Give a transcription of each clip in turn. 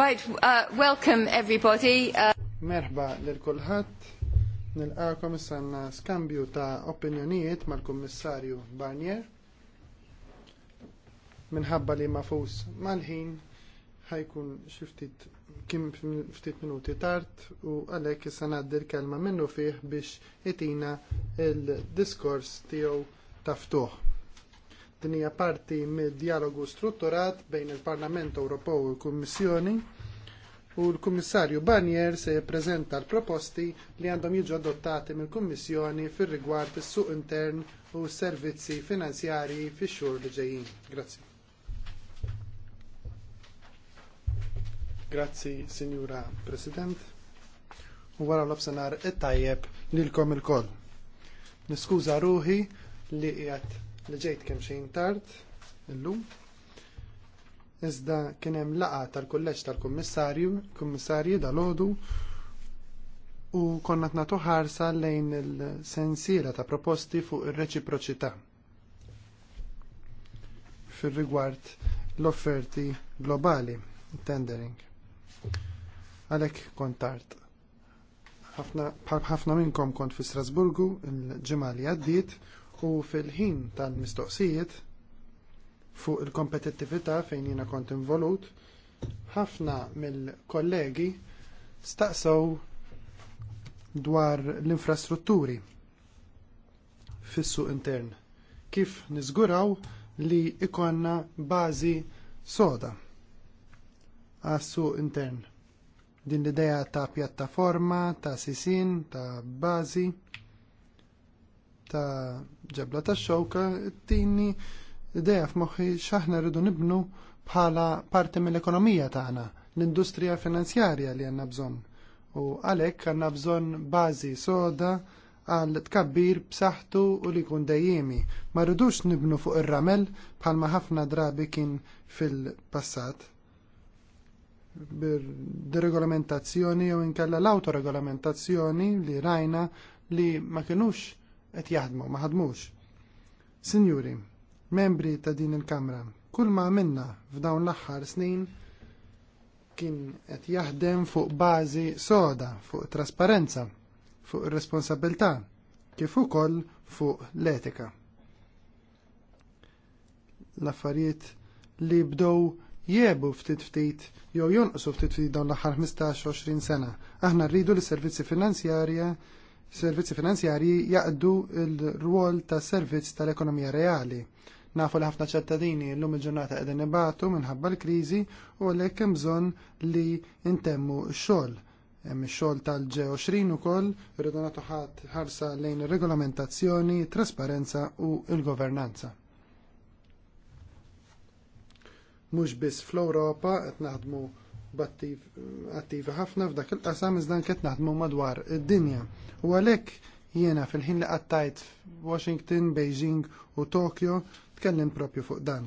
Right, uh, welcome everybody. Uh... Merħba l-kulħat, nil-għakom sanna skambju ta' opinjonijiet mal-Kommissarju Barnier. Minħabba li mafus mal-ħin ħajkun xiftit kim ftit minuti tard u għalek sanaddi l-kelma minnu fih biex jitina il-diskors tiegħu taftuħ. Din hija parti mid-dialogu strutturat bejn il-Parlament Ewropew u l-Kummissjoni u l-Kummissarju Barnier se jippreżenta l-proposti li għandhom jiġu adottati mill-Kummissjoni fir-rigward is-suq intern u s-servizzi finanzjarji fix-xhur li ġejjin. Grazzi. Grazzi, Sinjura President. U wara l-obsenar it-tajjeb lilkom il-koll. Niskuża ruħi li qiegħed li ġejt kemm xejn tard illum. Iżda kien hemm laqgħa tal-kulleġġ tal-kummissarju, kummissarji dal-għodu u konna nagħtu ħarsa lejn il-sensiela ta' proposti fuq ir-reċiproċità fir-rigward l-offerti globali, tendering. Għalhekk kont tard. Ħafna minnkom kont fi Strasburgu il-ġimgħa li għaddiet u fil-ħin tal-mistoqsijiet fuq il-kompetittività fejn jiena kont involut, ħafna mill-kollegi staqsew dwar l-infrastrutturi fis-suq intern. Kif niżguraw li ikonna bażi soda għas-suq intern. Din l-idea ta' pjattaforma, ta' sisin, ta' bażi ta' ġebla ta' xewka tini ideja f'moħħi x'aħna rridu nibnu bħala parti mill-ekonomija tagħna, l-industrija finanzjarja li għandna bżonn. U għalhekk għandna bżonn bażi soda għal tkabbir b'saħħtu u li jkun dejjemi. Ma rridux nibnu fuq ir-ramel bħalma ħafna drabi kien fil-passat bir deregolamentazzjoni jew inkella l-autoregolamentazzjoni li rajna li ma kinux qed jaħdmu ma ħadmux. Sinjuri, membri ta' din il-Kamra, kull ma għamilna f'dawn l-aħħar snin kien qed jaħdem fuq bażi soda, fuq trasparenza, fuq responsabilità, kif ukoll fuq l-etika. L-affarijiet li bdow jiebu ftit ftit jew jonqsu ftit ftit dawn l-aħħar 15-20 sena. Aħna rridu li servizzi finanzjarja servizzi finanzjarji jaqdu l-rwol ta' servizz tal-ekonomija reali. Nafu li ħafna ċittadini l-lum il-ġurnata qegħdin nibatu minħabba l-kriżi u għalhekk hemm bżonn li intemmu x-xogħol. Hemm ix-xogħol tal-G20 ukoll irridu nagħtu ħarsa lejn ir-regolamentazzjoni, trasparenza u l-governanza. Mhux biss fl-Ewropa qed naħdmu attivi ħafna f'dak il-qasam iżdan qed naħdmu madwar id-dinja. U għalhekk jiena fil-ħin li qattajt Washington, Beijing u Tokyo tkellim propju fuq dan.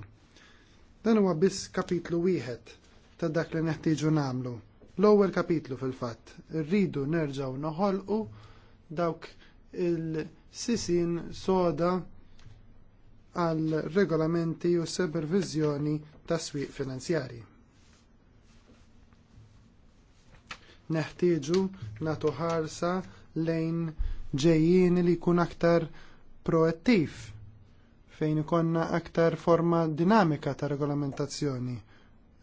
Dan huwa biss kapitlu wieħed ta' dak li neħtieġu nagħmlu. L-ewwel kapitlu fil-fatt, irridu nerġgħu noħolqu dawk il-sisin soda għal regolamenti u supervizjoni ta' swieq finanzjarji. Neħtieġu nagħtu ħarsa lejn ġejjien li jkun aktar proattiv fejn ikonna aktar forma dinamika ta' regolamentazzjoni.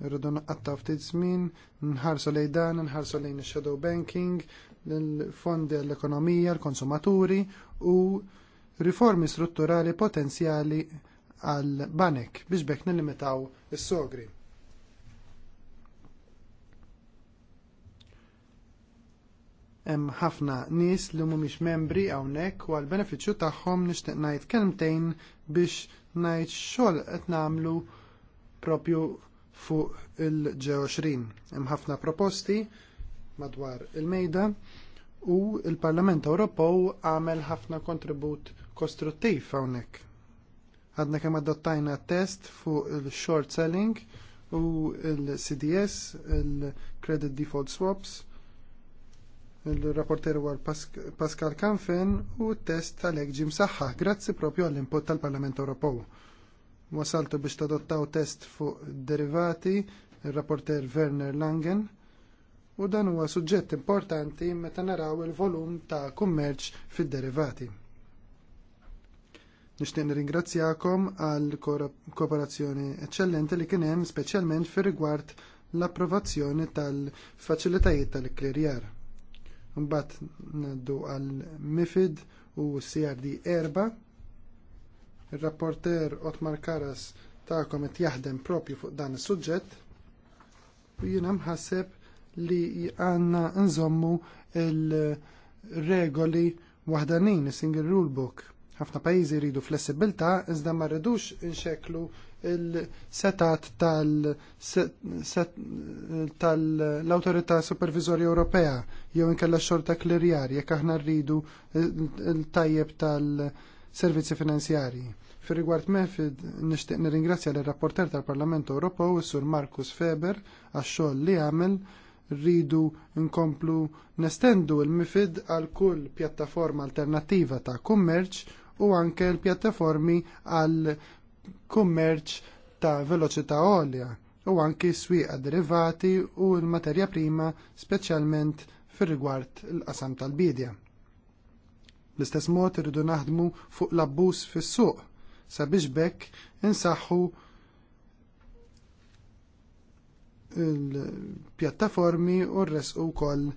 Irridu naqatta ftit żmien, nħarsu lejn dan, nħarsu lejn shadow banking, l-fondi għall-ekonomija, l-konsumaturi u riformi strutturali potenzjali għal banek biex bekk nilimitaw is-sogri. hemm ħafna nies li mhumiex membri hawnhekk u għall-benefiċċju tagħhom nixtieq ngħid kelmtejn biex ngħid xogħol qed nagħmlu propju fuq il-20. Hemm ħafna proposti madwar il-mejda u l il parlament Ewropew għamel ħafna kontribut kostruttiv hawnhekk. Għadna kemm adottajna test fuq il-short selling u l il cds il-credit default swaps, il-rapporter war Pascal Kanfen u t-test tal ġim saħħa, grazzi propju għall-input tal-Parlament Ewropew. Wasaltu biex tadottaw test fuq derivati il-rapporter Werner Langen u dan huwa suġġett importanti meta naraw il-volum ta' kummerċ fid-derivati. Nixtieq nirringrazzjakom għal kooperazzjoni eċċellenti li kien hemm speċjalment fir-rigward l-approvazzjoni tal-faċilitajiet tal-ikklirjar. Mbatt ngħaddu għal MIFID u CRD erba. Ir-rapporter Otmar Karas ta' qed jaħdem propju fuq dan is-suġġett u jiena mħasseb li għandna nżommu il-regoli wahdanin, is-single rulebook. Għafna Ħafna pajjiżi jridu iżda ma rridux inxeklu il-setat tal-Autorità Supervizorja Ewropea jew inkella xorta klerjar jekk aħna rridu il-tajjeb tal-servizzi finanzjarji. Fir rigward Mefid, nixtieq nirringrazzja l-rapporter tal-Parlament Ewropew, is-Sur Markus Feber, għax-xogħol li għamel rridu nkomplu nestendu l-mifid għal kull pjattaforma alternattiva ta' kummerċ u anke l-pjattaformi għal kummerċ ta' veloċità għolja u anki swieqa derivati u l-materja prima speċjalment fir-rigward il-qasam tal-bidja. L-istess mod irridu naħdmu fuq l-abbuż fis-suq sabiex bekk insaħħu il-pjattaformi u rresqu wkoll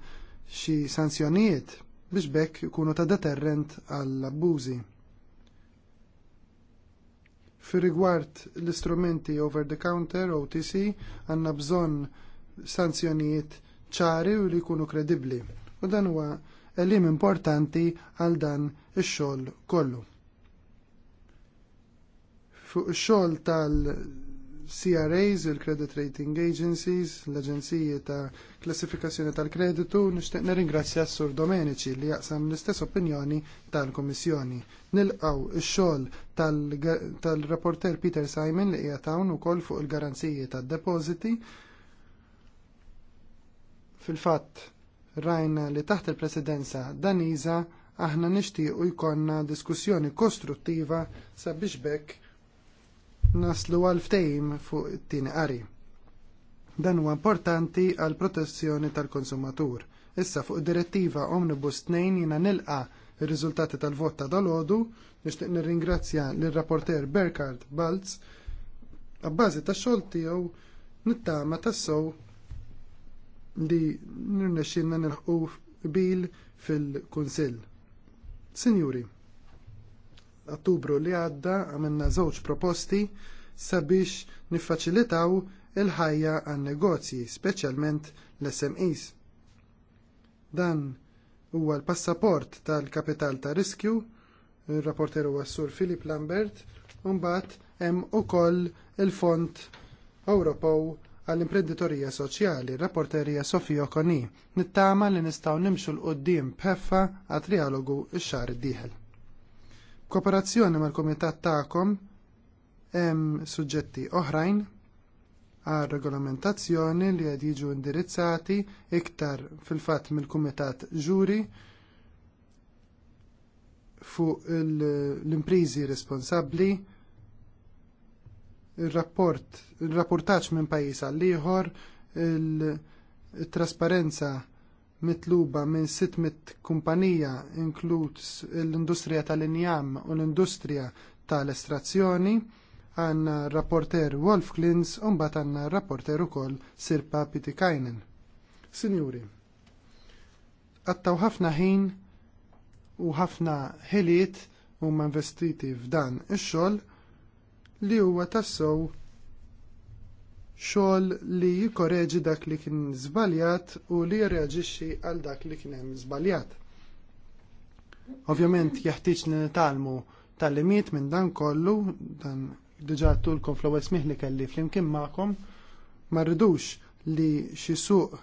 xi sanzjonijiet biex bekk ikunu ta' deterrent għall-abbużi. Fi rigward l-istrumenti over the counter, OTC, għanna bżon sanzjonijiet ċari u li jkunu kredibbli. U dan huwa elim importanti għal dan ix-xogħol kollu. Fuq ix-xogħol tal- CRAs, il-Credit Rating Agencies, l-Aġenziji ta' Klassifikazzjoni tal-Kreditu, nixtieq nirringrazzja s-Sur Domenici li jaqsam l-istess opinjoni tal kummissjoni Nilqaw ix-xogħol tal-rapporter Peter Simon li hija hawn ukoll fuq il-garanziji tad depositi Fil-fatt, rajna li taħt il-presidenza Daniża aħna nixtiequ jkollna diskussjoni kostruttiva sabiex bekk naslu għal ftejm fuq it-tieni qari. Dan huwa importanti għal protezzjoni tal-konsumatur. Issa fuq direttiva Omnibus 2 jina nilqa ir-riżultati tal-vot ta' dalodu, nixtieq nirringrazzja lir-rapporter Berkard Balz għabbażi ta' xogħol tiegħu nittama tassow li nirnexxinna nilħqu bil fil-Kunsill. Sinjuri, ottubru li għadda għamilna żewġ proposti sabiex niffaċilitaw il-ħajja għan negozji, speċjalment l-SMEs. Dan huwa l-passaport tal-kapital ta' riskju, il-rapporter huwa sur Filip Lambert, mbagħad hemm ukoll il-Fond Ewropew għall-imprenditorija soċjali, rapporterija Sofija Okoni, nittama li nistgħu nimxu l-qoddim bħeffa għat trialogu x-xar id-dieħel. Kooperazzjoni mal-Kumitat tagħkom hemm suġġetti oħrajn għal regolamentazzjoni li qed jiġu indirizzati iktar fil-fatt mill-Kumitat Ġuri fuq l-imprizi responsabbli il-rapport, il-rapportaċ minn pajjiż għal ieħor il-trasparenza mitluba minn 600 kumpanija inkluż l-industrija tal-injam u l-industrija tal-estrazzjoni għanna rapporter Wolf Klins un bat għanna rapporter u koll Sirpa Pitikainen. Signori, għattaw ħafna ħin u ħafna ħiliet u investiti f'dan ix-xogħol li huwa tassow xogħol li jikkoreġi dak li kien żbaljat u li jirreaġixxi għal dak li kien hemm żbaljat. Ovvjament jeħtieġ li nitalmu tal-limit minn dan kollu, dan diġà tulkom fl smih li kelli flimkien magħkom, ma rridux li xi suq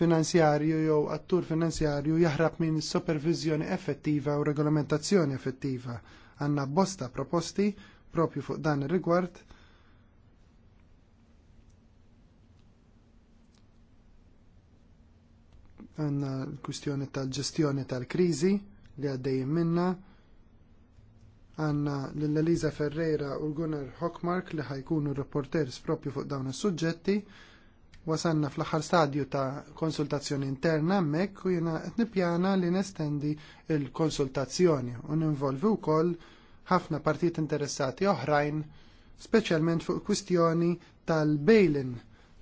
finanzjarju jew attur finanzjarju jaħrab minn supervizjoni effettiva u regolamentazzjoni effettiva. Għanna bosta proposti propju fuq dan ir-rigward għanna l-kustjoni tal-ġestjoni tal-krizi li għaddejjem minna għanna l-Eliza Ferreira u l-Gunnar Hockmark li ħajkunu reporters propju fuq dawn is-suġġetti. Wasanna fl-aħħar stadju ta' konsultazzjoni interna hemmhekk u jiena qed nippjana li nestendi l-konsultazzjoni u ninvolvi wkoll ħafna partit interessati oħrajn, speċjalment fuq kwistjoni tal bailin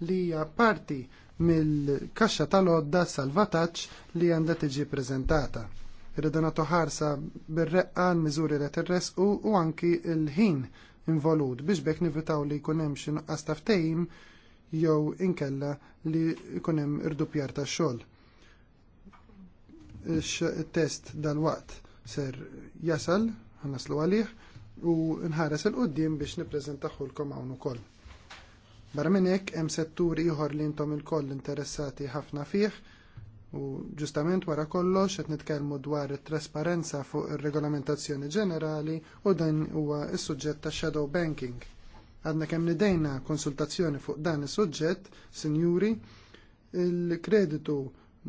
li hija parti mill-kaxxa tal-odda salvataċ li għandha tiġi prezentata. Irridu nagħtu ħarsa bir-reqqa l-miżuri li irresqu u anki l-ħin involut biex bekk nivitaw li jkun hemm xi nuqqas taftejim jew inkella li jkun hemm irdupjar tax-xogħol. Ix-test dal-waqt ser jasal, ħanaslu għalih, u nħares il-qoddim biex nippreżentaħulkom hawn ukoll. Barra minn hekk hemm setturi ieħor li intom ilkoll interessati ħafna fih u ġustament wara kollox qed nitkellmu dwar it-trasparenza fuq ir-regolamentazzjoni ġenerali u dan huwa s-suġġett ta' shadow banking. Għadna kemm nidejna konsultazzjoni fuq dan is-suġġett, sinjuri, il-kreditu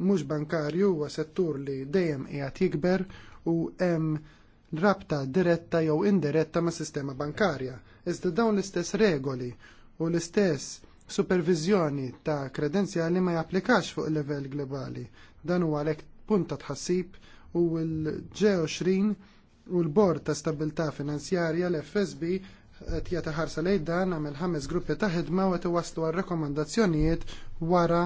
mhux bankarju huwa settur li dejjem qiegħed jikber u hemm rabta diretta jew indiretta mas sistema bankarja. Iżda dawn l-istess regoli u l-istess supervizjoni ta' kredenzjali ma japplikax fuq il-level globali. Dan huwa għalhekk punta tħassib u l-G20 u l-Bord ta' Stabilità Finanzjarja l-FSB qed jagħti ħarsa lejn dan għamel ħames gruppi ta' ħidma u qed iwasslu għal rekomandazzjonijiet wara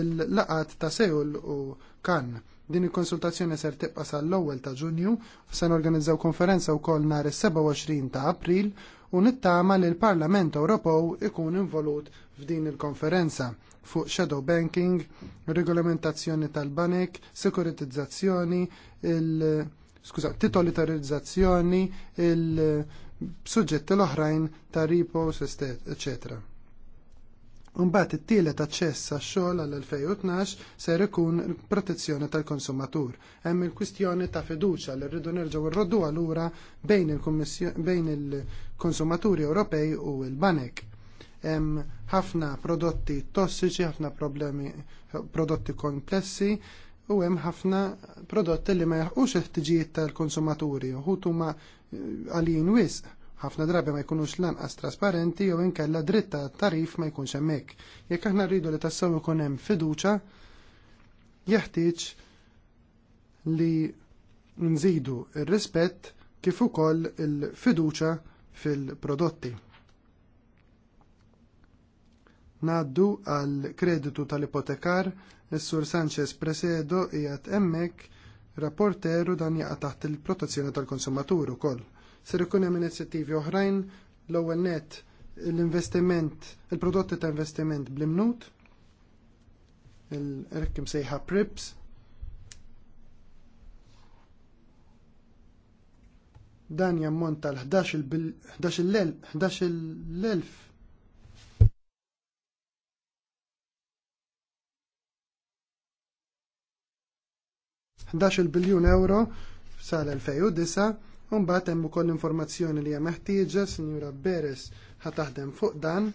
l-laqat ta' Sejul u Kann. Din il-konsultazzjoni ser tibqa sal ewwel ta' Ġunju, se norganizzaw konferenza wkoll nhar is-27 ta' April u nittama li l-Parlament Ewropew ikun involut f'din il-konferenza fuq shadow banking, regolamentazzjoni tal-banek, sekuritizzazzjoni, il- skuza, titolitarizzazzjoni, il-sujġetti l-oħrajn ta' repos, eccetera. Imbagħad it-tielet aċċess għax-xogħol għall-2012 ser ikun protezzjoni tal-konsumatur. Hemm il-kwistjoni ta' fiduċa li rridu nerġgħu rroddu lura bejn il-konsumaturi Ewropej u l-banek. Hemm ħafna prodotti tossiċi, ħafna problemi prodotti komplessi, u hemm ħafna prodotti li ma jaħqux il-ħtiġijiet tal-konsumaturi, uħud huma eh, għalin wisq ħafna drabi ma jkunux lanqas trasparenti jew inkella dritta tarif ma jkunx hemmhekk. Jekk aħna rridu li tassew ikun hemm fiduċa, jeħtieġ li nżidu r-rispett kif ukoll il-fiduċa fil-prodotti. Naddu għal kreditu tal-ipotekar, is-Sur Sanchez Presedo qiegħed hemmhekk rapporteru dan jaqa' taħt il-protezzjoni tal-konsumatur ukoll Ser ikun hemm inizjattivi oħrajn l-ewwel net l-investiment, il-prodotti ta' investiment bl-imnut, il-rekkim sejħa PRIPS, dan jammont tal-11,000 11 biljun euro sal-2009 Mbagħad hemm ukoll informazzjoni li hija meħtieġa, Sinjura Beres ħa taħdem fuq dan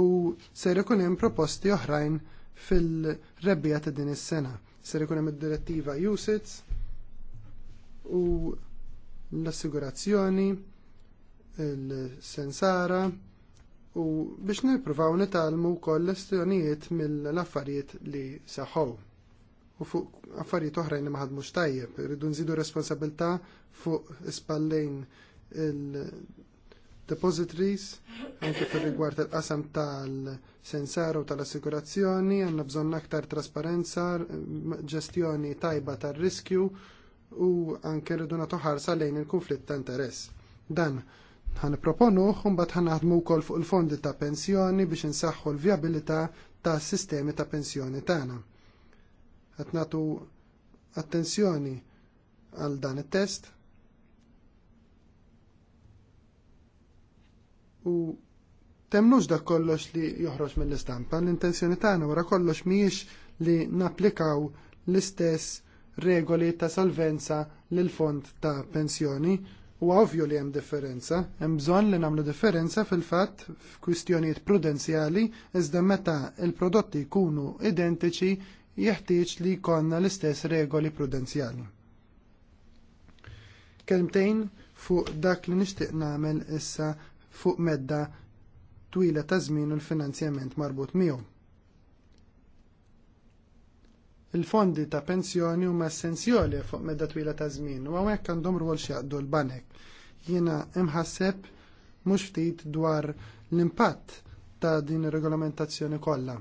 u ser ikun hemm proposti oħrajn fil-rebbija ta' din is-sena. Ser ikun hemm id-direttiva USITS u l-assigurazzjoni, il-sensara, u biex nippruvaw nitalmu wkoll l-estjonijiet mill-affarijiet li saħħu u fuq affarijiet oħrajn li ma ħadmux tajjeb. Rridu nżidu responsabilità fuq spallejn il-depositories, anke fil rigward tal-qasam tal-sensar u tal assigurazzjoni għandna bżonn aktar trasparenza, ġestjoni tajba tar-riskju u anke rridu nagħtu ħarsa lejn il-konflitt ta' interess. Dan ħan proponu mbagħad ħan naħdmu wkoll fuq il-fondi ta' pensjoni biex insaħħu l-vjabilità tas sistemi ta' pensjoni tagħna għatnatu nagħtu attenzjoni għal dan it-test u temnux dak kollox li joħroġ mill-istampa. L-intenzjoni tagħna wara kollox mhijiex li napplikaw l-istess regoli ta' solvenza lil fond ta' pensjoni u ovvju li hemm differenza, hemm bżonn li nagħmlu differenza fil-fatt f'kwistjonijiet prudenzjali iżda meta l prodotti jkunu identiċi jeħtieġ li jkollna l-istess regoli prudenzjali. Kelmtejn fuq dak li nixtieq nagħmel issa fuq medda twila ta' żmien u l-finanzjament marbut miegħu. Il-fondi ta' pensjoni huma essenzjali fuq medda twila ta' żmien u hawnhekk għandhom rwol x'jaqdu l-banek. Jiena imħasseb mhux ftit dwar l-impatt ta' din ir-regolamentazzjoni kollha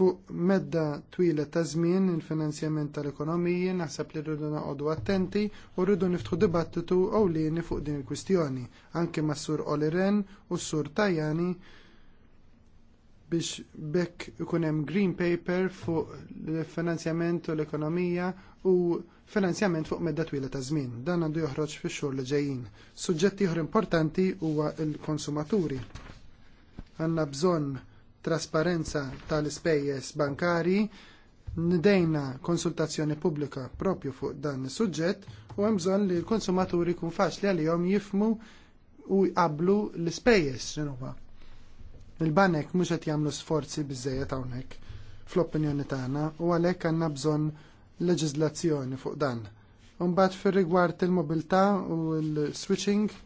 fuq medda twila ta' żmien il-finanzjament tal-ekonomiji naħseb li rridu noqogħdu attenti u rridu niftħu dibattitu ewlieni fuq din il-kwistjoni anke mas sur Oli Ren u s-sur Tajani biex bekk ikun hemm green paper fuq il-finanzjament u l-ekonomija u finanzjament fuq medda twila ta' żmien. Dan għandu joħroġ fix-xhur li ġejjin. Suġġett ieħor importanti huwa l-konsumaturi. Għandna bżonn trasparenza tal-ispejjeż bankarji ndejna konsultazzjoni pubblika propju fuq dan is-suġġett u hemm bżonn li l-konsumaturi jkun faċli għalihom jifhmu u jqablu l-ispejjeż x'inhuwa. Il-banek mhux qed jagħmlu sforzi biżejjed hawnhekk fl-opinjoni tagħna u għalhekk għandna bżonn leġiżlazzjoni fuq dan. Imbagħad fir-rigward il-mobilità u l-switching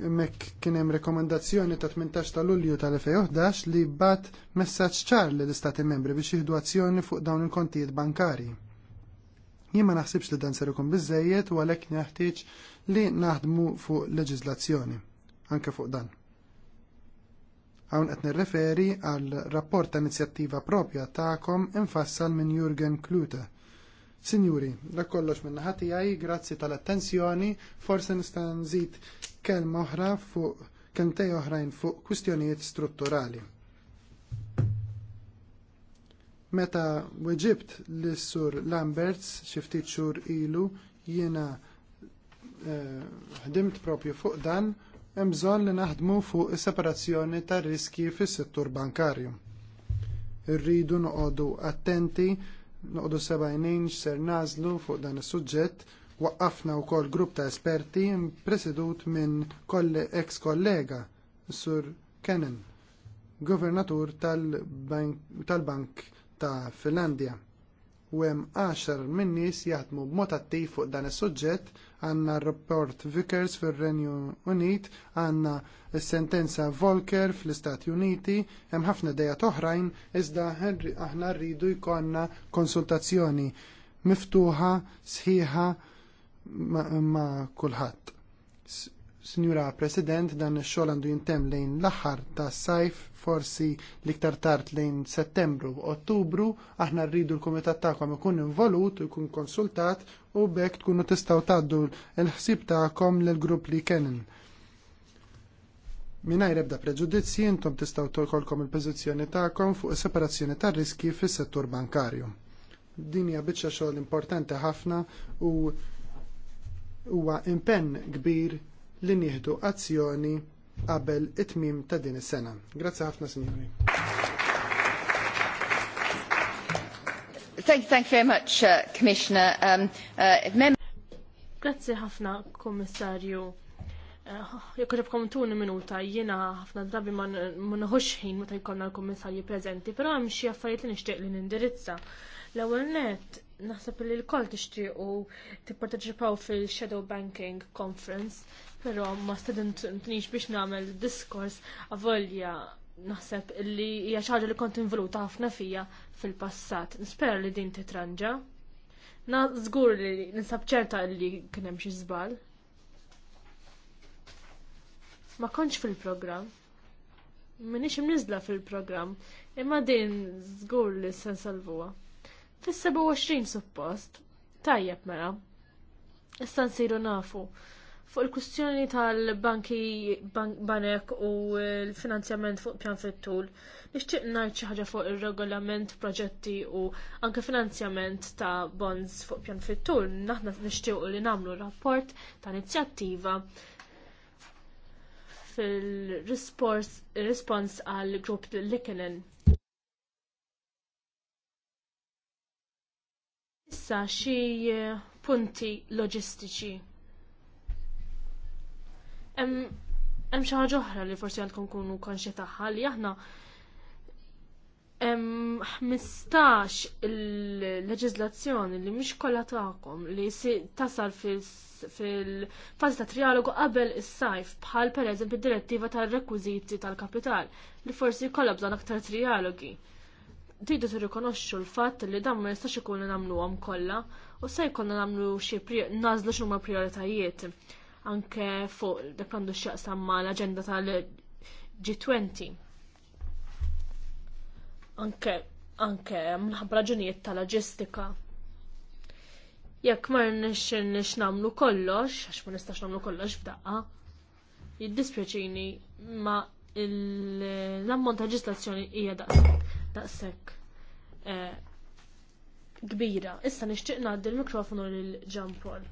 mek kien hemm rekomendazzjoni ta' 18 ta' Lulju tal-2011 li bat messaġġ ċar li l-Istati membri biex jieħdu azzjoni fuq dawn il-kontijiet bankari. Jien ma naħsibx li dan ser ikun biżejjed u għalhekk neħtieġ li naħdmu fuq leġiżlazzjoni anke fuq dan. Hawn qed nirreferi għal rapport ta' inizjattiva propja tagħkom infassal minn Jurgen Klute Sinjuri, dak kollox ħati għaj, grazzi tal-attenzjoni, forse nista' nżid kelma oħra fuq kemtej oħrajn fuq kwistjonijiet strutturali. Meta weġibt lis sur Lamberts xi ftit ilu jiena eh, ħdimt eh, propju fuq dan hemm bżonn li naħdmu fuq is-separazzjoni tar-riski fis-settur bankarju. Irridu noqogħdu attenti noqdu jnejn ser nazlu fuq dan is-suġġett waqqafna wkoll grupp ta' esperti presidut minn ex kollega Sur Kennan, governatur tal-Bank ta' Finlandja. U hemm għaxar minn nies jaħdmu b'mod attiv fuq dan is-suġġett għanna rapport Vickers fil-Renju Unit, għanna sentenza Volker fl-Istati Uniti, hemm ħafna dejat oħrajn, iżda aħna rridu jkollna konsultazzjoni miftuħa, sħiħa ma', ma kulħadd Sinjura President, dan ix-xogħol għandu jintem lejn l-aħħar tas sajf, forsi l-iktar tard lejn Settembru u Ottubru, aħna rridu l ta' tagħkom ikun involut, ikun konsultat u bekk tkunu tistgħu taddu l-ħsieb tagħkom lill grupp li kenen. Mingħajr ebda preġudizzji intom tistgħu tolkolkom il-pożizzjoni tagħkom fuq is-separazzjoni tar-riski fis-settur bankarju. Din hija biċċa xogħol importanti ħafna u huwa impenn kbir li nieħdu azzjoni qabel it-tmim ta' din is-sena. Grazzi ħafna, Sinjuri. Thank, thank you very much, uh, Commissioner. Um, uh, Grazzi ħafna, Kommissarju. Uh, jekk ġabkom tuni minuta, jiena ħafna drabi ma nħuxħin ħin meta jkollna l-Kummissarju prezenti, però hemm xi affarijiet li nixtieq li nindirizza. L-ewwel nett naħseb li l-koll tixtiequ tipparteċipaw fil-Shadow Banking Conference, però ma studentniex biex nagħmel diskors avolja naħseb li hija xi ħaġa li kont involuta ħafna fija fil-passat. Nispera li din titranġa. Na żgur li ninsab ċerta li kien hemm xi żball. Ma kontx fil-programm. Minix imniżla fil-programm, imma din żgur li se nsalvuha. Fis-27 suppost. Tajjeb mela. Issa nsiru nafu. Fuq il-kustjoni tal-banki banek u l-finanzjament fuq pjan fit-tul, nixtieq ngħid xi ħaġa fuq ir-regolament proġetti u anke finanzjament ta' bonds fuq pjan fit-tul. Naħna nixtiequ li nagħmlu rapport ta' inizjattiva fil response għal grupp Likenen Issa xi eh, punti loġistiċi. Hemm xi ħaġa oħra li forsi għandkom kunu konxi tagħha li aħna hemm 15 il-leġiżlazzjoni li mhix kollha tagħkom li tasal fil-fażi ta' trialogu qabel is-sajf bħal pereżempju d direttiva tar-rekwiżiti tal-kapital li forsi kollha bżonn aktar trialogi tridu tirrikonoxxu l-fatt li dan ma jistax ikun li nagħmluhom kollha u se jkollna nagħmlu xi nażlu x'huma prijoritajiet anke fuq dak għandu x'jaqsam ma l-aġenda tal-G20. Anke anke minħabba raġunijiet ta' loġistika. Jekk ma nix nagħmlu kollox, għax ma nistax nagħmlu kollox f'daqqa, jiddispjaċini ma l-ammont ta' ġislazzjoni hija daqsa daqshekk eh, kbira. Issa nixtieq ngħaddi l-mikrofonu lil ġan Paul.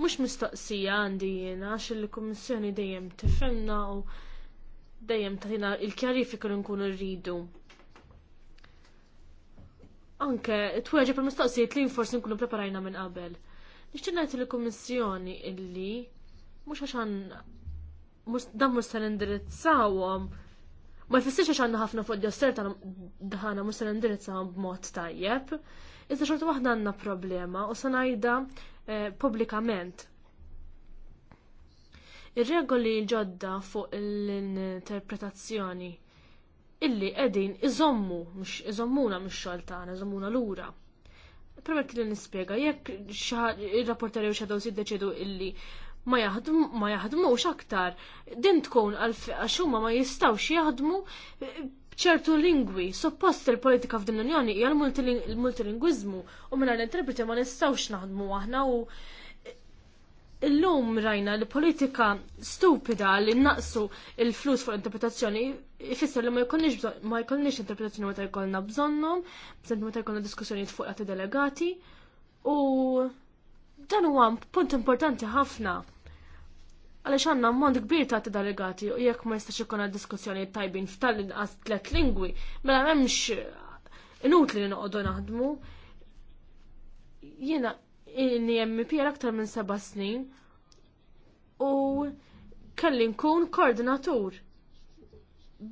Mhux mistoqsija għandi jiena għax il-Kummissjoni dejjem tifhemna u dejjem tagħtina il-kjarifika li nkunu rridu. Anke tweġeb mistoqsijiet li forsi nkunu preparajna minn qabel. Nixtieq ngħid il-Kummissjoni illi mhux għax dan mhux se nindirizzawhom um, Ma jfissirx għax għanna ħafna fuq d ta' daħna mhux se nindirizza b'mod tajjeb. Iżda xorta waħda għandna problema u sa ngħidha eh, pubblikament. Ir-regoli ġodda fuq l-interpretazzjoni illi qegħdin iżommu, mux iżommuna mix-xogħol tagħna, l lura permetti li nispiega, jekk ir-rapporteri u xadows deċedu illi ma jaħdmux aktar. Din tkun għax huma ma jistawx jaħdmu eh, ċertu lingwi. Suppost il-politika f'din l-Unjoni hija l-multilingwiżmu u minn l-interpreti ma nistawx naħdmu aħna u eh, illum rajna li politika stupida li naqsu il-flus fuq l interpretazzjoni jfisser li ma jkollniex interpretazzjoni meta jkollna bżonnhom, bżonn meta jkollna diskussjonijiet fuq delegati u dan huwa punt importanti ħafna għaliex għandna ammont kbir ta' delegati u jekk ma jistax ikun diskussjoni tajbin ftal t tliet lingwi, mela m'hemmx eh, inutli li noqogħdu naħdmu. Jiena inni MP aktar minn seba' snin u kelli nkun koordinatur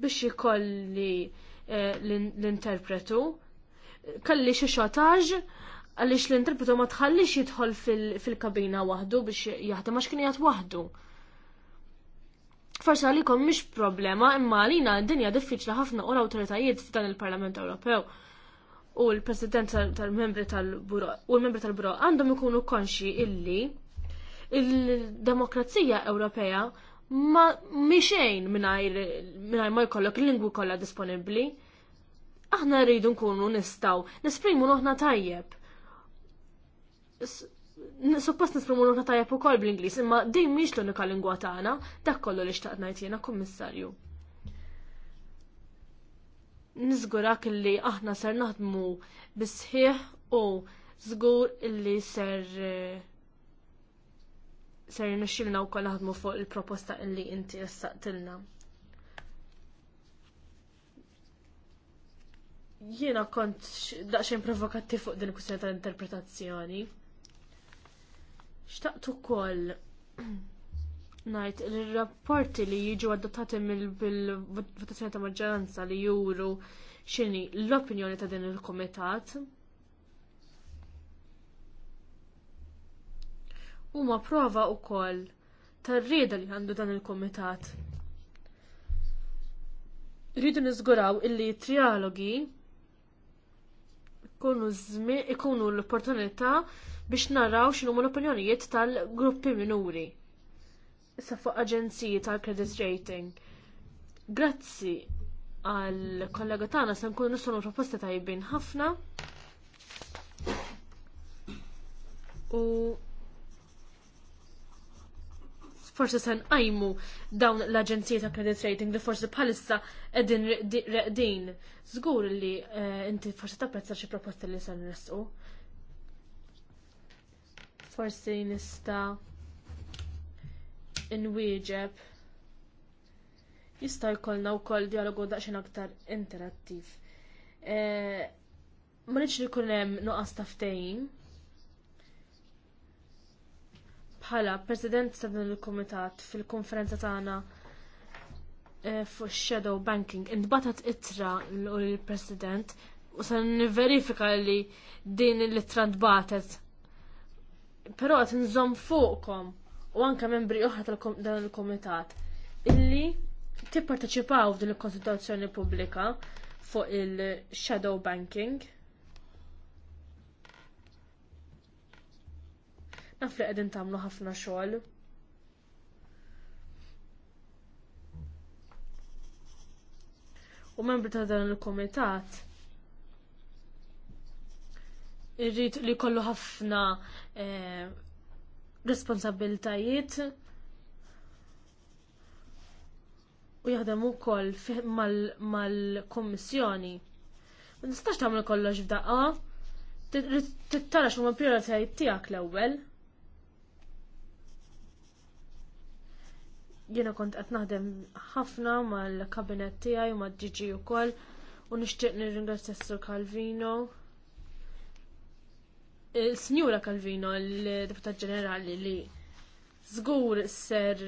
biex ikolli eh, l-interpretu kelli xi xotaġ għaliex l-interpretu ma tħallix jidħol fil-kabina waħdu biex jaħdem għax kien jgħat waħdu. Forse għalikom mhix problema, imma għalina d-dinja diffiċli ħafna u l-awtoritajiet f'dan il-Parlament Ewropew u l-President tal-Membri tal-Buro u l-Membri tal-Buro għandhom ikunu konxi illi il-demokrazija Ewropea ma miexejn mingħajr ma jkollok lingwi kollha disponibbli. Aħna rridu nkunu nistgħu nesprimu noħna tajjeb suppost nispromu nota tajab ukoll bl-Ingliż, imma din mhix l-unika lingwa tagħna, dak kollu li xtaqt ngħid jiena kommissarju. Nizgurak illi aħna ser naħdmu bisħieħ u żgur illi ser ser nixxilna u koll naħdmu fuq il-proposta illi inti jessaqtilna. Jiena kont daqxen provokattiv fuq din il kwistjoni tal-interpretazzjoni. Xtaqt ukoll ngħid li r rapporti li jiġu adottati mill-votazzjoni ta' maġġoranza li juru x'inhi l-opinjoni ta' din il kumitat huma prova wkoll tar-rieda li għandu dan il-kumitat. Rridu niżguraw illi trialogi ikunu l-opportunità biex naraw xinu l-opinjonijiet tal-gruppi minuri. Issa fuq aġenziji tal-credit rating. Grazzi għal kollega tagħna se nkunu nistgħu proposti tajbin ħafna. U forsi se nqajmu dawn l aġenzija ta' credit rating li forsi palissa qegħdin reqdin. Żgur li eh, inti forsi tapprezza xi proposta li se nresqu. Forsi nista' inwieġeb jista' jkollna wkoll dialogu daqsxejn aktar interattiv. Eh, ma nix li kunem nuqqas ta' bħala President ta' dan il-Kumitat fil-konferenza tagħna eh, fuq shadow banking intbatat ittra l-President u se nivverifika li din l-ittra ntbatet. Però qed nżomm fuqkom u anke membri oħra tal dan il-Kumitat illi tipparteċipaw f'din il-konsultazzjoni pubblika fuq il-shadow banking. naf li qegħdin tagħmlu ħafna xogħol. U membri ta' dan il-kumitat irrid li kollu ħafna eh, responsabiltajiet u jaħdem ukoll mal-kommissjoni. Ma nistax tagħmel kollox f'daqqa, tittara x'huma prijoritajiet tiegħek l-ewwel. Jiena kont qed naħdem ħafna mal-kabinet tiegħi u mad-DG wkoll u nixtieq nirringrazzja Sur Calvino. Il-Sinjura Calvino, l-Deputat Ġenerali li żgur ser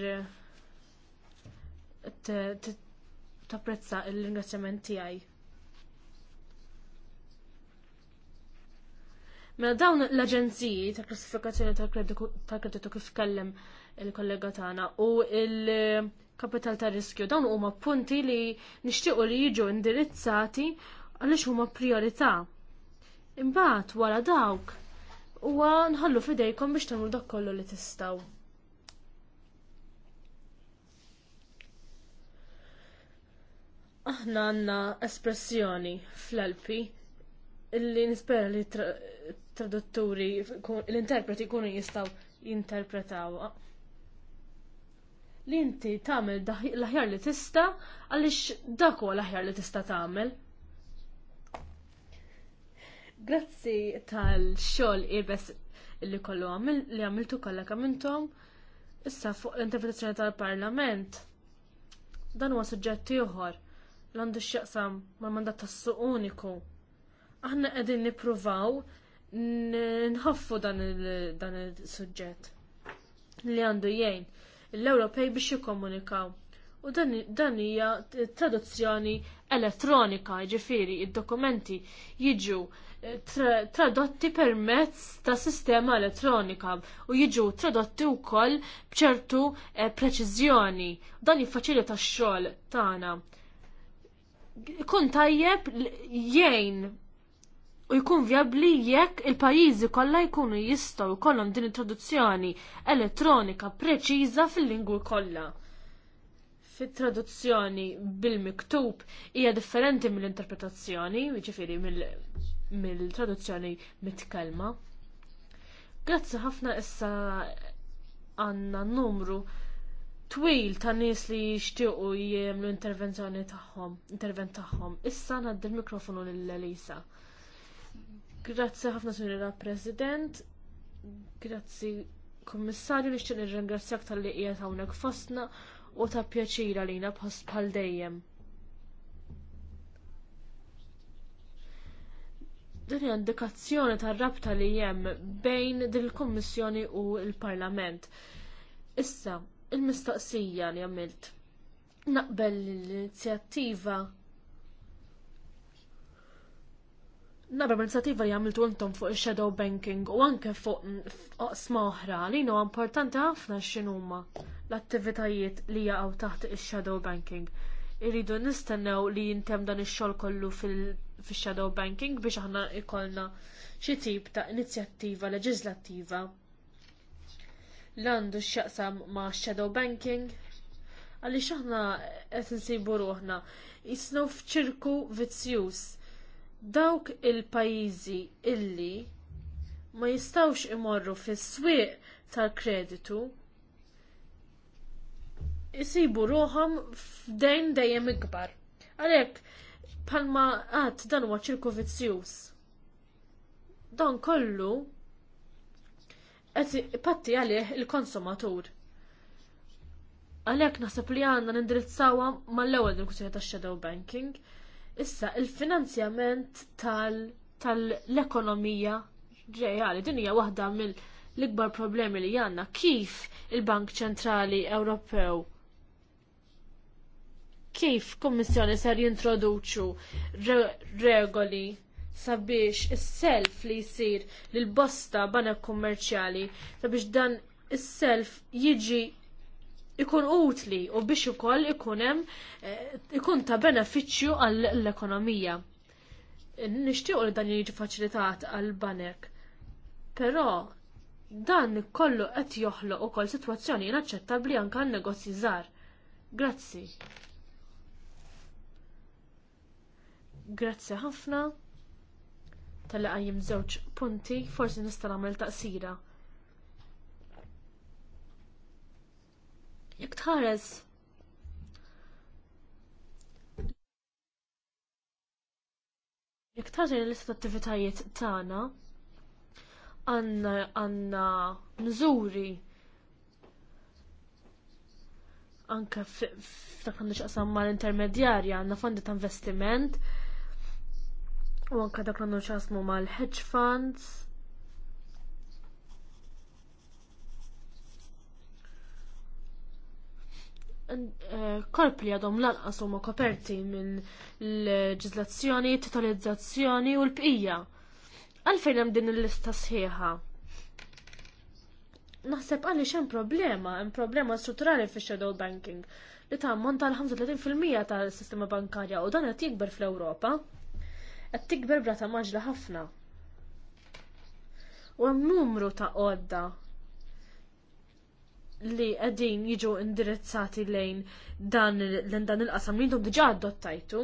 tapprezza l-ringrazzjament tiegħi. Mela dawn l-aġenziji ta' klassifikazzjoni tal-kreditu kif kellem il-kollega tagħna u il-kapital ta' riskju dawn huma punti li nixtiequ li jiġu indirizzati għaliex huma priorità. Imbagħad wara dawk huwa nħallu fidejkom biex tagħmlu dak kollu li tistgħu. Aħna għandna espressjoni fl-alpi illi nispera li tradutturi, l-interpreti kunu jistaw jinterpretawha li inti tagħmel l-aħjar li tista għaliex dak huwa l-aħjar li tista tagħmel. Grazzi tal-xogħol ibes li kollu għamil, li għamiltu kollha għamiltom issa fuq l-interpretazzjoni tal-Parlament. Dan huwa suġġett ieħor l għandu x'jaqsam mal-mandat tas-suq uniku. Aħna qegħdin nippruvaw nħaffu dan il-suġġett li għandu jgħin l-Ewropej biex jikkomunikaw. U dan hija traduzzjoni elettronika, ġifiri, id-dokumenti jiġu eh, tradotti permezz ta' sistema elettronika u jiġu tradotti wkoll bċertu eh, preċiżjoni. Dan jiffaċilita x-xogħol tagħna. Kun tajjeb jgħin u jkun vjabli jekk il-pajjiżi kollha jkunu jistgħu jkollhom din it-traduzzjoni elettronika preċiża fil-lingwi kollha. Fit-traduzzjoni bil-miktub hija differenti mill-interpretazzjoni, jiġifieri mill-traduzzjoni mitkellma. Grazzi ħafna issa għandna numru twil ta' nies li jixtiequ jagħmlu intervenzjoni tagħhom, intervent tagħhom. Issa ngħaddi l-mikrofonu lil Elisa. Grazzi ħafna sunira President, grazzi Kommissarju li xċen ir-ringrazzjak tal-li qiegħed hawnhekk fostna u ta' pjaċira lina bħal dejjem. din hija indikazzjoni tar-rabta li hemm bejn dil il-Kummissjoni u l-Parlament. Issa, il-mistaqsija li għamilt naqbel l-inizjattiva Nabra minn inizjattiva li għamiltu fuq il-shadow banking u anke fuq oqsma oħra li huwa importanti ħafna x'inhuma l-attivitajiet li jaqgħu taħt il-shadow banking. Irridu nistennew li jintem dan ix-xogħol kollu fil-shadow banking biex aħna ikollna xi tip ta' inizjattiva leġislattiva Landu għandu x'jaqsam ma' shadow banking għaliex aħna qed buruħna ruħna jisnu f'ċirku vizzjuż dawk il-pajjiżi illi ma jistawx imorru fis-swieq tal-kreditu jisibu ruħhom f'dejn dejjem ikbar. Għalhekk bħalma qatt dan huwa ċirku vizzjuż. Dan kollu qed ipatti għalih il-konsumatur. Għalhekk naħseb li għandna nindirizzawha mal-ewwel din kwistjoni tax-shadow banking Issa, il-finanzjament tal-ekonomija tal reali, din hija waħda mill-ikbar problemi li għanna. Kif il-Bank Ċentrali Ewropew kif Kummissjoni ser jintroduċu regoli sabiex is-self li jsir lil bosta banek kummerċjali sabiex dan is-self jiġi ikun utli u biex ukoll ikun hemm eh, ikun ta' benefiċċju għall-ekonomija. Nixtiequ li dan jiġi faċilitat għal banek. Però dan kollu qed joħloq ukoll sitwazzjoni inaċċettabbli anke għan negozji żgħar. Grazzi. Grazzi ħafna tal-li żewġ punti, forsi nista' nagħmel taqsira. Jek tħares Jek tħares l-lista attivitajiet tagħna għandna mżuri anke f'dak għandu xaqsam mal intermedjari għandna fondi ta' investiment u anke dak għandu ma mal-hedge funds korp li għadhom lanqas huma koperti minn l-leġiżlazzjoni, titolizzazzjoni u l-bqija. Għalfejn hemm din il-lista sħiħa? Naħseb għaliex hemm problema, hemm problema strutturali fix shadow banking li tammont tal-35% tal-sistema bankarja u dan qed jikber fl-Ewropa. Qed tikber brata maġla ħafna. U hemm numru ta' għodda li qegħdin jiġu indirizzati lejn dan dan il-qasam li jintom diġà adottajtu.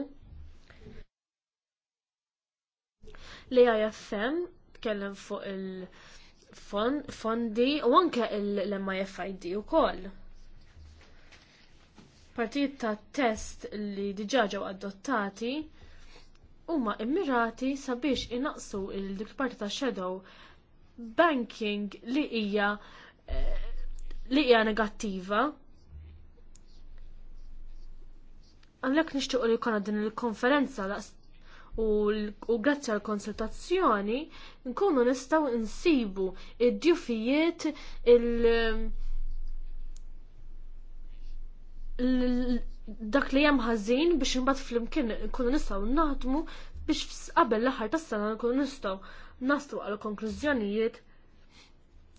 Li IFM tkellem fuq il-fondi u anke l-MIFID ukoll. Partijiet ta' test li diġà ġew adottati huma immirati sabiex inaqsu il-dik parti ta' shadow banking li hija eh, li hija negattiva. Għallek nixtiequ li jkollna din il-konferenza u grazzi għal konsultazzjoni nkunu nistaw insibu id-djufijiet il- dak li hemm ħażin biex imbagħad flimkien nkunu nistgħu naħdmu biex qabel l-aħħar tas-sena nkunu nistgħu naslu għal konklużjonijiet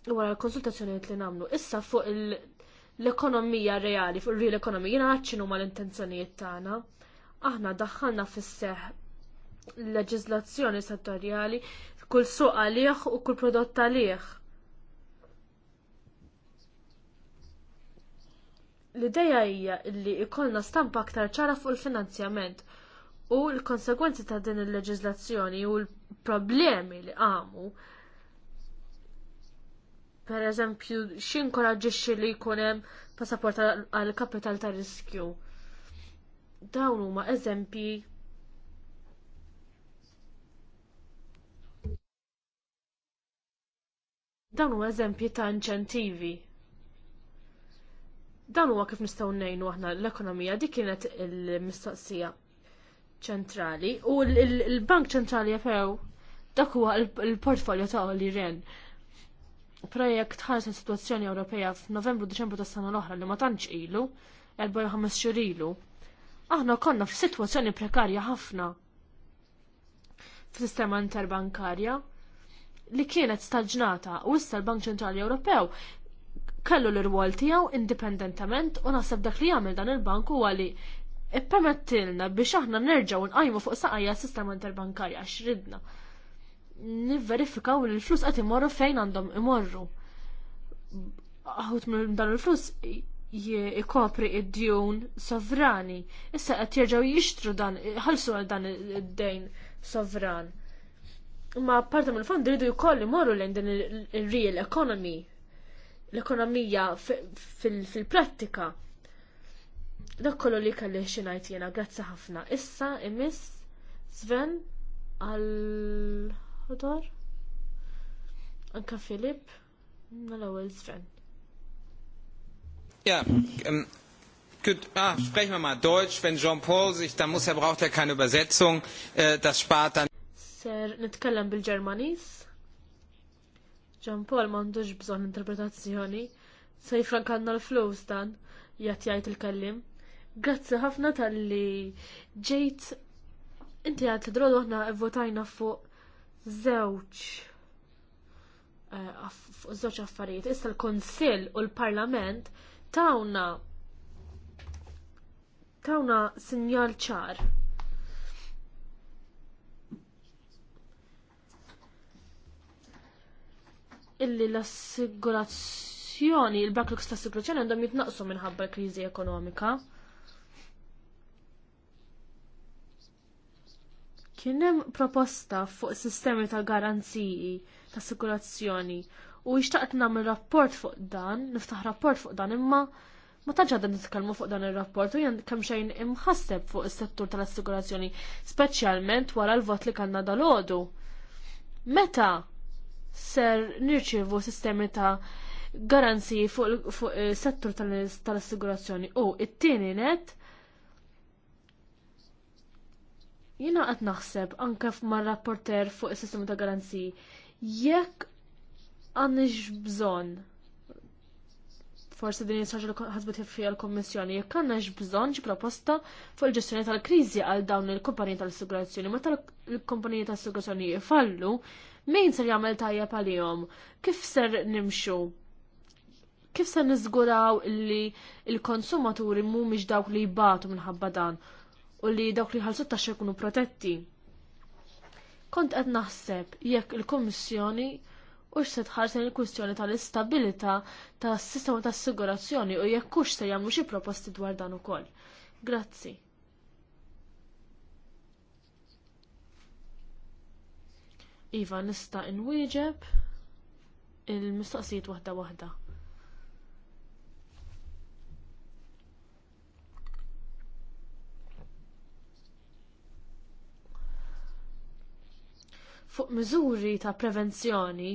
wara l konsultazzjoni li namlu. Issa fuq l-ekonomija reali, fuq il-real economy, jina għacċinu ma l-intenzjoniet tagħna. Aħna daħħalna fis-seħ leġizlazzjoni settorjali kull suq għalih u kull prodott għalih. L-ideja hija li jkollna stampa aktar ċara fuq il-finanzjament u l-konsegwenzi ta' din il-leġizlazzjoni u l-problemi li għamu per eżempju, xinkoraġġixxi li jkun hemm għal kapital ta' riskju. Dawn huma eżempji Dawn huwa eżempji ta' inċentivi. Dawn huwa kif nistgħu ngħinu aħna l-ekonomija dik kienet il-mistoqsija ċentrali u l-Bank ċentrali Ewropew dak huwa l portfolio ta' li ren projekt ħarsa situazzjoni Ewropea f'Novembru Diċembru tas sena l-oħra li ma tantx ilu, ħames xhur ilu. Aħna konna f'sitwazzjoni prekarja ħafna f'sistema interbankarja li kienet staġnata u issa l-Bank Ċentrali Ewropew kellu l-irwol tiegħu indipendentament u naħseb dak li jagħmel dan il-bank huwa li ippermettilna biex aħna nerġgħu nqajmu fuq saqajja s-sistema interbankarja għax ridna nivverifikaw li l-flus qed imorru fejn għandhom imorru. Għut minn dan il-flus jikopri id-djun sovrani. Issa qed jerġgħu jixtru dan, ħalsu għal dan id-dejn sovran. Ma parta mill fond rridu jkolli morru lejn din il-real economy, l-ekonomija fil-prattika. Dak kollu li kalli xinajt jena, grazzi ħafna. Issa imis Sven għal ħodor. Anka Filip, nal-ewwel Sven. Ja, ähm, gut, ah, sprechen wir mal Deutsch. Wenn Jean-Paul sich, da muss er, braucht er keine Übersetzung. Äh, das spart dann. Ser, nitkellem bil germanis Jean-Paul mandux bżon interpretazzjoni. Sej frankanna l-flus dan, jgħat jgħajt il-kellim. Grazzi ħafna tal-li ġejt inti għad t-drodu ħna votajna fuq żewġ Zewċ eh, żewġ affarijiet. Issa l konsil u l-Parlament tawna tawna sinjal ċar. Illi l-assigurazzjoni, il-backlogs ta' assigurazzjoni għandhom jitnaqsu minħabba l-kriżi ekonomika. Kien hemm proposta fuq sistemi ta' garanziji ta' sikurazzjoni u jixtaqt nagħmel rapport fuq dan, niftaħ rapport fuq dan imma ma taġġa dan nitkellmu fuq dan ir-rapport u jien kemm xejn imħasseb fuq is-settur tal-assikurazzjoni, speċjalment wara l-vot li kellna dalodu. Meta ser nirċivu sistemi ta' garanziji fuq, fuq settur tal-assigurazzjoni u it-tieni net Jiena qed naħseb anke mar rapporter fuq is-sistema ta' garanziji jekk għandix bżonn forse din jisaġ l-ħazbet fija l-Kommissjoni, jekk għandnax bżonn xi proposta fuq il-ġestjoni tal-kriżi għal dawn il-kumpaniji tal-assigurazzjoni, meta l-kumpaniji tal-assigurazzjoni jfallu, min ser jagħmel tajjeb għalihom? Kif ser nimxu? Kif ser niżguraw li l-konsumaturi mhumiex dawk li jibatu minħabba dan? u li dawk li ħalsu ta' jkunu protetti. Kont qed naħseb jekk il-Kummissjoni u se tħarsen il-kwistjoni tal-istabilità tas-sistema ta' assigurazzjoni u jekk hux se jagħmlu xi proposti dwar dan ukoll. Grazzi. Iva nista' inwieġeb il-mistoqsijiet waħda waħda. fuq miżuri ta' prevenzjoni,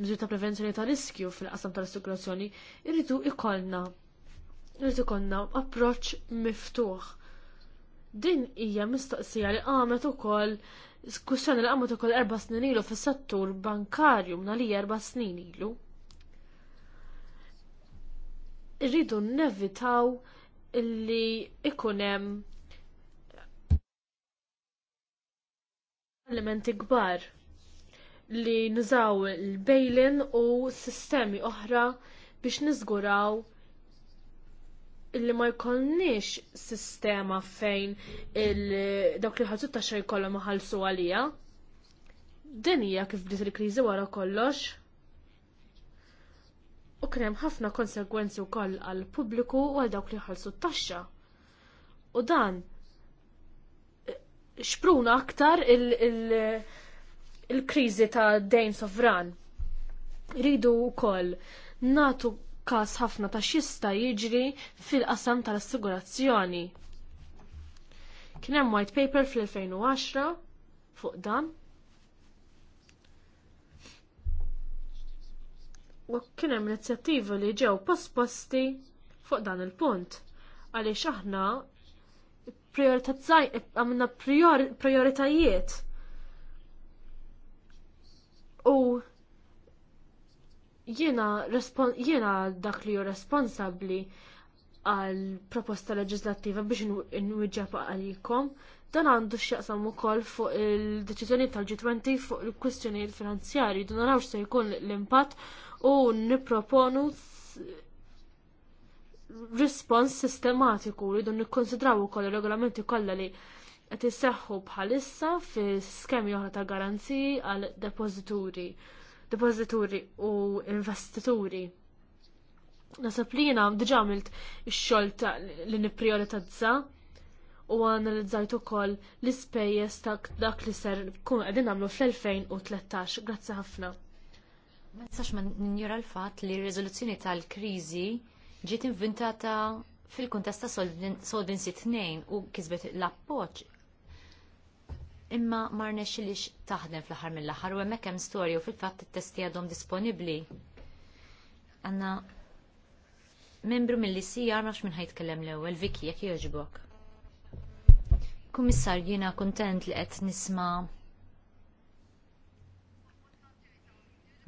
miżuri ta' prevenzjoni ta' riskju fil-qasam tal-assikurazzjoni, irridu ikollna. Irridu ikollna approċċ miftuħ. Din hija mistoqsija li qamet ukoll diskussjoni li qamet ukoll erba' snin ilu fis-settur bankarju mnalija erba' snin ilu. Irridu nevitaw illi ikunem Elementi kbar li nużaw il-bejlin u sistemi oħra biex niżguraw illi ma jkollniex sistema fejn dawk li ħazzu ta' xej kollha maħalsu għalija. Din hija kif bdiet il-kriżi wara kollox u kien hemm ħafna konsegwenzi wkoll għall pubbliku u għal dawk li ħalsu t-taxxa. U dan xpruna aktar il-krizi ta' dejn sovran. Ridu wkoll natu każ ħafna ta' xista jiġri fil-qasam tal-assigurazzjoni. Kien hemm white paper fl-2010 fuq dan. U kien hemm inizjattivi li ġew posposti fuq dan il-punt għaliex aħna għamilna prioritajiet. U jiena jiena dak li hu responsabbli għal proposta leġislattiva biex nwiġġab għalikom dan għandu x'jaqsam ukoll fuq il deċizjoni tal tal-G20 fuq il-kwistjonijiet finanzjarji, dan naraw se jkun l-impatt u nipproponu rispons sistematiku li dun nikkonsidraw ukoll ir-regolamenti kollha li qed isseħħu bħalissa fi skemi oħra ta' garanziji għal depożituri, depozituri u investituri. Nasab li jina diġà għamilt ix-xogħol li nipprioritizza u analizzajt ukoll l-ispejjeż ta' dak li ser kun qegħdin nagħmlu fl-2013. Grazzi ħafna. Ma nistax ma ninjura l-fatt li r-riżoluzzjoni tal-kriżi ġiet inventata fil-kuntest ta' Solvency 2 u kisbet l-appoġġ imma ma rnexxilix taħdem fl-aħħar mill-aħħar u hemmhekk hemm storja u fil-fatt it-testi għadhom disponibbli. Għandna membru mill-ICR nafx minn ħajtkellem l-ewwel Viki jekk jogħġbok. Kummissar jiena kuntent li qed nisma'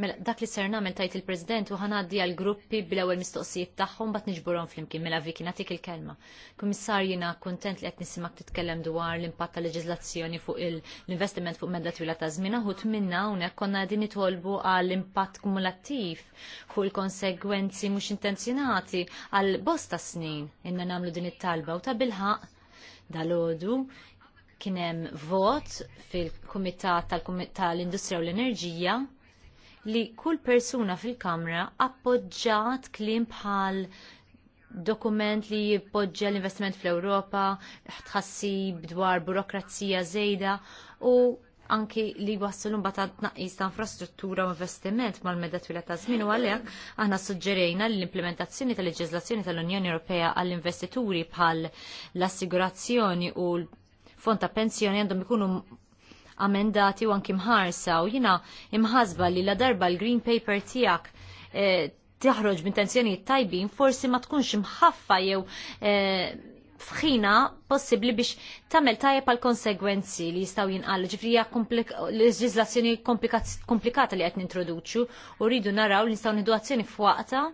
Mela, dak li ser nagħmel tajt il-President u ħanaddi għal gruppi bl-ewwel mistoqsijiet tagħhom bat niġburhom flimkien mela viki nagħtik il-kelma. Kummissar jiena kuntent li qed nisimak titkellem dwar l-impatt ta' leġiżlazzjoni fuq l-investiment fuq medda twila ta' żmien aħut minna hawnhekk konna qegħdin nitolbu għall impatt kumulattiv fuq il-konsegwenzi mhux intenzjonati għal bosta snin inna nagħmlu din it-talba u ta' bilħaq dalodu kien hemm vot fil-Kumitat tal-Industrija u l-Enerġija li kull persuna fil-kamra appoġġat kliem bħal dokument li jippoġġa l-investiment fl-Ewropa, tħassib dwar burokrazija żejda u anki li wassalum bata tnaqqis ta' infrastruttura u investiment mal-medda twila ta' żmien u għalhekk aħna suġġerejna li l-implementazzjoni tal-leġiżlazzjoni tal-Unjoni Ewropea għall-investituri bħal l-assigurazzjoni u l-fond ta' pensjoni għandhom ikunu amendati u anki mħarsa u jina imħazba li la darba l-green paper tijak eh, tiħroġ b'intenzjonijiet tajbin forsi ma tkunx mħaffa jew eh, fħina possibli biex tamel tajjeb għal konsegwenzi li jistaw jinqallu ġifrija leġiżlazzjoni komplikata li qed nintroduċu u rridu naraw li nistgħu nidu azzjoni f'waqta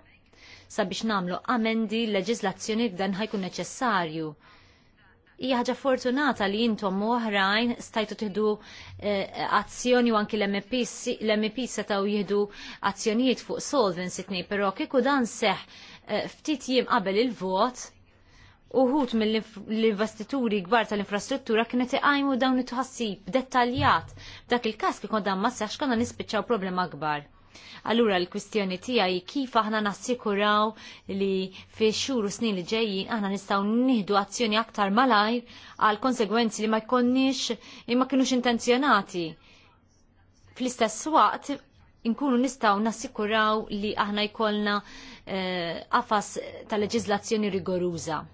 sabiex namlu amendi l-leġiżlazzjoni dan ħajkun neċessarju hija ħaġa fortunata li intom oħrajn stajtu tiħdu eh, azzjoni u anki l-MP setaw jieħdu azzjonijiet fuq Solvency 2, però kieku dan seħ eh, ftit jiem qabel il-vot uħut mill-investituri gbar tal-infrastruttura kienet iqajmu dawn it-tħassib dettaljat. Dak il-każ kien dan ma seħx konna nispiċċaw problema kbar. Allura l-kwistjoni tiegħi kif aħna nassikuraw li fi xhur u snin li ġejjin aħna nistgħu nieħdu azzjoni aktar malajr għal konsegwenzi li ma jkonniex li ma kinux intenzjonati. Fl-istess waqt inkunu nistaw nassikuraw li aħna jkollna eh, qafas eh, ta' leġizlazzjoni rigoruża.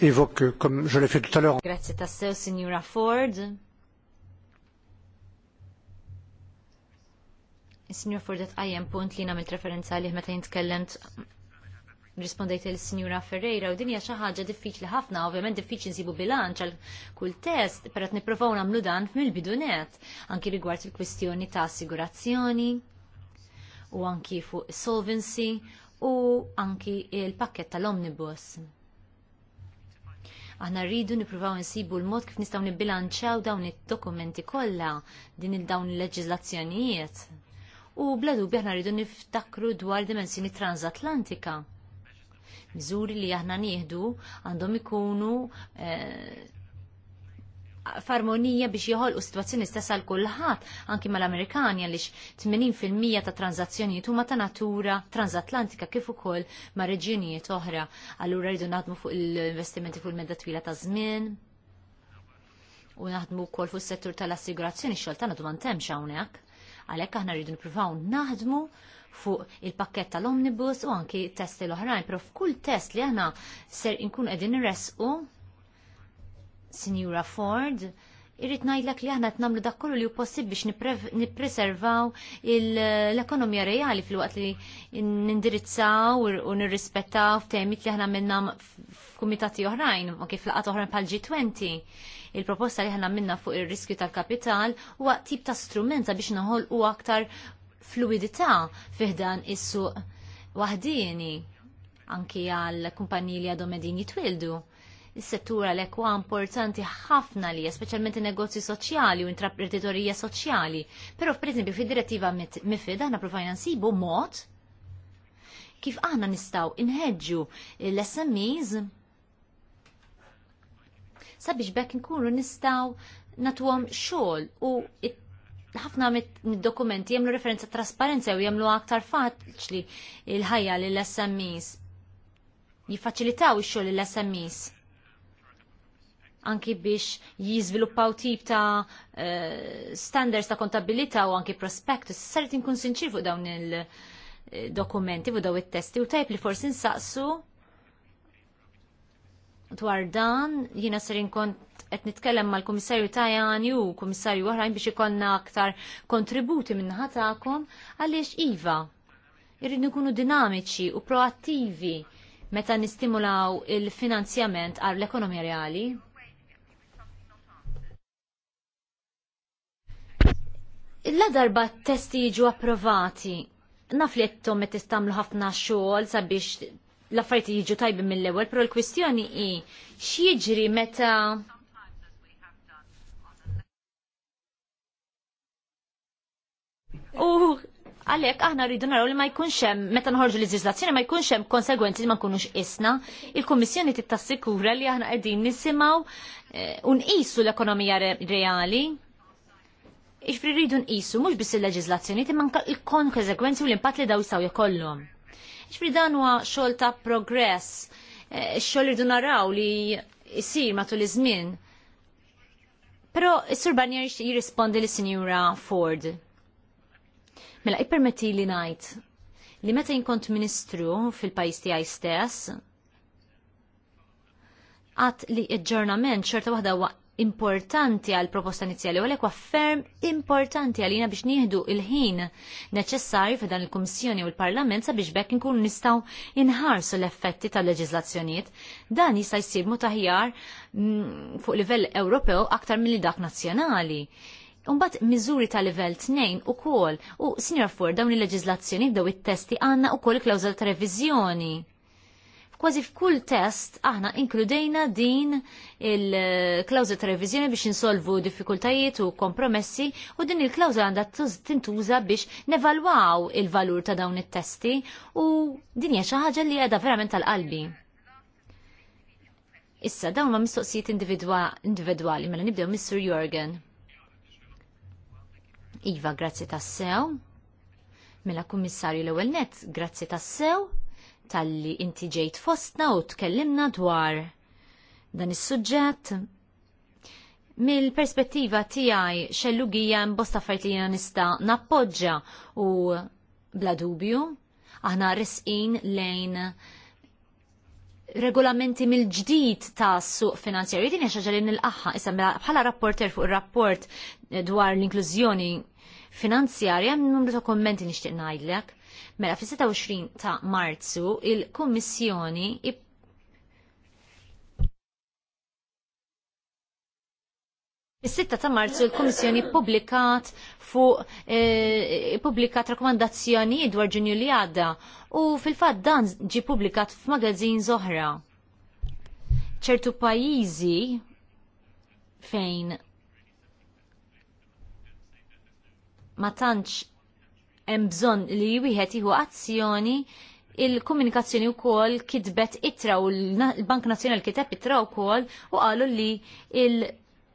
évoque, comme je l'ai fait tout à l'heure. Grazie tassew, signora Ford. Signor Ford, għajem punt li namilt referenza li meta jintkellemt rispondejt il-Sinjura Ferreira u dinja xaħġa diffiċli ħafna, ovvjament diffiċli nsibu bilanċ għal kull test, perat niprofaw namlu dan mill-bidunet, anki rigward il-kwistjoni ta' assigurazzjoni u anki fuq solvency u anki il-pakket tal-omnibus. Aħna rridu nippruvaw nsibu l-mod kif nistgħu nibilanċaw dawn id-dokumenti kollha din il-dawn il-leġiżlazzjonijiet. U bla dubju aħna rridu niftakru dwar dimensjoni transatlantika. Miżuri li aħna nieħdu għandhom ikunu eh, f'armonija biex joħolqu situazzjoni stessa għal kulħadd anki mal-Amerikani għaliex 80% ta' tranzazzjonijiet huma ta' natura transatlantika kif ukoll ma' reġjunijiet oħra. Allura rridu naħdmu fuq l-investimenti fuq il-medda twila ta' żmien. U naħdmu wkoll fuq is-settur tal-assigurazzjoni x-xogħol tagħna dwar temx hawnhekk. Għalhekk aħna rridu nippruvaw naħdmu fuq il-pakket tal-omnibus u anki testi l-oħrajn, però f'kull test li aħna ser inkun qegħdin irresqu. Signora Ford, irrit ngħidlek li aħna t nagħmlu dak kollu li hu biex nippreservaw l-ekonomija reali fil-waqt li nindirizzaw u nirrispettaw f'temit li aħna minna f'kumitati oħrajn, ok, kif laqat oħrajn bħal G20. Il-proposta li aħna minna fuq ir-riskju tal-kapital huwa tip ta' strumenta biex naħolqu aktar fluidità fiħdan is-suq waħdieni anki għal kumpanji li għadhom edin jitwildu Is-settura l huwa importanti ħafna li, speċjalment in negozji soċjali u intraprenditorija soċjali. Però pereżempju fid-direttiva MIFID aħna provajna nsibu mod kif aħna nistgħu inħeġġu l-SMEs sabiex bekk nkunu nistgħu natwom xogħol u ħafna mid-dokumenti jemlu referenza trasparenza u jemlu aktar faċli il-ħajja l-SMEs. jifacilitaw ix-xogħol l-SMEs anki biex jizviluppaw tip ta' eh, standards ta' kontabilità u anki prospektus. Sarit inkun sinċir fuq dawn il-dokumenti, eh, fuq daw il-testi u tajb li forsi nsaqsu dwar dan, jina ser inkont qed nitkellem mal-Kummissarju Tajani u Kummissarju oħrajn biex ikonna aktar kontributi minn ħatakom għaliex iva. Irridu nkunu dinamiċi u proattivi meta nistimulaw il-finanzjament għal l ekonomija reali. illa darba testi jiġu approvati. Naf li jettom me testamlu ħafna xogħol sabiex l-affarijiet jiġu tajbi mill-ewwel, però l-kwistjoni hi xieġri meta U għalek aħna rridu naraw li ma jkunx hemm meta nħorġu l-leġiżlazzjoni ma jkunx hemm konsegwenzi li ma nkunux isna. Il-Kummissjoni tittassikura li aħna qegħdin nisimgħu eh, nqisu l-ekonomija reali Ixfri rridu nqisu mhux biss il-leġiżlazzjoni imma manka il-konsekwenzi u l impat li daw jistgħu jkollhom. Ixfri dan huwa xogħol ta' progress, e, xogħol irridu naraw li jsir matul iż-żmien. Però s-Sur Barnier jirrispondi lis sinjura Ford. Mela ippermetti li ngħid li meta jinkont ministru fil pajjiż tiegħi stess, għat li ġ-ġurnament xorta waħda importanti għal proposta inizjali u għalekwa ferm importanti għalina biex nieħdu il-ħin neċessarju f'dan il-Kummissjoni u l-Parlament sabiex bekk nkunu nistaw inħarsu l-effetti tal leġiżlazzjonijiet Dan jista' jsir mutaħjar mm, fuq livell Ewropew aktar milli dak nazzjonali. Umbat miżuri ta' livell 2 u kol u sinjor Ford dawn il-leġizlazzjoni bdew it-testi għanna u kol klawżal ta' reviżjoni Kważi f'kull test aħna inkludejna din il-klawza ta' reviżjoni biex insolvu diffikultajiet u kompromessi u din il-klawza għandha tintuża biex nevalwaw il-valur ta' dawn it-testi u din hija xi ħaġa li għadha verament tal-qalbi. Issa, dawn ma mistoqsijiet individwali, mela nibdew Mr. Jorgen. Iva, grazzi tassew. Mela kummissarju l ewwel net, grazzi tassew talli inti ġejt fostna u tkellimna dwar dan is-suġġett. Mill-perspettiva tiegħi xellugija mbosta fajt li jiena nista' nappoġġa u bla dubju aħna risqin lejn regolamenti mill-ġdid ta' suq finanzjarju. Din hija xaġa li nilqaħħa issa mela bħala rapporter fuq ir-rapport dwar l-inklużjoni finanzjarja minn numru ta' kommenti nixtieq ngħidlek Mela fis-26 ta' Marzu il-Kummissjoni Is-6 ta' Marzu il kummissjoni ppubblikat fuq e, publikat rakkomandazzjonijiet dwar Ġunju li għadda u fil-fatt dan ġi ppubblikat f'magazzin oħra. ċertu pajjiżi fejn ma tantx hemm bżonn li wieħed jieħu azzjoni il-komunikazzjoni wkoll kitbet itra u l-Bank Nazjonal kiteb itra kol u qalu li il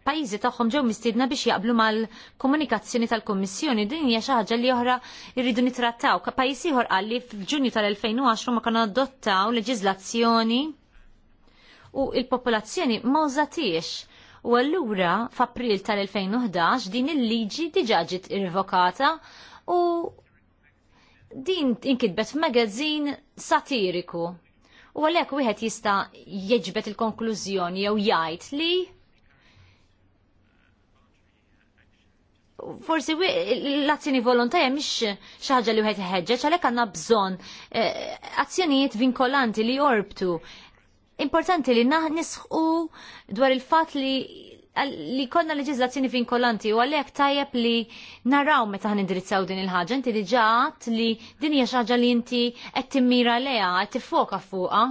pajjiżi tagħhom ġew mistiedna biex jaqblu mal-komunikazzjoni tal-Kummissjoni din hija xi ħaġa li oħra jridu nitrattaw. Pajjiż ieħor qal li f'Ġunju tal-2010 ma kanu adottaw leġiżlazzjoni u il-popolazzjoni ma użatiex. U allura f'April tal-2011 din il-liġi diġà ġiet irrevokata u din inkitbet f'magazzin satiriku. U għalhekk wieħed jista' jeġbet il-konklużjoni jew jgħid li forsi l-azzjoni volontarja mhix xi ħaġa li wieħed iħeġġeġ għalhekk għandna bżonn eh, azzjonijiet vinkolanti li jorbtu. Importanti li naħnisħu dwar il-fatt li li konna leġizlazzjoni vinkolanti u għalhekk tajjeb li naraw meta ħan indirizzaw din il-ħaġa inti diġà li din hija xi ħaġa li inti qed timmira lejha qed tiffoka fuqha.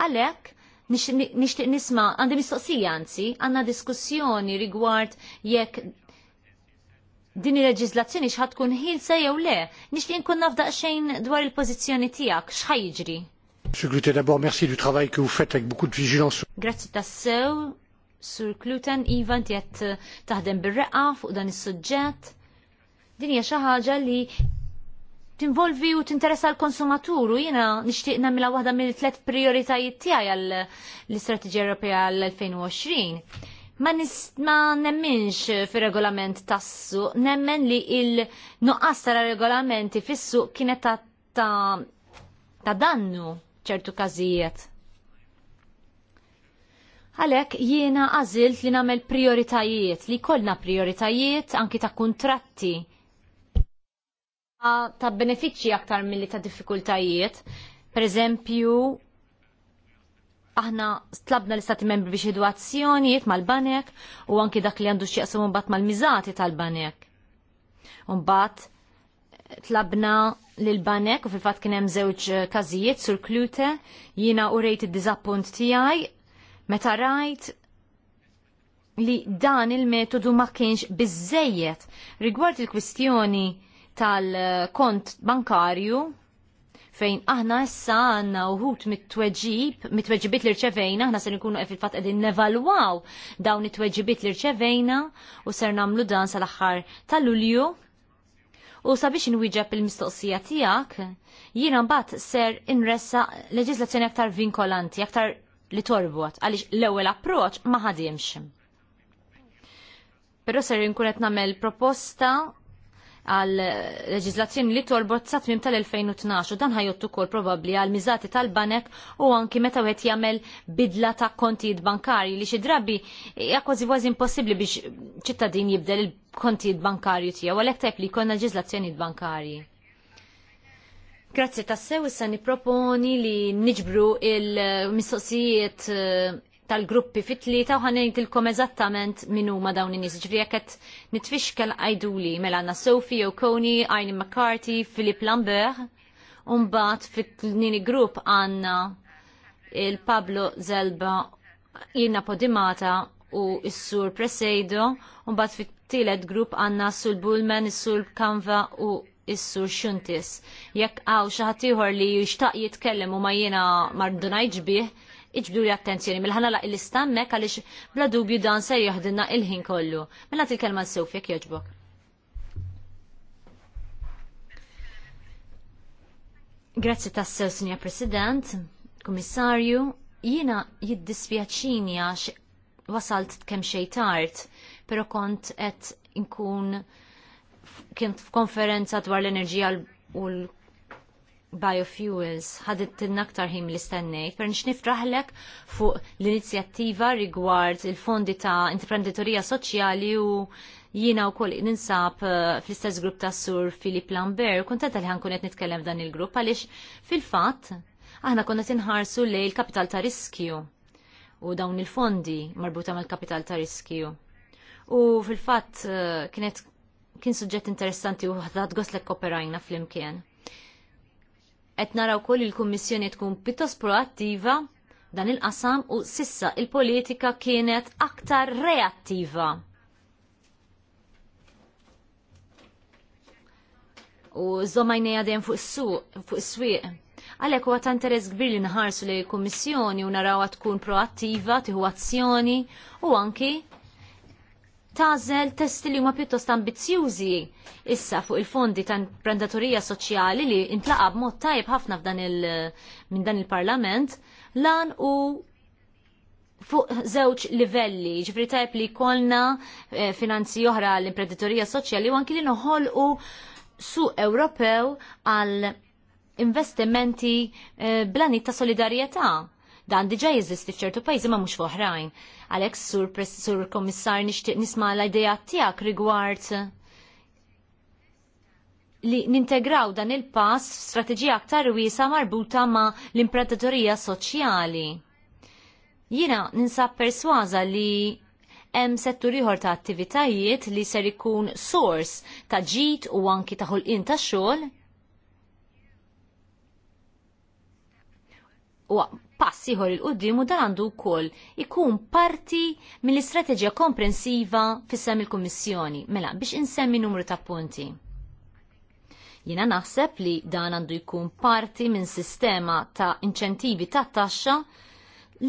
Għalhekk nixtieq nisma' għandi mistoqsija anzi għandna diskussjoni rigward jekk din il-leġizlazzjoni x'ħad tkun ħilsa jew le. Nixtieq nkun nafda xejn dwar il-pożizzjoni tiegħek x'ħajġri. Monsieur Glutet, d'abord, merci du travail que vous faites avec beaucoup de vigilance. Grazie tassew Sur Kluten Iva tiet eh, taħdem bir-reqqa fuq dan is-suġġett. Din hija xi ħaġa li tinvolvi u tinteressa l-konsumatur u jiena nixtieq nagħmilha waħda mill-tliet prioritajiet tiegħi għall l-Istrateġija Ewropea l-2020 ma, nis, ma nemminx fir regolament tassu, nemmen li il-nuqqas tal-regolamenti fissu kienet ta, ta, ta dannu ċertu każijiet. Għalek jiena għazilt li namel prioritajiet, li kollna prioritajiet anki ta' kontratti ah, ta' benefiċċji aktar mill-li ta' diffikultajiet. Per eżempju, aħna stlabna l-istati membri biex jidu mal-banek u anki dak li għandu xieqsum unbat mal-mizati tal-banek. Unbat tlabna l-banek u fil-fat kienem zewġ kazijiet sur klute jina u rejt id-dizappunt tijaj Meta rajt li dan il-metodu ma kienx biżejjed rigward il-kwistjoni tal-kont bankarju fejn aħna issa għanna uħut mit-tweġib, mit-tweġibit li rċevejna, aħna ser nkunu fil-fat edin nevalwaw dawn it-tweġibit li rċevejna u ser namlu dan sal aħħar tal-Lulju. U sabiex nwieġeb il-mistoqsija tiegħek jiena mbagħad ser inressa leġislazzjoni aktar vinkolanti, aktar li torbot għaliex l-ewwel approċ ma ħadimx. Però ser inkun qed nagħmel proposta għal leġizlazzjoni li torbot sa tmim tal-2012 dan ħajottu kol probabli għal miżati tal-banek u anki meta wieħed jagħmel bidla ta' kontijiet bankarji li xi drabi hija kważi kważi impossibbli biex ċittadin jibdel il-kontijiet bankarju tiegħu għalhekk tajb li jkollna leġizlazzjoni bankarji. Grazie tassew issa niproponi li niġbru il-mistoqsijiet eh, tal-gruppi fit-tlieta u ħanejt ilkom eżattament min huma dawn in-nies. Ġifieri jekk qed nitfixkel għajduli mela għandna Sophie O'Coney, Aini McCarthy, Philip Lambert, u mbagħad fit tnieni grupp għandna il-Pablo Zelba Jina Podimata u s-sur Preseido, u mbagħad fit-tielet grupp għandna Sul Bullman, is-sur Kanva u is-sur xuntis. Jekk għaw xaħatiħor ieħor li jishtaq jitkellem u ma jiena marduna bih, iġbdu li attenzjoni mill-ħana mela laq il istammek għalix bla dubju dan ser jaħdinna il-ħin kollu. Mela til-kelma s-sewf jek joġbok. Grazzi tassew, Sinja President, Komissarju, jina jiddispjaċini għax wasalt kemm xej tard, pero kont qed inkun kien f'konferenza dwar l-enerġija u l-biofuels ħadet aktar ħim li stennejt per nifraħlek fuq l-inizjattiva rigward il-fondi ta' intreprenditorija soċjali u jina u koll ninsab eh, fl-istess grupp ta' sur Filip Lambert, kontenta li ħankunet qed nitkellem dan il-grupp għaliex fil-fatt aħna konna tinħarsu li l kapital ta' riskju u dawn il-fondi marbuta mal-kapital ta' riskju. U fil-fatt eh, kienet kien suġġett interessanti u ħadat goslek operajna fl-imkien. Et naraw koll il-Kummissjoni tkun pittos proattiva dan il-qasam u sissa il-politika kienet aktar reattiva. U zomajni dejjem fuq is fuq is-swieq. Għalhekk huwa ta' interess kbir li nħarsu li kummissjoni u narawha tkun proattiva, tieħu azzjoni u anki tażel testi li huma pjuttost ambizzjużi issa fuq il-fondi ta' imprendatorija soċjali li intlaqa b'mod tajb ħafna f'dan il minn dan il-Parlament lan u fuq żewġ livelli, ġifri tajb li kolna eh, finanzi oħra l-imprenditorija soċjali u anki li noħolqu su Ewropew għal investimenti eh, blani ta' solidarieta' Dan diġa jeżisti f'ċertu pajzi ma mhux fuħrajn. Għalhekk sur, sur kommissar nixtieq nisma' l-idea tiegħek rigward li nintegraw dan il-pass f'strateġija aktar wiesa marbuta ma' l-imprenditorija soċjali. Jiena ninsab persważa li hemm settur ieħor ta' attivitajiet li ser ikun sors ta' ġid u anki ta' ħolqien ta' xogħol pass ieħor il-qudiem u dan għandu wkoll ikun parti mill-istrateġija komprensiva fis-sem il-Kummissjoni. Mela biex insemmi numru ta' punti. Jiena naħseb li dan għandu jkun parti minn sistema ta' inċentivi ta' taxxa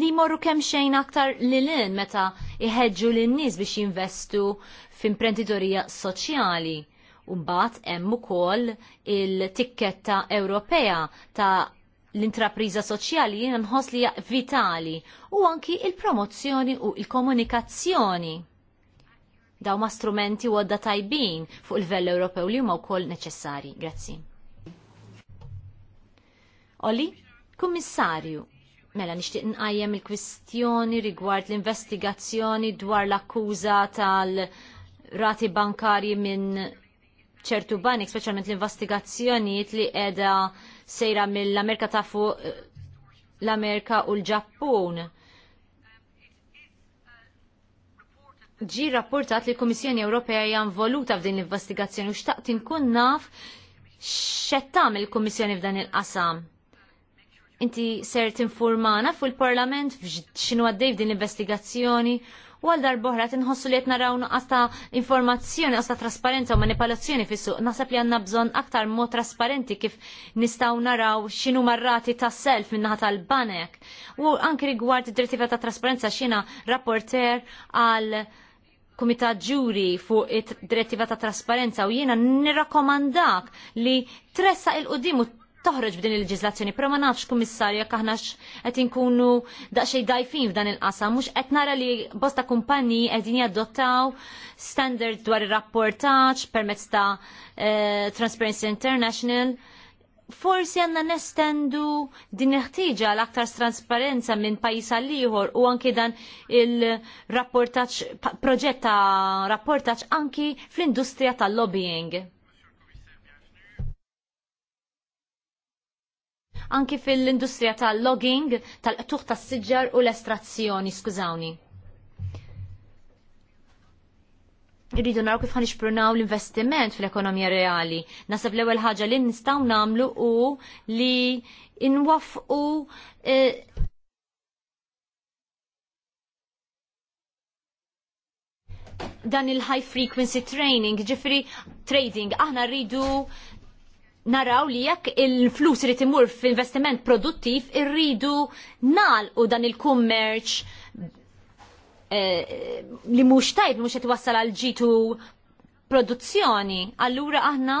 li morru kemm xejn aktar li lin meta iħeġġu lin nies biex jinvestu f'imprenditorija soċjali. Umbat hemm ukoll il-tikketta Ewropea ta' l-intrapriża soċjali jiena nħoss li vitali u anki il-promozzjoni u il-komunikazzjoni. Daw ma strumenti u għodda tajbin fuq il-vell Ewropew li huma wkoll neċessari. Grazzi. Oli, kummissarju, mela nixtieq nqajjem il-kwistjoni rigward l-investigazzjoni dwar l-akkuża tal-rati bankarji minn ċertu banik, speċjalment l-investigazzjonijiet li qiegħda sejra mill-Amerika ta' fuq l-Amerika u l-Ġappun. Ġi rapportat li l-Komissjoni Ewropea hija involuta f'din l-investigazzjoni u xtaqt inkun naf xettam il-Komissjoni f'dan il-qasam. Inti ser tinformana fuq il-Parlament f'xinu għaddej f'din l-investigazzjoni u għal darbohra tinħossu li qed naraw għasta ta' informazzjoni, għasta ta' trasparenza u manipolazzjoni fis-suq. Naħseb li għandna bżonn aktar mod trasparenti kif nistgħu naraw xinu marrati ta' self minnaħa tal-banek. U anke rigward id-direttiva ta' trasparenza xina rapporter għal kumitat ġuri fuq id-direttiva ta' trasparenza u jiena nirrakkomandak li tressa il-qudiem u toħroġ b'din il-leġislazzjoni, però ma nafx kummissarju kaħnax qed inkunu daqsxejn dajfin f'dan il-qasam, mhux qed nara li bosta kumpanji qegħdin jadottaw standard dwar ir-rapportaġġ permezz ta' eh, Transparency International. Forsi għanna nestendu din iħtiġa l-aktar trasparenza minn pajis għal ieħor u anki dan il-rapportaċ, proġett ta' rapportaċ anki fl-industrija tal-lobbying anki fil-industrija tal-logging, tal-qtuħ tas siġar u l-estrazzjoni, skużawni. Irridu naraw kif ħanixprunaw l-investiment fl-ekonomija reali. Nasab l-ewwel ħaġa li nistgħu nagħmlu u li nwaffqu eh, dan il-high frequency training, ġifri trading, aħna rridu naraw li jekk il-flus irid imur f'investiment produttiv irridu nagħlqu dan il-kummerċ eh, li mhux tajb mhux qed iwassal għal ġitu produzzjoni. Allura aħna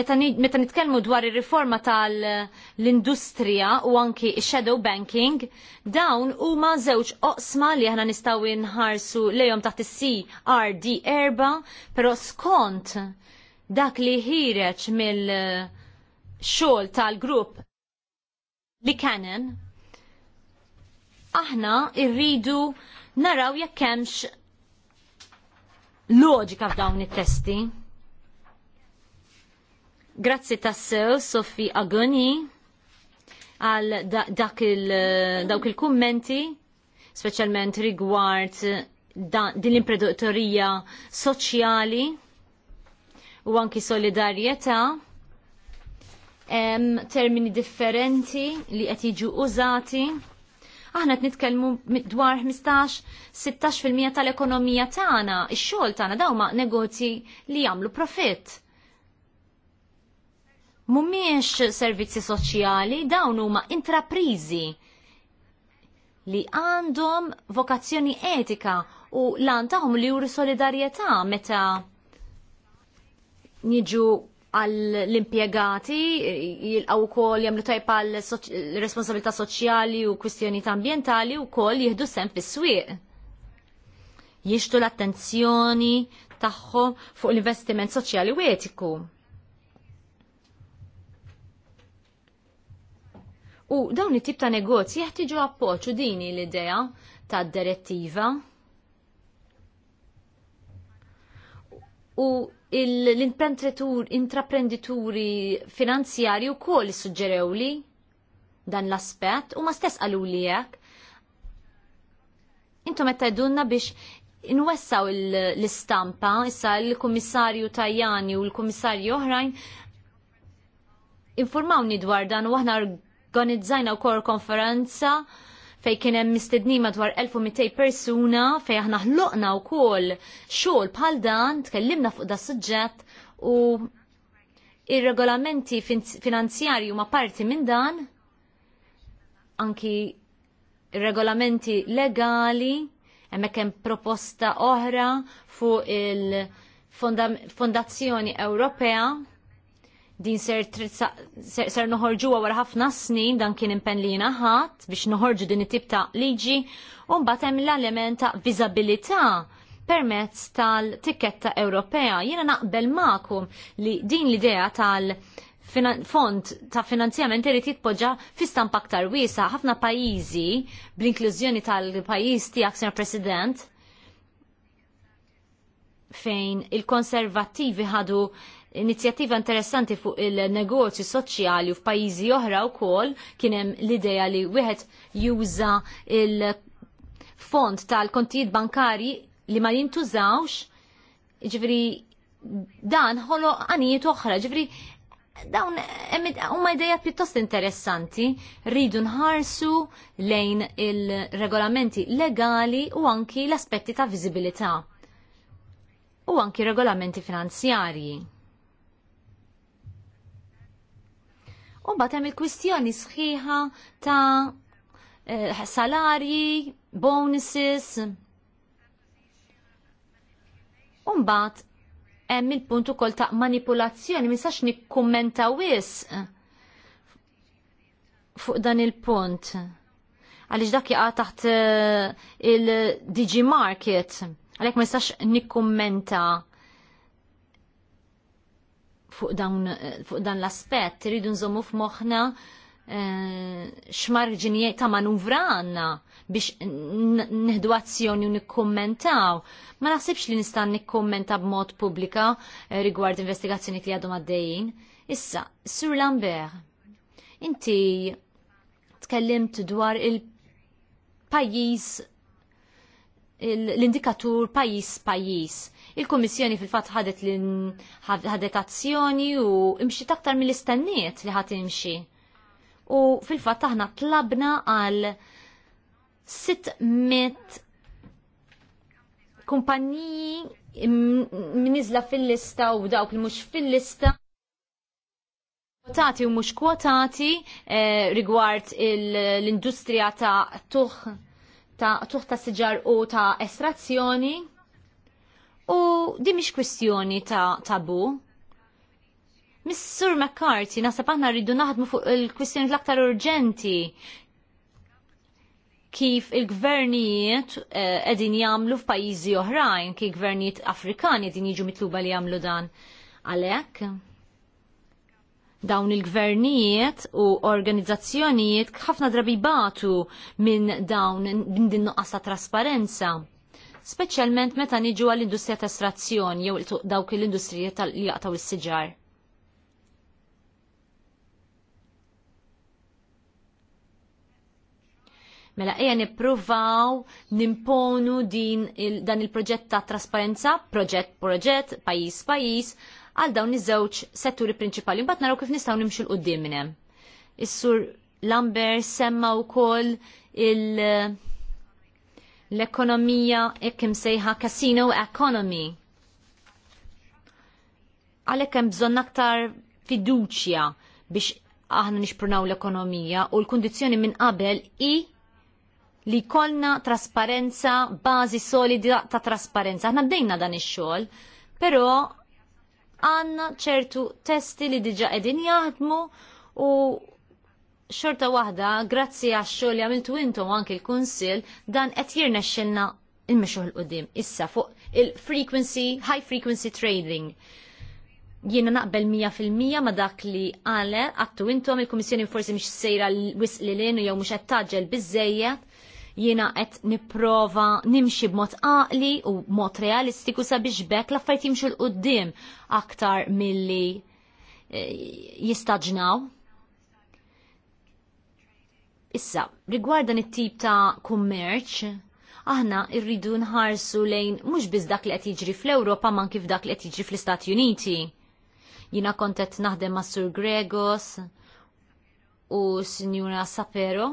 meta nitkellmu dwar ir-riforma tal-industrija u anki shadow banking, dawn huma żewġ oqsma li aħna nistgħu nħarsu lejhom taħt is-CRD erba, però skont dak li ħireċ mill eh, xogħol tal-grupp li kanen, aħna irridu naraw jekk hemmx loġika f'dawn it-testi. Grazzi tassew, Sofi Agoni, għal dak eh, dawk il-kummenti, speċjalment rigward din l-imprenditorija soċjali u anki solidarjetà hemm termini differenti li qed jiġu użati. Aħna qed nitkellmu dwar 15-16% tal-ekonomija tagħna, ix-xogħol tagħna dawma negozji li jagħmlu profitt. Mhumiex servizzi soċjali, dawn huma intraprizi li għandhom vokazzjoni etika u lan tagħhom li juri solidarjetà meta Niġu għall-impiegati, jilqaw kol jamlu tajpa għall-responsabilità soċjali u ta' ambjentali u kol jihdu sem fis-swieq. Jixtu l-attenzjoni tagħhom fuq l-investiment soċjali u etiku. U dawn it-tip ta' negozji jeħtieġu appoġġ u dini l-idea tad direttiva. U l-intraprendituri finanzjari u kol suġġerew li dan l-aspet u ma stess għalu li jek. Intu metta jdunna biex inwessaw l-istampa, issa l-komissarju Tajani u l-komissarju oħrajn informawni dwar dan u aħna organizzajna u kor konferenza fej kien hemm mistedni madwar 1200 persuna fej aħna ħloqna wkoll xogħol bħal dan, tkellimna fuq da suġġett u ir-regolamenti finanzjarji huma parti minn dan anki regolamenti legali hemmhekk hemm proposta oħra fuq il-Fondazzjoni Ewropea din ser, ser, ser noħorġu għawar ħafna snin dan kien impen li jinaħat biex noħorġu din it-tip ta' liġi un batem l-element ta' viżabilità permezz tal-tikketta Ewropea. Jiena naqbel ma'kum li din l-idea tal- fond ta' finanzjament irid jitpoġġa fi stampa aktar wiesa. Ħafna pajjiżi bl-inklużjoni tal-pajjiż tiegħek, Sir President, fejn il-konservattivi ħadu inizjattiva interessanti fuq il-negozju soċjali f'pajjiżi oħra wkoll kien hemm l-idea li wieħed juża il-fond tal-kontijiet bankari li ma jintużawx ġifri dan ħolo għanijiet oħra ġifri dawn huma ideja pjuttost interessanti rridu nħarsu lejn il-regolamenti legali u anki l-aspetti ta' viżibilità u anki regolamenti finanzjarji. U bat hemm il-kwistjoni sħiħa ta' eh, salarji, bonuses. U mbagħad hemm il-punt ukoll ta' manipulazzjoni, ma sax nikkummenta wisq fuq dan il-punt. Għaliex dak jaqa' taħt eh, il-Digi Market, għalhekk ma jistax nikkummenta fuq dan l-aspett, iridu nżommu f'moħħna eh, xmarġini ta' manuvra għanna biex neħdu azzjoni u nikkommentaw. Ma naħsibx li nista' nikkommenta b'mod pubblika eh, rigward investigazzjoni li għadhom għaddejjin. Issa, Sur Lambert, inti tkellimt dwar il-pajis l-indikatur pajis pajis. Il-Kummissjoni fil-fatt ħadet ħadet azzjoni u imxi aktar mill-istenniet li ħat imxi. U fil-fatt aħna tlabna għal 600 kumpaniji minizla fil-lista u dawk li mhux fil-lista kwotati u mhux kwotati eh, rigward l-industrija ta' tuħ ta' tuħ ta' siġar u ta' estrazzjoni U di mish kwestjoni ta' tabu. Missur McCarthy, nasab aħna rridu naħdmu fuq il-kwestjoni l-aktar urġenti kif il-gvernijiet eh, edin jamlu f'pajjiżi oħrajn, kif gvernijiet Afrikani edin jiġu mitluba li jamlu dan. Għalek, dawn il-gvernijiet u organizzazzjonijiet ħafna drabi batu minn dawn minn din nuqqas ta' trasparenza speċjalment meta niġu għall-industrija ta' estrazzjoni jew dawk l-industrija li jaqtaw is-siġar. Mela eja nippruvaw nimponu din il, dan il-proġett ta' trasparenza, proġett proġett, pajis pajis, għal dawn iż-żewġ setturi prinċipali. Mbagħad naraw kif nistgħu nimxu l qudiem minn hemm. Is-sur Lambert semma wkoll il- l-ekonomija ikkim e sejħa casino economy. Għalhekk hemm bżonn aktar fiduċja biex aħna nixprunaw l-ekonomija u l-kundizzjoni minn qabel i li kollna trasparenza, bażi solida ta' trasparenza. Aħna bdejna dan ix-xogħol, però għandna ċertu testi li diġa qegħdin jaħdmu u xorta waħda, grazzi għax xogħol li għamiltu intom anki l-Kunsill, dan qed jirnexxilna il-mexuħ l-qudiem issa fuq il-frequency, high frequency trading. Jiena naqbel 100% ma dak li għale għattu intom il-Kummissjoni forsi mhix sejra l-wisq li jew mhux qed taġġel biżejjed jiena qed nipprova nimxi b'mod għaqli u mod realistiku sabiex bekk l-affarijiet jimxu l-qudiem aktar milli eh, jistaġnaw Issa, rigwardan dan it-tip ta' kummerċ, aħna irridu nħarsu lejn mhux biss dak li qed jiġri fl-Ewropa man kif dak li qed jiġri fl-Istati Uniti. Jina kontet naħdem ma' Sur Gregos u Sinjura Sapero.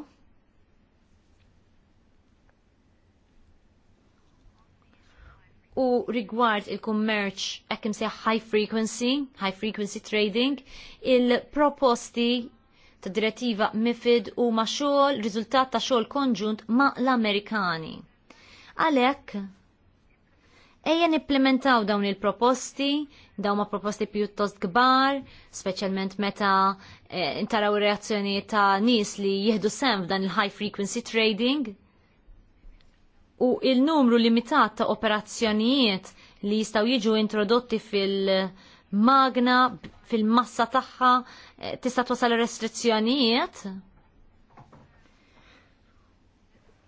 U rigward il-kummerċ ekkim seħ high frequency, high frequency trading, il-proposti ta' direttiva MIFID u ma' xogħol riżultat ta' xogħol konġunt ma' l-Amerikani. Għalhekk ejja nipplementaw dawn il-proposti, dawn ma' proposti pjuttost kbar, speċjalment meta eh, intaraw reazzjoni ta' nies li jieħdu sem f'dan il-high frequency trading, u il-numru limitat ta' operazzjonijiet li jistaw jiġu introdotti fil- magna fil-massa tagħha eh, tista' twasal restrizzjonijiet.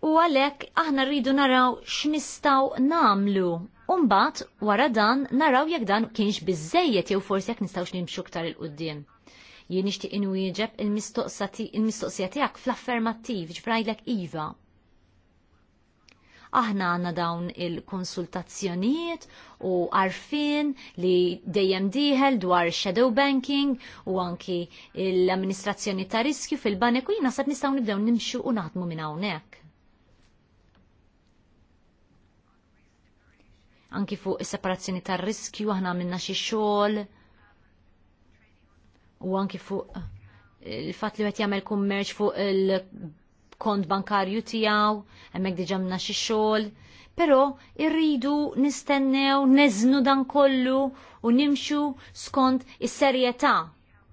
U għalhekk aħna rridu naraw x'nistgħu namlu Umbat, wara dan, naraw jekk dan kienx bizzejiet jew forsi jekk nistgħux nimxu ktar il-qudiem. Jien nixtieq inwieġeb il-mistoqsija tiegħek fl-affermattiv ġifrajlek iva, Aħna għandna dawn il-konsultazzjonijiet u għarfien li dejjem diħel dwar shadow banking u anki l-amministrazzjoni ta' riskju fil-banek u jina sad nistaw nibdew nimxu u naħdmu minn hawnhekk. Anki fuq is-separazzjoni tar riskju aħna minna xi xogħol u anki fuq il-fat li għet jagħmel kummerċ fuq il kont bankarju tijaw, emmek diġamna xie xol, pero irridu nistennew, neznu dan kollu u nimxu skont is-serjetà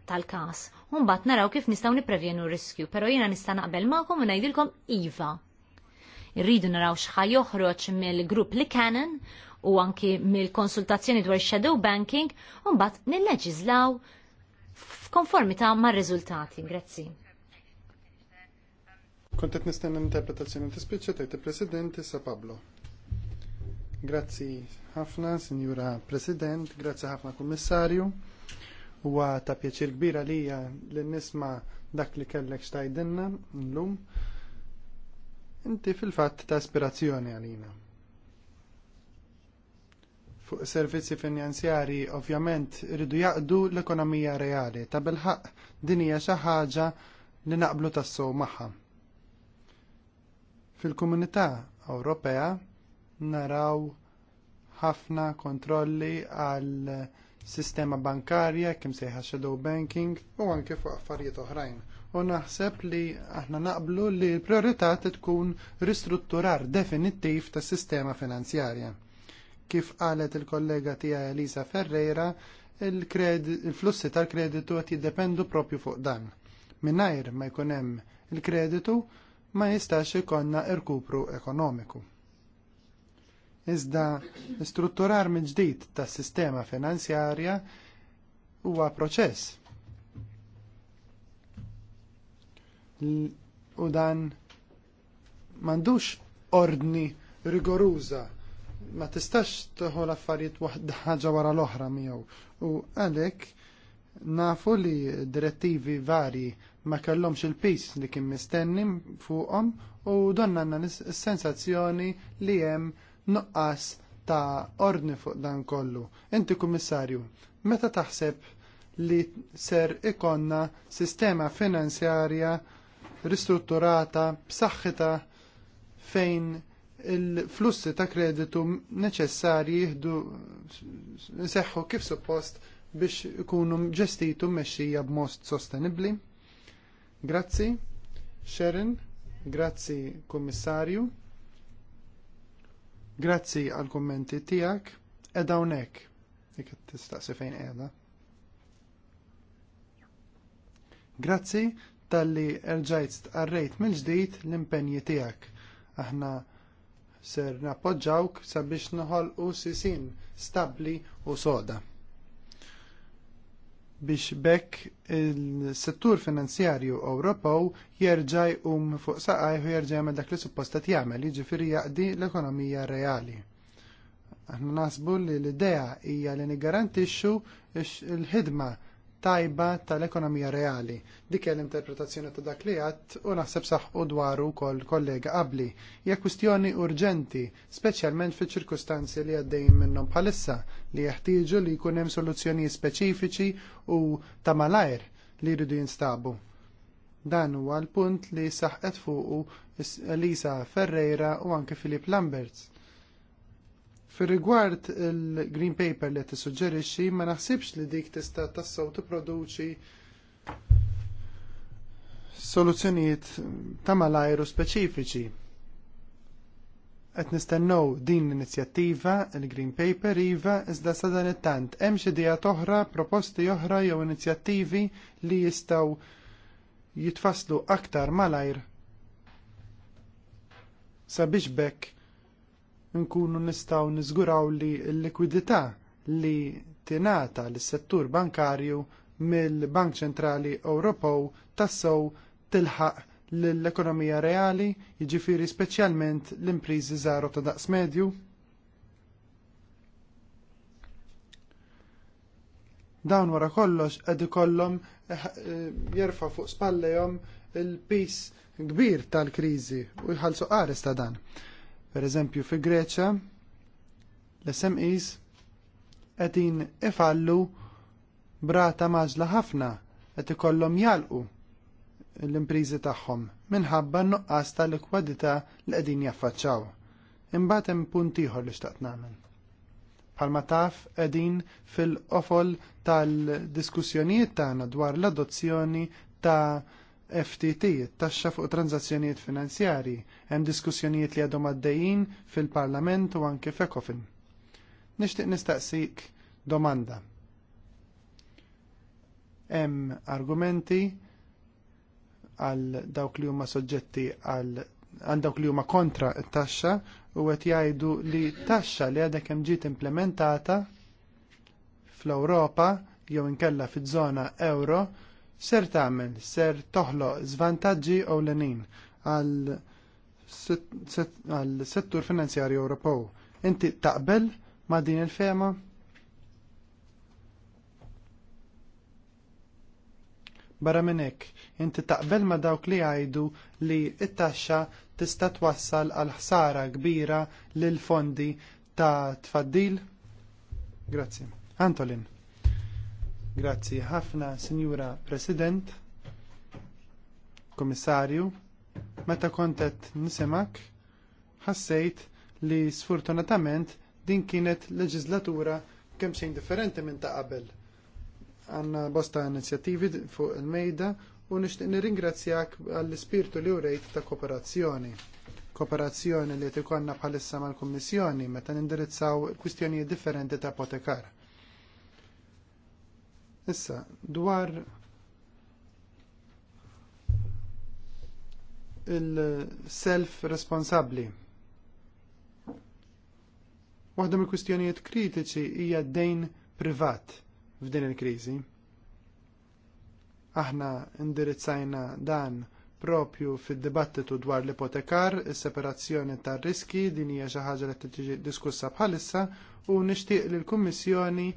tal-kas. Umbat naraw kif nistaw niprevjenu riskju, pero jina nista' naqbel ma'kom u ngħidilkom iva. Irridu naraw x'ħaj joħroġ mill-grupp li Canon u anki mill-konsultazzjoni dwar shadow banking, umbat nilleġiżlaw f'konformità mar-riżultati. Grazzi. Kont qed nistenna interpretazzjoni tispiċċa tgħid il-President issa Pablo. Grazzi ħafna, Sinjura President, grazzi ħafna Kummissarju. Huwa ta' pjaċir kbira lija li nisma' dak li kellek xtajdinna llum. Inti fil-fatt ta' aspirazzjoni għalina fuq servizzi finanzjarji ovvjament ridu jaqdu l-ekonomija reali ta' bilħaq din hija xi ħaġa li naqblu tassew magħha. Fil-Komunità Ewropea naraw ħafna kontrolli għal sistema bankarja, kim sejħa shadow banking u anke fuq affarijiet oħrajn. U naħseb li aħna naqblu li l-priorità tkun ristrutturar definittiv tas sistema finanzjarja. Kif qalet il-kollega tija Elisa Ferreira, il-flussi il flussi tal kreditu għat jiddependu propju fuq dan. Minnajr ma jkunem il-kreditu, ma jistax ikonna irkupru ekonomiku. Iżda strutturar minn ġdid tas sistema finanzjarja huwa proċess. U dan mandux ordni rigoruża ma tistax toħu l-affarijiet waħda ħaġa wara l-oħra miegħu. U għalhekk nafu li direttivi varji ma kellhomx il peace li kien mistenni fuqhom u donna għandna sensazzjoni li hemm nuqqas ta' ordni fuq dan kollu. Inti kummissarju, meta taħseb li ser ikonna sistema finanzjarja ristrutturata b'saħħitha fejn il-flussi ta' kreditu neċessarji jihdu seħħu kif suppost biex ikunu ġestitu mmexxija b'mod sostenibbli? Grazzi, Sharon, grazzi Kommissarju, grazzi għal kummenti tijak, edha unek, dik tistaqsi fejn edha. Grazzi tal-li erġajt t-arrejt mill-ġdid l-impenji tijak. Aħna ser nappoġġawk sabiex u sisin stabbli u soda biex bekk il-settur finanzjarju Ewropew jerġa' jqum fuq saqajh u jerġa' jagħmel dak li supposta jagħmel, jiġifieri jaqdi l-ekonomija reali. Aħna nasbu li l-idea hija li nigarantixxu il-ħidma tajba tal-ekonomija reali. Dik l-interpretazzjoni ta' dak li għat u naħseb saħqu dwaru kol kollega qabli. Hija kwistjoni urġenti, speċjalment fi ċirkustanzi li għaddejn minnhom bħalissa li jeħtieġu li jkun hemm soluzzjonijiet speċifiċi u ta' malajr li jridu jinstabu. Dan huwa l-punt li saħqet fuqu Elisa Ferreira u anke Filip Lamberts Fir rigward il-Green Paper li tissuġġerixxi ma naħsibx li dik tista' tassew tipproduċi soluzzjonijiet ta' malajru speċifiċi. Qed nistennew din l-inizjattiva, il-Green Paper iva iżda sadan it-tant hemm xi ideat oħra, proposti oħra jew inizjattivi li jistgħu jitfasslu aktar malajr sabiex bekk nkunu nistaw niżguraw li l-likwidità li tingħata lis settur bankarju mill-Bank Ċentrali Ewropew tassew tilħaq l-ekonomija reali, jiġifieri speċjalment l-impriżi żgħar ta' daqs medju? Dawn wara kollox qed ikollhom eh, jerfa' fuq spallejhom il-pis kbir tal-kriżi u jħallsu qares ta' dan. Per eżempju, fi Greċa, l-SMEs qegħdin ifallu brata maġla ħafna qed ikollhom jalqu l-imprizi tagħhom minħabba nuqqas tal-kwadità li qegħdin jaffaċċaw. Imbagħad hemm punt ieħor li xtaqt nagħmel. Palma taf qegħdin fil-qofol tal-diskussjonijiet tagħna dwar l-adozzjoni ta' FTT, taxxa fuq tranzazzjonijiet finanzjarji, hemm diskussjonijiet li għadhom għaddejjin fil-Parlament u anke f'Ekofin. Nixtieq nistaqsik domanda. Hemm argumenti għal dawk li huma soġġetti għal għal dawk li huma kontra t-taxxa u qed jgħidu li taxxa li għadha kemm ġiet implementata fl-Ewropa jew inkella fiż-żona euro ser tagħmel, ser toħloq żvantaġġi ewlenin għal settur finanzjarju Ewropew. Inti taqbel ma' din il-fema? Barra minn hekk, inti taqbel ma' dawk li jgħidu li t taxxa tista' twassal għal ħsara kbira lil fondi ta' tfaddil? Grazzi. Antolin. Grazzi ħafna, Sinjura President, Komissarju, meta kontet nisimak, ħassejt li sfortunatament din kienet leġislatura kemm xejn differenti minn ta' qabel. Għanna bosta inizjattivi fuq il-mejda u nixtieq nirringrazzjak għall-ispirtu li urejt ta' kooperazzjoni. Kooperazzjoni li tikonna bħalissa mal-Kummissjoni meta nindirizzaw kwistjonijiet differenti ta' apotekar. Issa, dwar il-self responsabli. Waħda mill kwistjonijiet kritiċi hija dejn privat f'din il-kriżi. Aħna indirizzajna dan propju fid-dibattitu dwar l-ipotekar, is-separazzjoni tar-riski din hija xi ħaġa li tiġi diskussa bħalissa u nixtieq lill kummissjoni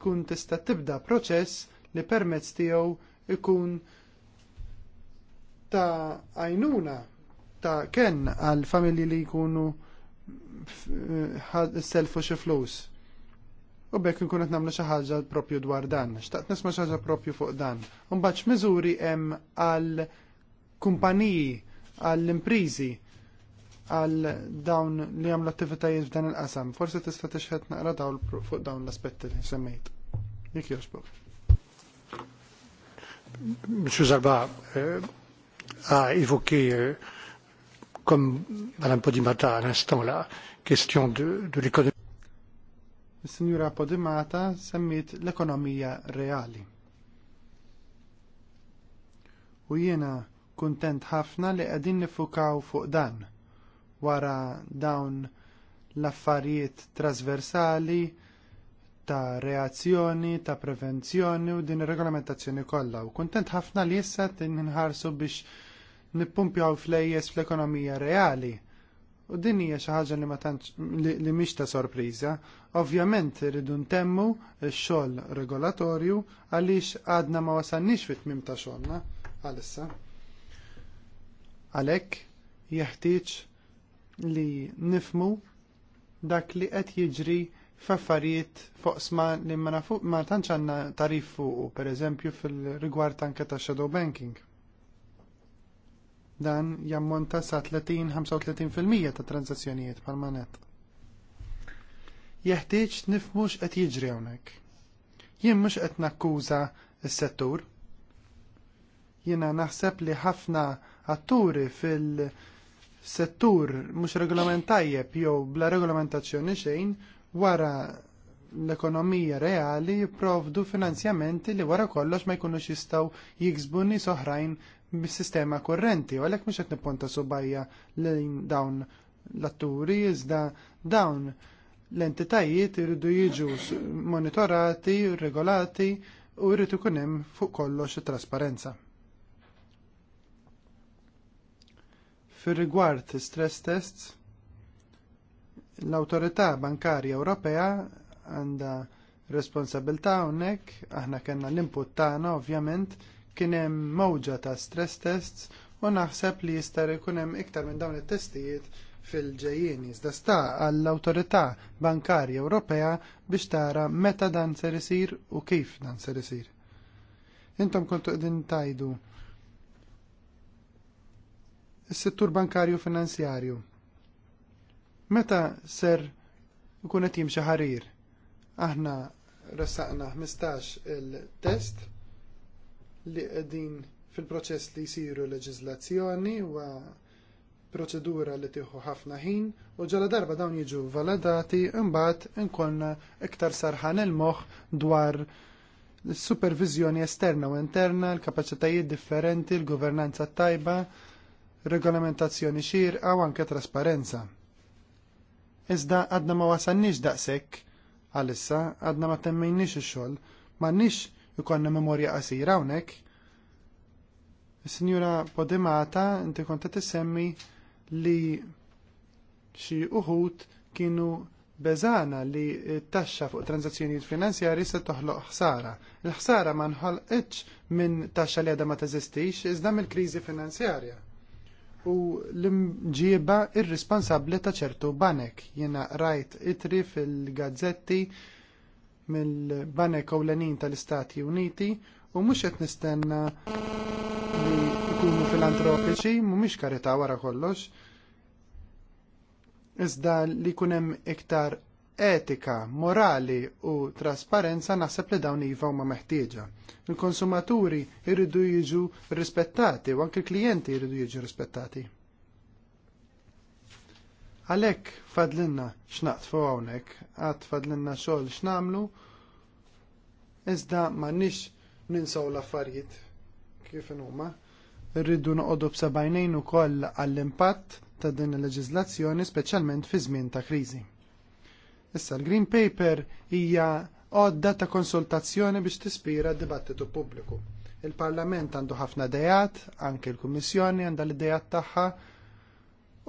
tkun tista' tibda proċess li permezz tiegħu ikun ta' għajnuna ta' ken għal familji li jkunu selfu xi flus. U bekk nkun qed nagħmlu xi ħaġa propju dwar dan. Xtaqt nisma' xi ħaġa propju fuq dan. Mbagħad x'miżuri hemm għal kumpaniji għall imprizi għal dawn li l attivitajiet f'dan il-qasam. Forsi tista' tixħet naqra dawn fuq dawn l-aspetti li semmejt. Jek jogħġbok. Monsieur Zarba eh, a ah, évoqué, eh, comme Mme Podimata à l'instant, la question de, de l'économie. Signora Podimata semmit l-ekonomija reali. U jiena kuntent ħafna li qegħdin nifukaw fuq dan wara dawn l-affarijiet trasversali ta' reazzjoni, ta' prevenzjoni u din ir-regolamentazzjoni kollha. U kuntent ħafna li issa tinħarsu biex nippumpjaw flejjes fl-ekonomija reali. U din hija xi ħaġa li ma tantx li mhix ta' sorpriża. Ovvjament irridu ntemmu x-xogħol regolatorju għaliex għadna ma wasalniex fit-tmim ta' xogħolna għalissa. Għalhekk jeħtieġ li nifmu dak li qed jiġri f'affarijiet foqsma li ma nafu ma tantx għandna tarif fuq pereżempju fil-rigward anke ta' shadow banking. Dan jammonta sa 30-35% ta' transazzjonijiet permanent. Jeħtieġ nifmu qed jiġri hawnhekk. Jien mhux qed nakkuża s-settur. Jiena naħseb li ħafna atturi fil- settur mhux tajjeb jew bla regolamentazzjoni xejn wara l-ekonomija reali jipprovdu finanzjamenti li wara kollox ma jkunux jistgħu jiksbu nies oħrajn bis-sistema kurrenti u għalhekk mhux qed nipponta subajja lejn dawn l-atturi iżda dawn l-entitajiet iridu jiġu monitorati, regolati u jrid ikun hemm fuq kollox it trasparenza. Fir-rigward stress tests, l-Awtorità Bankarja Ewropea għandha responsabilità hawnhekk, aħna kellna l-input tagħna ovvjament, kien hemm mowġa ta' stress tests u naħseb li jista' jkun hemm iktar minn dawn it-testijiet fil-ġejjien iżda sta għall-Awtorità Bankarja Ewropea biex tara meta dan ser isir u kif dan ser isir. Intom kontu qegħdin tajdu is-settur bankarju finanzjarju. Meta ser ikun qed jimxi ħarir? Aħna ressaqna 15 il-test li qegħdin fil-proċess li jsiru leġiżlazzjoni wa proċedura li tieħu ħafna ħin u ġala darba dawn jiġu validati imbagħad inkonna iktar sarħan il-moħħ dwar supervizjoni esterna u interna, l-kapaċitajiet differenti, l-governanza tajba, regolamentazzjoni xirqa u anke trasparenza. Iżda għadna ma wasalniex daqshekk għalissa għadna ma temmejniex ix ma m'għandniex jukonna memorja qasir hawnhekk. Is-Sinjura Podimata inti kont qed li xi uħud kienu beżana li t-taxxa fuq transazzjonijiet finanzjarji se toħloq ħsara. Il-ħsara ma nħolqitx minn taxxa li għadha ma teżistix iżda mill-kriżi finanzjarja u l-imġieba irresponsabbli ta' ċertu banek. Jiena rajt itri fil-gazzetti mill-banek ewlenin tal-Istati Uniti u mhux qed nistenna li jkunu filantropiċi, mhumiex karità wara kollox. Iżda li jkun hemm iktar etika, morali u trasparenza naħseb li dawn iva huma meħtieġa. Il-konsumaturi jridu jiġu rispettati u anke l-klijenti jridu jiġu rispettati. Għalhekk fadlinna x'naqtfu hawnhekk, għad fadlinna xogħol x'namlu, iżda m'għandniex ninsaw l-affarijiet kif huma. Irridu noqogħdu b'sebgħinejn ukoll għall-impatt ta' din il-leġiżlazzjoni speċjalment fi żmien ta' kriżi. Issa l-Green Paper hija għodda ta' konsultazzjoni biex tispira d-dibattitu pubbliku. Il-Parlament għandu ħafna dejat, anke l-Kummissjoni għandha l-dejat tagħha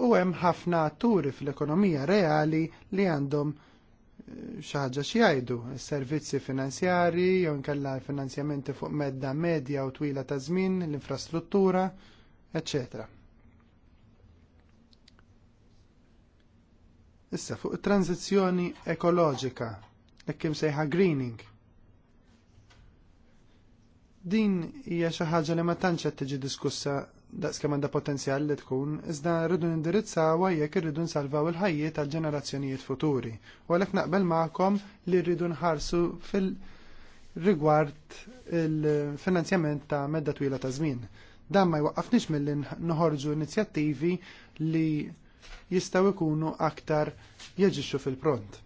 u hemm ħafna atturi fl-ekonomija reali li għandhom eh, xaħġa xjajdu, servizzi finanzjari, jew nkella finanzjamenti fuq medda medja u twila ta' żmien, l-infrastruttura, eccetera. Issa fuq it tranzizjoni ekoloġika, e kim sejħa greening. Din hija xi ħaġa li ma tantx qed tiġi diskussa daqskemm għandha potenzjal li tkun, iżda rridu nindirizzawha jekk irridu nsalvaw il-ħajjiet tal-ġenerazzjonijiet futuri. U għalhekk naqbel magħkom li rridu nħarsu fil-rigward il-finanzjament ta' medda twila ta' żmien. Dan ma jwaqqafniex milli noħorġu inizjattivi li jistgħu jkunu aktar jeġixxu fil-pront.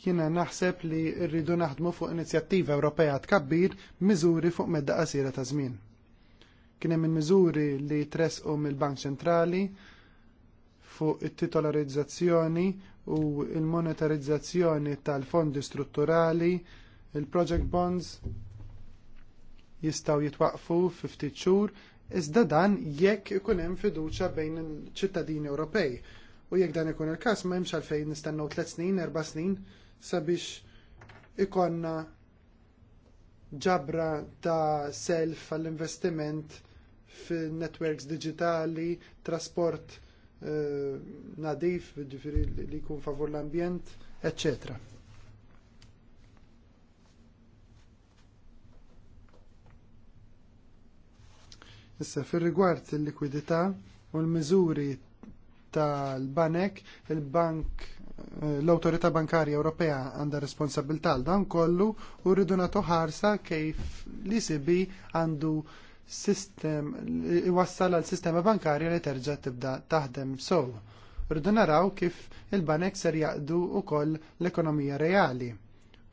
Jiena naħseb li rridu naħdmu fuq inizjattiva Ewropea tkabbir miżuri fuq medda qasira ta' żmien. Kien hemm miżuri li tresqu mill-Bank Ċentrali fuq it-titolarizzazzjoni u il-monetarizzazzjoni tal-fondi strutturali, il-project bonds jistgħu jitwaqfu 50 xhur iżda dan jekk ikun hemm fiduċja bejn il-ċittadini Ewropej. U jekk dan ikun il-każ hemmx għalfejn nistennew tliet snin, erba' snin sabiex ikonna ġabra ta' self għall-investiment fin-networks diġitali, trasport eh, nadif, ġifiri li jkun favur l-ambjent, eccetera. Issa fir-rigward il-likwidità u l-miżuri tal-banek, il-bank eh, l-Autorità Bankarja Ewropea għandha responsabilità għal dan kollu u rridu nagħtu ħarsa kif l icb għandu sistem iwassal għal sistema bankarja li terġa' tibda taħdem sow. Rridu naraw kif il-banek ser jaqdu wkoll l-ekonomija reali.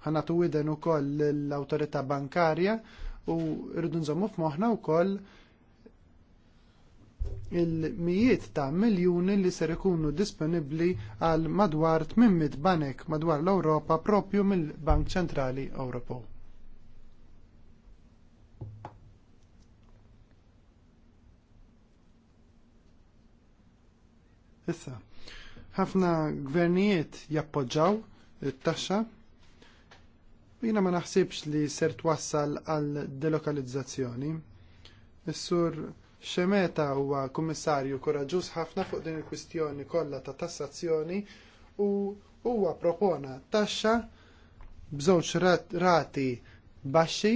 Ħanatu widen ukoll l-Awtorità Bankarja u rridu nżommu f'moħħna wkoll il-mijiet ta' miljuni li ser ikunu disponibbli għal madwar 800 banek madwar l-Ewropa propju mill-Bank Ċentrali Ewropew. Issa, ħafna gvernijiet jappoġġaw it-taxxa. Jiena ma naħsibx li ser twassal għal delokalizzazzjoni. Is-sur Xemeta huwa kummissarju koraġġuż ħafna fuq din il-kwistjoni kollha ta' tassazzjoni u huwa propona taxxa bżewġ rati baxxi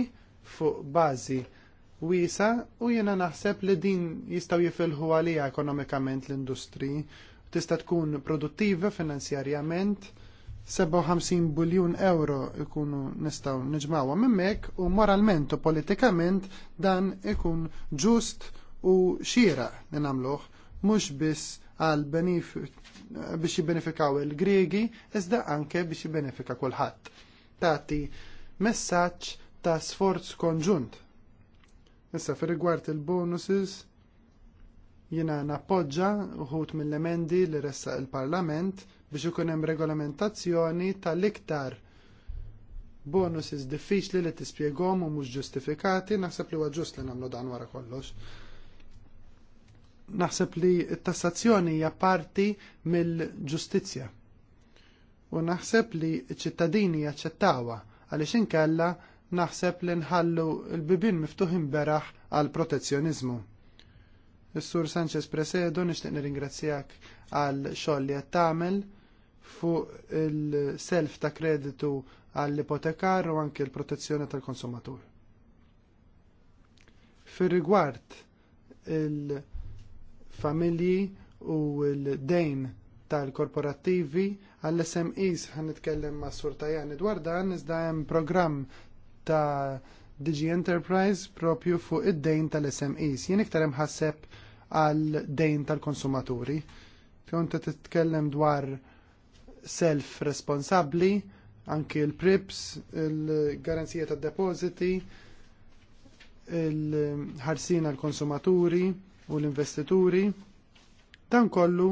fuq bażi wiesa u jiena naħseb li din jistgħu jifilħu għalija ekonomikament l-industri. Tista' tkun produttiva finanzjarjament 57 biljun euro ikunu nistgħu niġmawhom hemmhekk u moralment u politikament dan ikun ġust u xira li nagħmluh mhux biss għal biex jibbenefikaw il-Griegi, iżda anke biex jibbenefika kulħadd. Tati messaġġ ta' sforz konġunt. Issa fir rigward il-bonuses jiena nappoġġa uħut mill-emendi li ressa il-Parlament biex ikun hemm regolamentazzjoni tal-iktar bonuses diffiċli li tispjegom u mhux ġustifikati, naħseb li huwa ġust li nagħmlu dan wara kollox naħseb li t-tassazzjoni hija parti mill-ġustizzja. U naħseb li ċ-ċittadini jaċċettawha għaliex inkella naħseb li nħallu l-bibin miftuħin beraħ għal protezzjonizmu. Is-Sur Sanchez Presedo nixtieq nirringrazzjak għal xogħol li qed tagħmel fuq il-self ta' kreditu għall-ipotekar u anke l-protezzjoni tal-konsumatur. Fir rigward il- familji u l-dejn tal-korporattivi għall-SMEs ħan nitkellem ma' Sur Tajani dwar dan iżda hemm programm ta' Digi Enterprise propju fuq id-dejn tal-SMEs. Jien iktar ħasseb għal dejn tal-konsumaturi. Kont titkellem dwar self responsabbli anki l-prips, il-garanzija tad depositi il-ħarsina l-konsumaturi, u l-investituri. Dan kollu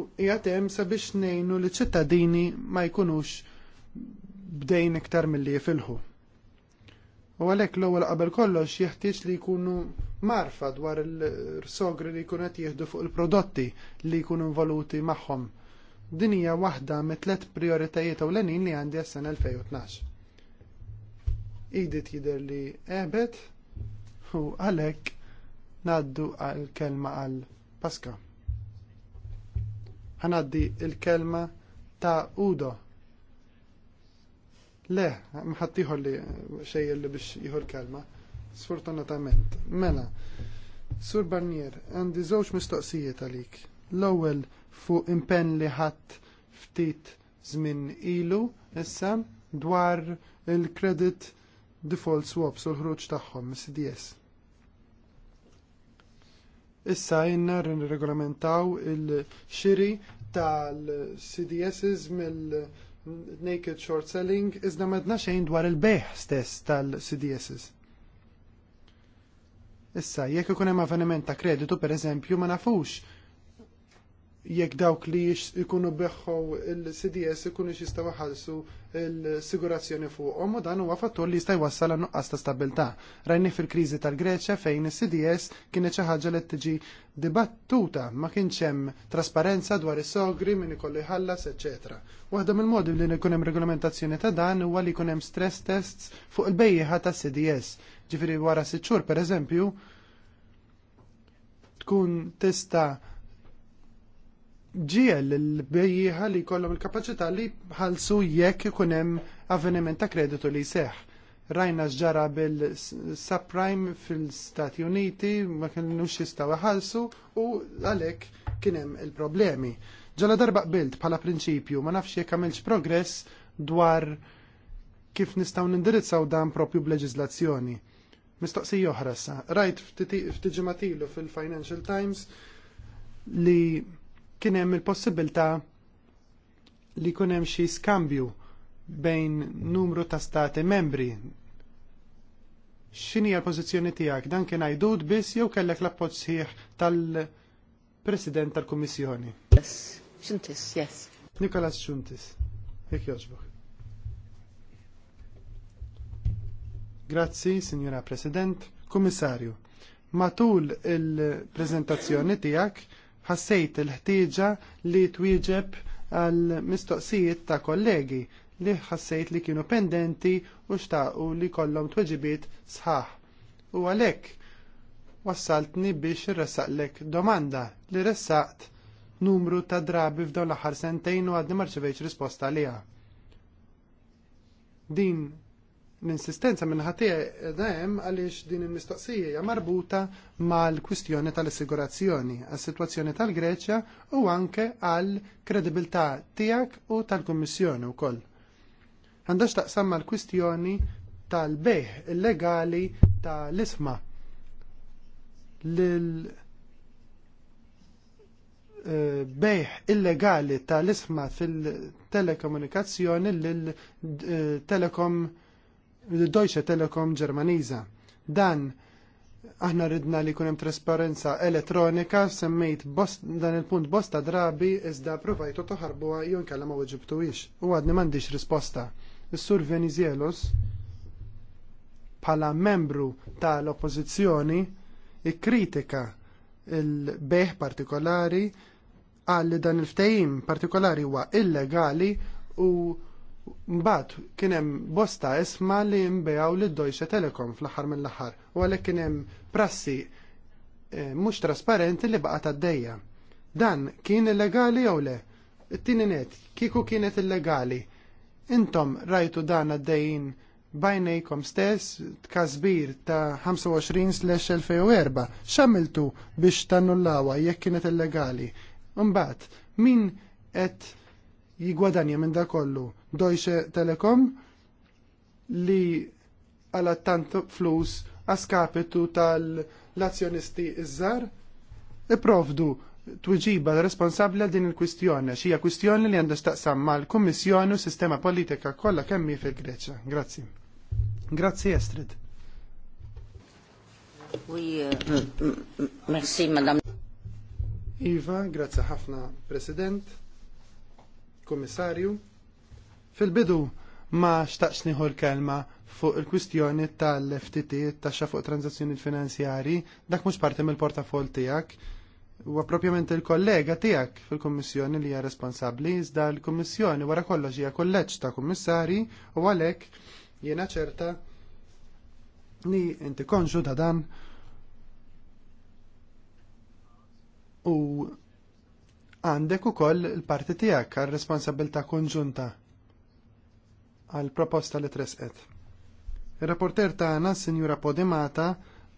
jgħatem sabiex nejnu li ċittadini ma jkunux bdejn iktar mill-li jifilħu. U għalek l-ewwel qabel kollox jeħtieġ li jkunu marfa dwar il-sogri li jkunu qed jieħdu fuq il-prodotti li jkunu involuti magħhom. Din hija waħda mit tliet prioritajiet ewlenin li għandi għas-sena 2012. Idit jidher li qebet u għalhekk Naddu għal-kelma għal-Paska. Għanaddi il-kelma ta' Udo. Le, mħattiħor li xej li biex jħor kelma. Sfortunatament. Mela, Sur Barnier, għandi żewġ mistoqsijiet għalik. L-ewwel fuq impenn li ħadd ftit żmien ilu issa dwar il-credit default swaps u l-ħruġ tagħhom, CDS. Issa jenna regolamentaw il-xiri tal-CDSs mill-naked short selling iżda madna xejn dwar il-beħ stess tal cds Issa, jekk ikun hemm avveniment ta' kreditu pereżempju ma nafux jekk dawk li ikunu beħħu il-CDS ikunu xistaw ħalsu l-sigurazzjoni fuqhom u dan huwa fattur li jista' jwassal nuqqas ta' stabilità. Rajni fil-kriżi tal-Greċja fejn is-CDS kienet xi ħaġa li tiġi dibattuta ma kienx hemm trasparenza dwar is-sogri min ikollu ħallas, eċetera. Waħda mill-modi li jkun hemm regolamentazzjoni ta' dan huwa li jkun hemm stress tests fuq il-bejjeħa tas-CDS. Ġifieri wara sitt xhur pereżempju tkun tista' ġiel l-bejjiħa li kollom il-kapacità li ħalsu jekk ikunem avveniment ta' kreditu li seħ. Rajna ġara bil-subprime fil-Stati Uniti, ma kienu xistaw ħalsu u għalek kienem il-problemi. Ġala darba qbilt bħala prinċipju ma nafx jekk għamilx progress dwar kif nistaw nindirizzaw dan propju b'leġizlazzjoni. Mistoqsija oħra sa. Rajt ftiġimatilu fil-Financial Times li kien hemm il-possibilità li jkun hemm xi skambju bejn numru ta' stati membri. X'inhi l-pożizzjoni tiegħek? Dan kien għajdud biss jew kellek l-appoġġ sħiħ tal-President tal-Kummissjoni? Yes, Xuntis, yes. Nikolas Xuntis, jekk jogħġbu. Grazzi, Signora President. Kummissarju, matul il-prezentazzjoni tiegħek ħassejt il-ħtieġa li twieġeb għal mistoqsijiet ta' kollegi li ħassejt li kienu pendenti u xtaqu li kollhom tweġibiet sħaħ. U għalhekk wassaltni biex irressaqlek domanda li ressaqt numru ta' drabi f'dawn l-aħħar sentejn u għadni marċevejx risposta għaliha. Din l-insistenza minn ħatija dajem għaliex din il-mistoqsija hija marbuta mal-kwistjoni tal-assigurazzjoni, għas-sitwazzjoni tal-Greċja u anke għal kredibilità tiegħek u tal-Kummissjoni wkoll. Għandax taqsam mal-kwistjoni tal-bejħ illegali tal-isma eh, beħ illegali tal-isma fil-telekomunikazzjoni lil eh, telekom Deutsche Telekom Ġermaniża. Dan aħna ridna li kunem trasparenza elettronika, semmejt dan il-punt bosta drabi, iżda provajtu toħarbu jew nkella ma weġibtu ix. U għadni m'għandix risposta. Is-sur Venizelos, pala membru tal-oppozizjoni, ikkritika il-beħ partikolari, għalli li dan il ftajim partikolari huwa illegali u Mbagħad kien hemm bosta isma li nbegħu lid dojxa Telekom fl-aħħar mill-aħħar u għalhekk kien hemm prassi eh, mhux trasparenti li baqgħet għaddejja. Dan kien illegali jew le? It-tieni net, kieku kienet illegali. Intom rajtu dan għaddejjin bajnejkom stess tkazbir ta' 25/2004 xamiltu biex tannullawa jekk kienet illegali. Mbagħad min qed jigwadanja minn da kollu? Deutsche Telekom li għala tant flus għaskapitu tal-azzjonisti iż-żar iprovdu twiġiba responsabla din il-kwistjoni, xija kwistjoni li għandha staqsam mal-Kummissjoni u sistema politika kollha kemm fil-Greċja. Grazzi. Grazzi Estrid. Oui, euh, merci, madame. Iva, grazie ħafna, President, Komissarju. Fil-bidu ma xtaqx nieħu l-kelma fuq il-kwistjoni tal-FTT taxxa fuq transazzjoni finanzjari dak mhux parti mill-portafol tiegħek. Huwa propjament il-kollega tiegħek fil-Kummissjoni li hija responsabbli iżda l-Kummissjoni wara kollox hija kolleġġ ta' kummissari u għalhekk jiena ċerta li inti konxu ta' dan u għandek ukoll il-parti tiegħek għar-responsabilità konġunta għal proposta li tresqet. Il-rapporter tagħna, Sinjura Podimata,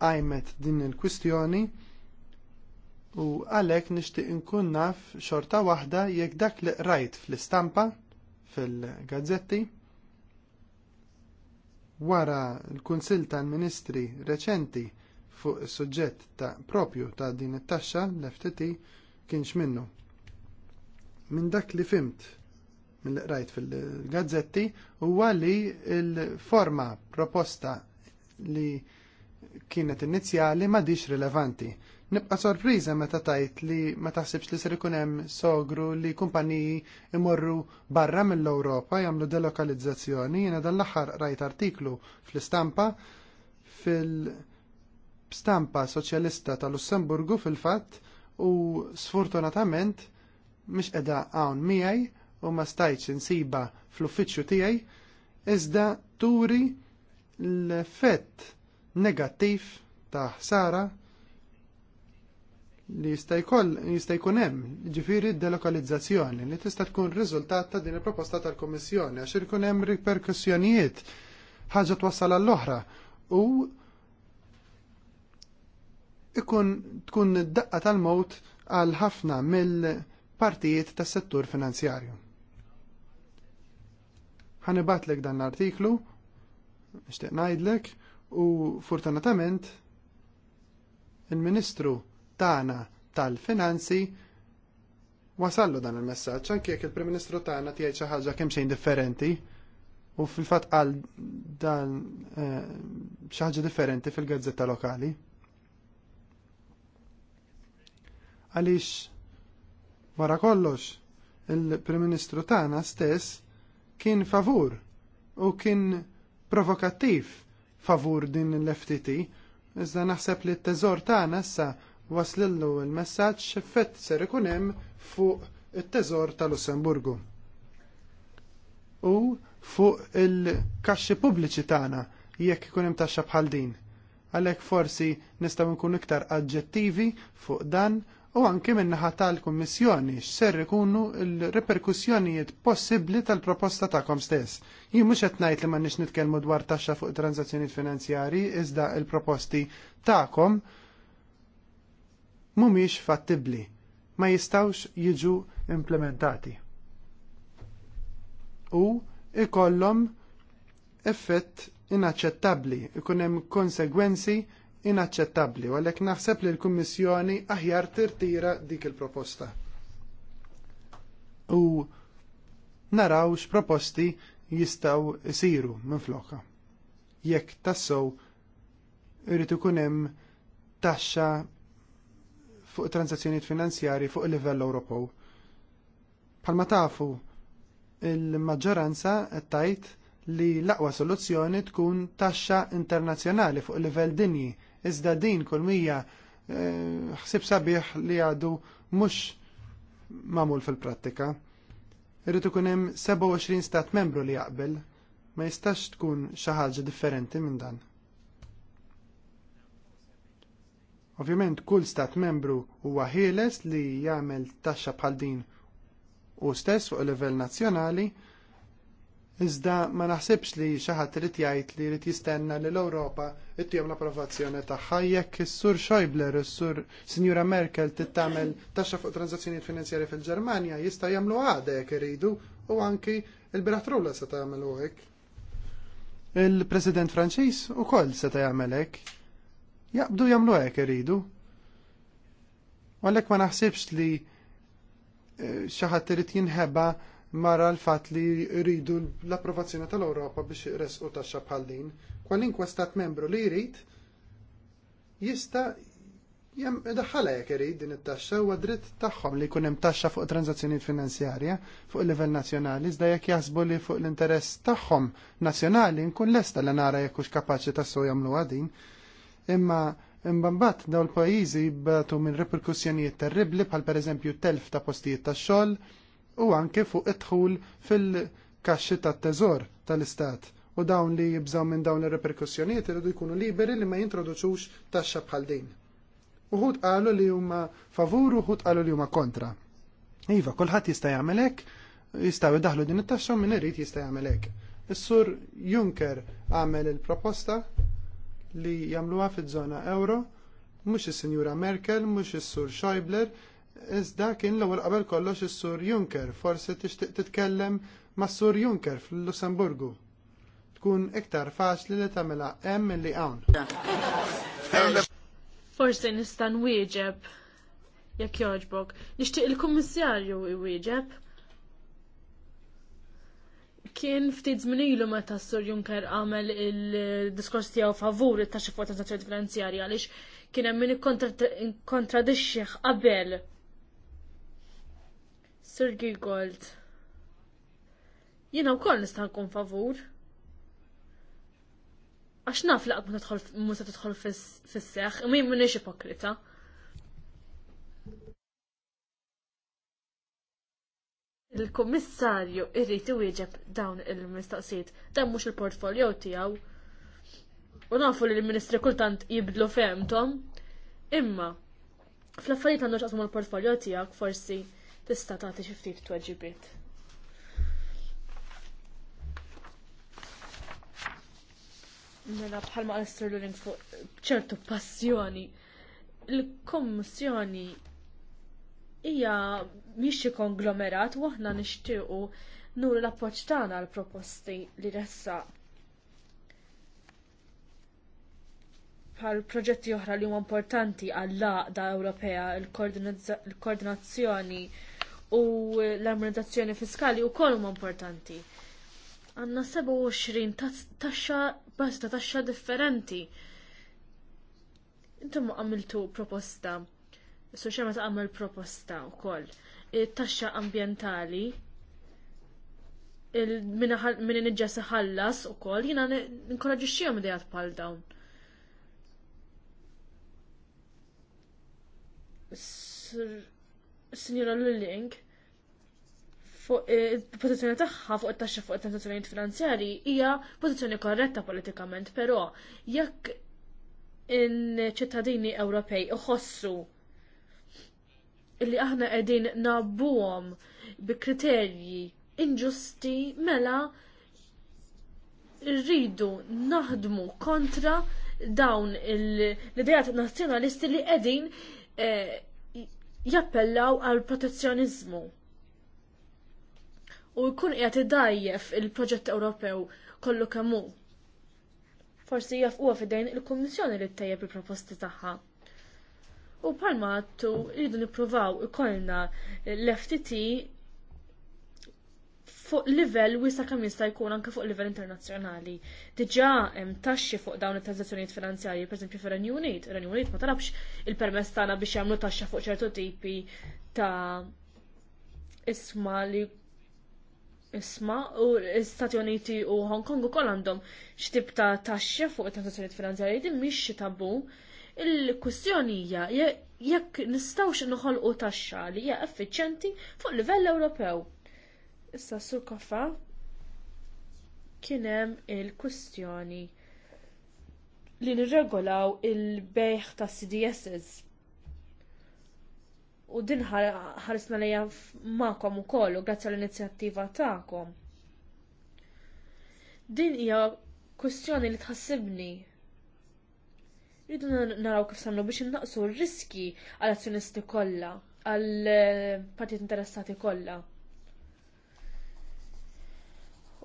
għajmet din il-kwistjoni u għalek nixtieq inkun naf xorta waħda jekk dak li rajt fl-istampa fil-gazzetti wara l-Kunsil tal-Ministri reċenti fuq is-suġġett ta' propju ta' din it-taxxa l-FTT kienx minnu. Min dak li fimt mill-rajt fil-gazzetti huwa li l-forma proposta li kienet inizjali ma dix rilevanti. Nibqa' sorpriża meta tajt li ma taħsibx li ser ikun hemm sogru li kumpaniji imorru barra mill-Ewropa jagħmlu delokalizzazzjoni jiena dan l-aħħar rajt artiklu fl-istampa fil-stampa soċjalista ta' Lussemburgu fil-fatt u sfortunatament mhix qiegħda hawn miegħi u ma stajċ insiba fl-uffiċċju tiegħi, iżda turi l-effett negattiv ta' ħsara li jista' jista' jkun hemm ġifieri delokalizzazzjoni li tista' tkun riżultat ta' din il-proposta tal-Kummissjoni għax ikun hemm riperkussjonijiet ħaġa twassal għall-oħra u ikun tkun daqqa tal-mod għal ħafna mill-partijiet tas-settur finanzjarju ħanibatlek dan l-artiklu, nixtieq ngħidlek, u fortunatament il-Ministru tagħna tal-Finanzi wasallu dan il-messaġġ anke jekk il-Prim Ministru tagħna tiegħi xi ħaġa kemm xejn differenti u fil-fatt qal dan eh, xi ħaġa differenti fil-gazzetta lokali. Għaliex wara kollox il-Prim Ministru tagħna stess kien favur u kien provokattiv favur din l-FTT, iżda naħseb li t-teżor tagħna issa waslillu l-messaġġ fett ser ikun hemm fuq it-teżor ta' Lussemburgu. U fuq il-kaxxi pubbliċi tagħna jekk ikun hemm taxxa bħal din. Għalhekk forsi nistgħu nkunu iktar aġġettivi fuq dan u anke minnaħa tal-Kummissjoni x'ser ikunu l-reperkussjonijiet possibbli tal-proposta tagħkom stess. Jien mhux qed ngħid li m'għandniex nitkellmu dwar taxxa fuq transazzjonijiet finanzjarji iżda l-proposti tagħkom mhumiex fattibbli ma jistawx jiġu implementati. U ikollhom effett inaċċettabbli, ikun hemm konsegwenzi inaċċettabbli u għalhekk naħseb li l-Kummissjoni aħjar tirtira dik il-proposta. U naraw x'proposti jistgħu isiru minn floka. Jekk tassow irid ikun hemm taxxa fuq transazzjonijiet finanzjarji fuq il-livell Ewropew. Palma tafu, il-maġġoranza tajt li l-aqwa soluzzjoni tkun taxxa internazzjonali fuq livell dinji iżda din mija eh, ħsib sabiħ li għadu mhux magħmul fil-prattika. Irrid ikun hemm 27 stat membru li jaqbel, ma jistax tkun xi ħaġa differenti minn dan. Ovvjament kull stat membru huwa ħieles li jagħmel taxxa bħal din u stess fuq livell nazzjonali Iżda ma naħsibx li xi ħadd irid jgħid li jrid jistenna li l-Ewropa ittihom l-approvazzjoni tagħha jekk is-Sur Schäuble u s-Sur Sinjura Merkel tittamel taxxa fuq transazzjonijiet finanzjarji fil-Ġermanja jista' jagħmlu għadha jekk iridu u anki l-Biratrula se tagħmel hekk. Il-President Franċiż ukoll se ta' jagħmel hekk. Jaqbdu jagħmlu hekk iridu. U Għalhekk ma naħsibx li eh, xi ħadd irid jinħeba' mara l-fat li rridu l-approvazzjoni tal-Ewropa biex resqu taxxa bħal din. Kwalinkwa stat membru li jrid jista jem daħħala jekk irid din it-taxxa huwa dritt tagħhom li jkun hemm taxxa fuq transazzjonijiet finanzjarja fuq il-livell nazzjonali iżda jekk jaħsbu li fuq l-interess tagħhom nazzjonali nkun lesta li nara jekk hux kapaċi tassew jagħmlu din. Imma imbambat daw l-pajjiżi batu minn reperkussjonijiet terribli bħal pereżempju telf ta' postijiet tax-xogħol, u anke fuq it-dħul fil-kaxxi tat-teżor tal-istat u dawn li jibżaw minn dawn ir-reperkussjonijiet iridu jkunu liberi li ma jintroduċux taxxa bħal din. Uħut qalu li huma favur u uħud qalu li huma kontra. Iva, kulħadd jista' jagħmel hekk, jistgħu din it-taxxa u min irid jista' jagħmel hekk. Is-sur Juncker għamel il-proposta li jagħmluha fiż-żona euro, mhux is-Sinjura Merkel, mhux is-sur Schäuble, iżda kien l-ewwel qabel kollox is-Sur Juncker, forsi tixtieq titkellem mas-Sur Juncker fil-Lussemburgu. Tkun iktar faċli li tagħmilha hemm milli hawn. Forsi nista' nwieġeb jekk joġbok. Nixtieq il-Kummissarju iwieġeb. Kien ftit żmien ilu meta s-Sur Juncker għamel il-diskors tiegħu favur it-taxxi fuq transazzjoni finanzjarja għaliex kien hemm min ikkontradixxih qabel Sir Gigold. u koll nista' nkun favur. Għax naf laqt mhux se tidħol fis-seħħ, imma m'iniex ipokrita. il-kommissarju irrit iwieġeb dawn il-mistaqsijiet, dan mhux il-portfolio tiegħu. U nafu li l-ministri kultant jibdlu femtom, imma fl-affarijiet għandu xaqsmu l-portfolio tiegħek forsi tista' tagħti xi ftit tweġibiet. Mela bħalma Alistair Luring fuq ċertu passjoni. Il-Kommissjoni hija mhix konglomerat u aħna nixtiequ nuru l-appoġġ tagħna għall proposti li ressa bħal proġetti oħra li huma importanti għall-laqda Ewropea, il-koordinazzjoni u l-armonizzazzjoni fiskali wkoll huma importanti. Għandna 27 taxxa basta taxxa differenti. Intom għamiltu proposta, soċjal meta għamil proposta wkoll. Taxxa ambjentali minn nġa seħallas u kol, jina nkoraġi xijom dijat pal dawn. Sir Signora Lulling, fuq eh, il-pozizjoni tagħha fuq it-taxxa fuq it tentazzjonijiet finanzjarji hija pożizzjoni korretta politikament, però jekk in-ċittadini Ewropej iħossu li aħna qegħdin nabbuhom bi kriterji inġusti mela rridu naħdmu kontra dawn l-idejat nazzjonalisti li qegħdin eh, jappellaw għal protezzjonizmu. U jkun qiegħed idajjef il-proġett Ewropew kollu kemm hu. Forsi jafquha fidejn il-Kummissjoni li ttejjeb il-proposti tagħha. U palmatu għattu rridu nippruvaw ikollna l-FTT fuq livell wisa kemm jista' jkun anke fuq livell internazzjonali. Diġà hemm taxxi fuq dawn it-transazzjonijiet finanzjarji, pereżempju fir-Renju Unit, il renju Unit ma tarabx il-permess tagħna biex jagħmlu taxxa fuq ċertu tipi ta' isma li isma u l-Istati Uniti u Hong Kong ukoll għandhom x'tib ta' taxxa fuq it-transazzjonijiet finanzjarji din mhix xi tabu. Il-kwistjoni hija jekk nistgħux noħolqu taxxa li hija effiċjenti fuq livell Ewropew Issa sur koffa kien hemm il-kwistjoni li nirregolaw il-bejħ ta' CDSs. U din ħarisna lejja ma'kom ukoll u grazzi għall-inizjattiva tagħkom. Din hija kwistjoni li tħassibni rridu naraw kif samlu biex innaqsu r riski għal azzjonisti kollha, għal eh, partit interessati kollha.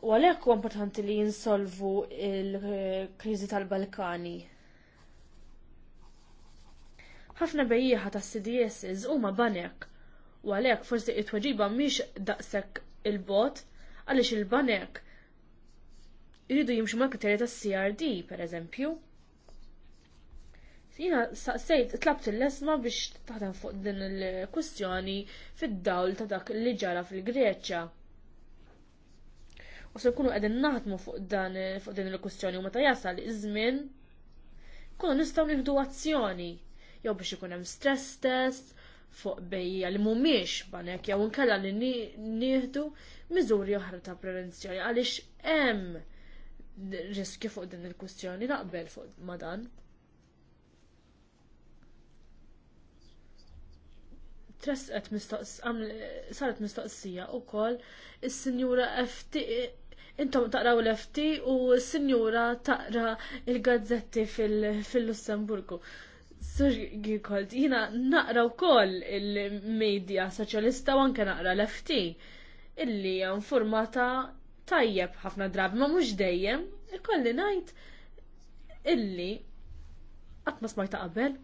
U għalhekk huwa importanti li jinsolvu l-kriżi tal-Balkani. Ħafna bejjieħa tas CDS huma banek u għalhekk forsi it-tweġiba mhix daqshekk il-bot għaliex il-banek jridu jimxu mal kriterji tas CRD pereżempju. Jiena saqsejt tlabt il-lesma biex taħdem fuq din il-kwistjoni fid-dawl ta' dak li ġara fil-Greċja u se kunu qegħdin naħdmu fuq dan fuq din il kustjoni u meta jasal iż-żmien kunu nistgħu nieħdu azzjoni jew biex ikun hemm stress test fuq bejja li mhumiex banek jew inkella li nieħdu miżuri oħra ta' prevenzjoni għaliex hemm riskju fuq din il kustjoni naqbel fuq ma' dan. Tresqet saret mistoqsija u koll il-Sinjura intom taqraw l-FT u s-sinjura taqra il-gazzetti fil-Lussemburgu. Sur kolt, jina naqra u koll il-medja soċjalista u anke naqra l-FT illi formata tajjeb ħafna drabi, ma mux dejjem, ikolli najt illi għatma smajta qabel,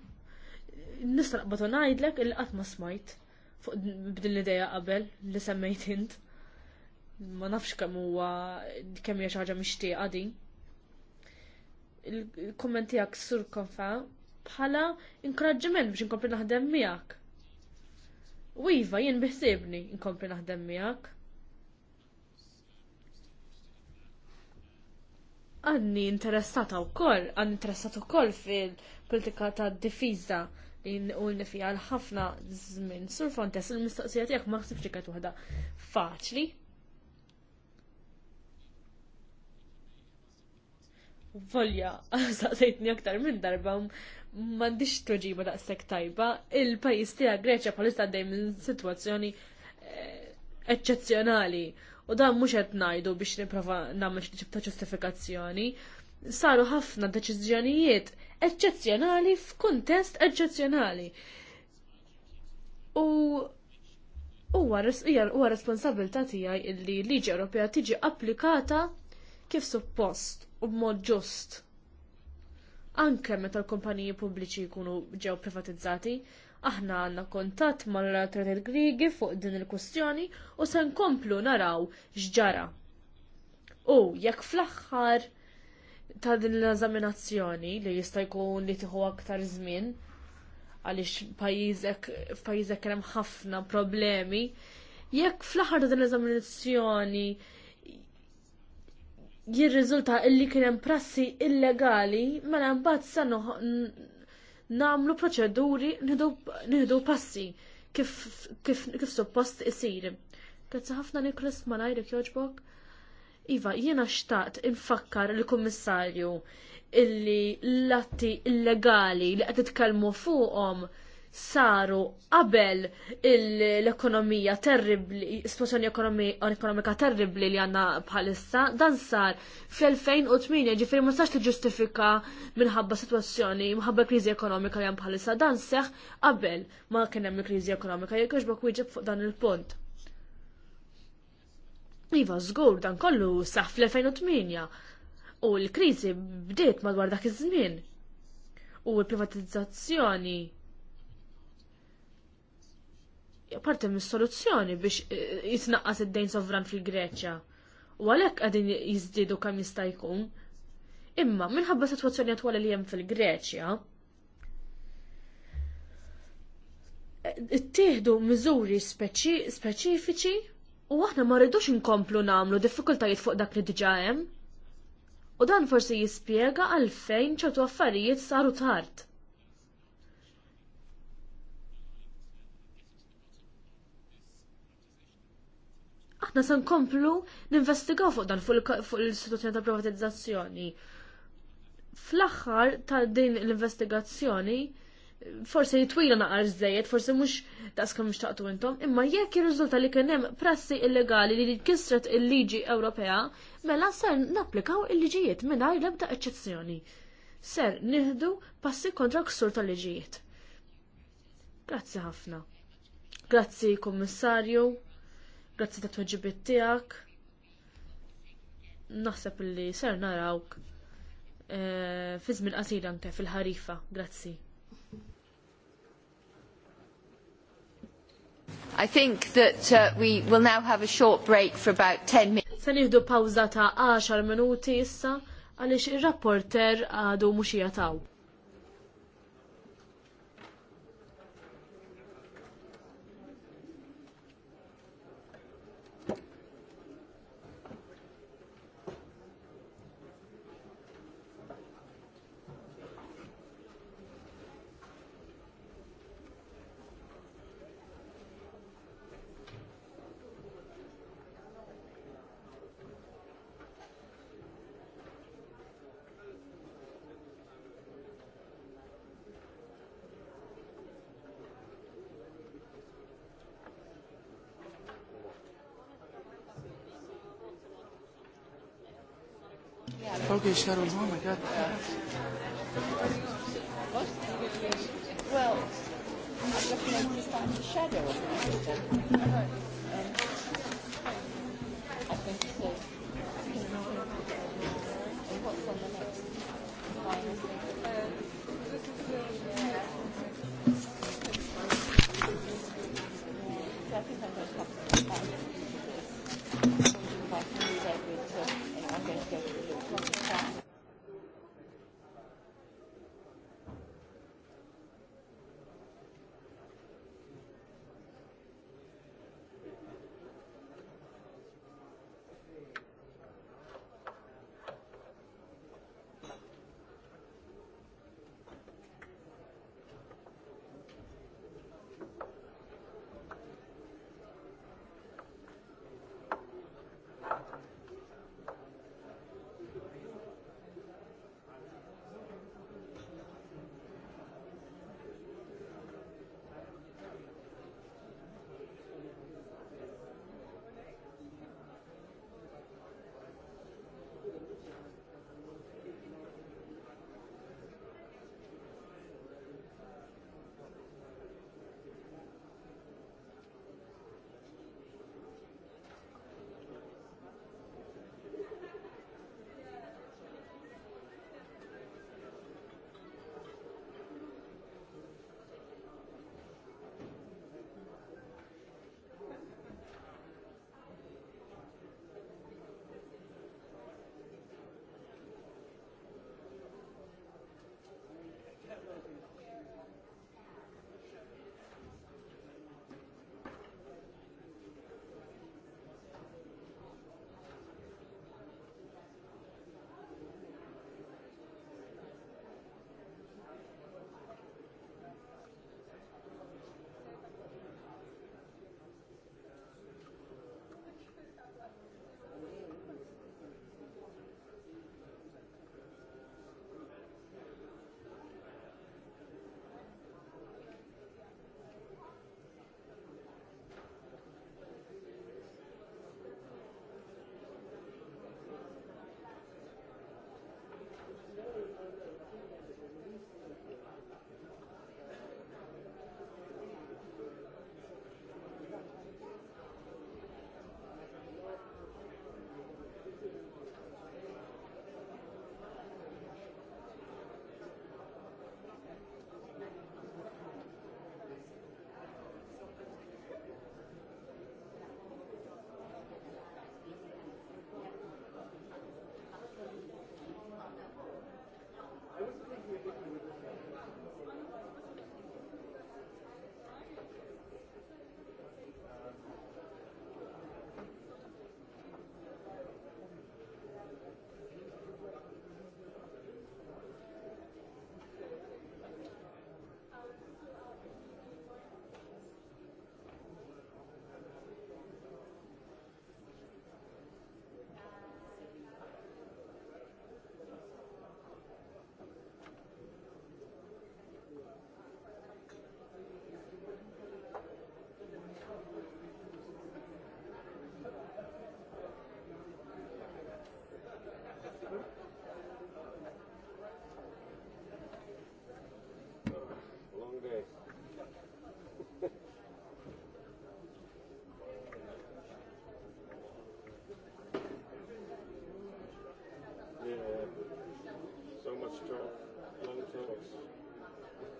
nista naqbatu najdlek illi għatma smajt fuq b'din l-ideja qabel li semmejt int ma nafx kemm huwa kemm hija xi ħaġa mixtieqa din. Il-kumment tiegħek sur konfa bħala inkoraġġiment biex inkompli naħdem miegħek. U iva jien biħsibni inkompli naħdem miegħek. Għanni interessata wkoll, għanni interessata ukoll fil-politika ta' difiża u nifija l-ħafna żmien. Sur Fontes, il-mistoqsija tiegħek ma ħsibx kienet waħda faċli. volja, saqsejtni aktar minn darba, mandiċ toġiba daqsek tajba, il-pajis tija Greċja palista għaddej minn situazzjoni eccezzjonali. Eh, u dan mhux qed ngħidu biex nipprova nagħmel xi ta' ġustifikazzjoni. Saru ħafna deċiżjonijiet eċċezzjonali f'kuntest eċċezzjonali. U u huwa responsabilità tiegħi li l-liġi Ewropea tiġi applikata kif suppost u b'mod ġust. Anke meta l-kumpaniji pubbliċi jkunu ġew privatizzati, aħna għandna kontatt mal-Tratet Grigi fuq din il-kwestjoni u se nkomplu naraw x'ġara. U jekk fl-aħħar ta' din l-eżaminazzjoni li jista' jkun li tieħu aktar żmien, għaliex pajjiżek hemm ħafna problemi. Jekk fl-aħħar ta' din l-eżaminazzjoni jirriżulta illi kien hemm prassi illegali mela mbagħad sa nagħmlu proċeduri nieħdu passi kif kif kif suppost isir. Grazzi ħafna ma ngħidlek joġbok. Iva, jiena xtaqt infakkar il kummissarju illi l-atti illegali li qed titkellmu fuqhom saru qabel l-ekonomija terribli, situazzjoni ekonomika terribli li għanna bħalissa, dan sar fl-2008 ġifiri ma sax ġustifika minħabba situazzjoni, minħabba krizi ekonomika li għan bħalissa, dan seħ qabel ma kienem krizi ekonomika, jekk iġbok wieġeb fuq dan il-punt. Iva, zgur, dan kollu saħ fl-2008 u l-krizi bdiet madwar dak iż-żmien. U l-privatizzazzjoni parti mis-soluzzjoni biex eh, jitnaqqas id-dejn sovran fil-Greċja. U għalhekk qegħdin jiżdiedu kemm jista' jkun. Imma minħabba sitwazzjoni attwali li hemm fil-Greċja, eh, ittieħdu miżuri speċifiċi u aħna ma rridux inkomplu nagħmlu diffikultajiet fuq dak li diġà hemm. U dan forsi jispjega għalfejn ċertu affarijiet saru tard. aħna se nkomplu ninvestigaw fuq dan fuq l-istituzzjoni ta' privatizzazzjoni. Fl-aħħar ta' din l-investigazzjoni, forse jitwila naqar żejjed, forse mhux mux taqtu intom, imma jekk jirriżulta li kien hemm prassi illegali li kisret il-liġi Ewropea, mela ser napplikaw il-liġijiet mingħajr l-ebda eċċezzjoni. Ser nieħdu passi kontra ksur tal-liġijiet. Grazzi ħafna. Grazzi, kommissarju. Grazzi ta' tweġibiet tijak. Naħseb li ser narawk eh, fi żmien qasir anke fil-ħarifa. Grazzi. I think that uh, we will now have a short break for about 10 minutes. Se nieħdu pawża ta' 10 minuti issa għalix ir-rapporter għadu mhux jataw. be Cheryl's mom, I got Well, I'm looking at shadow of shadow.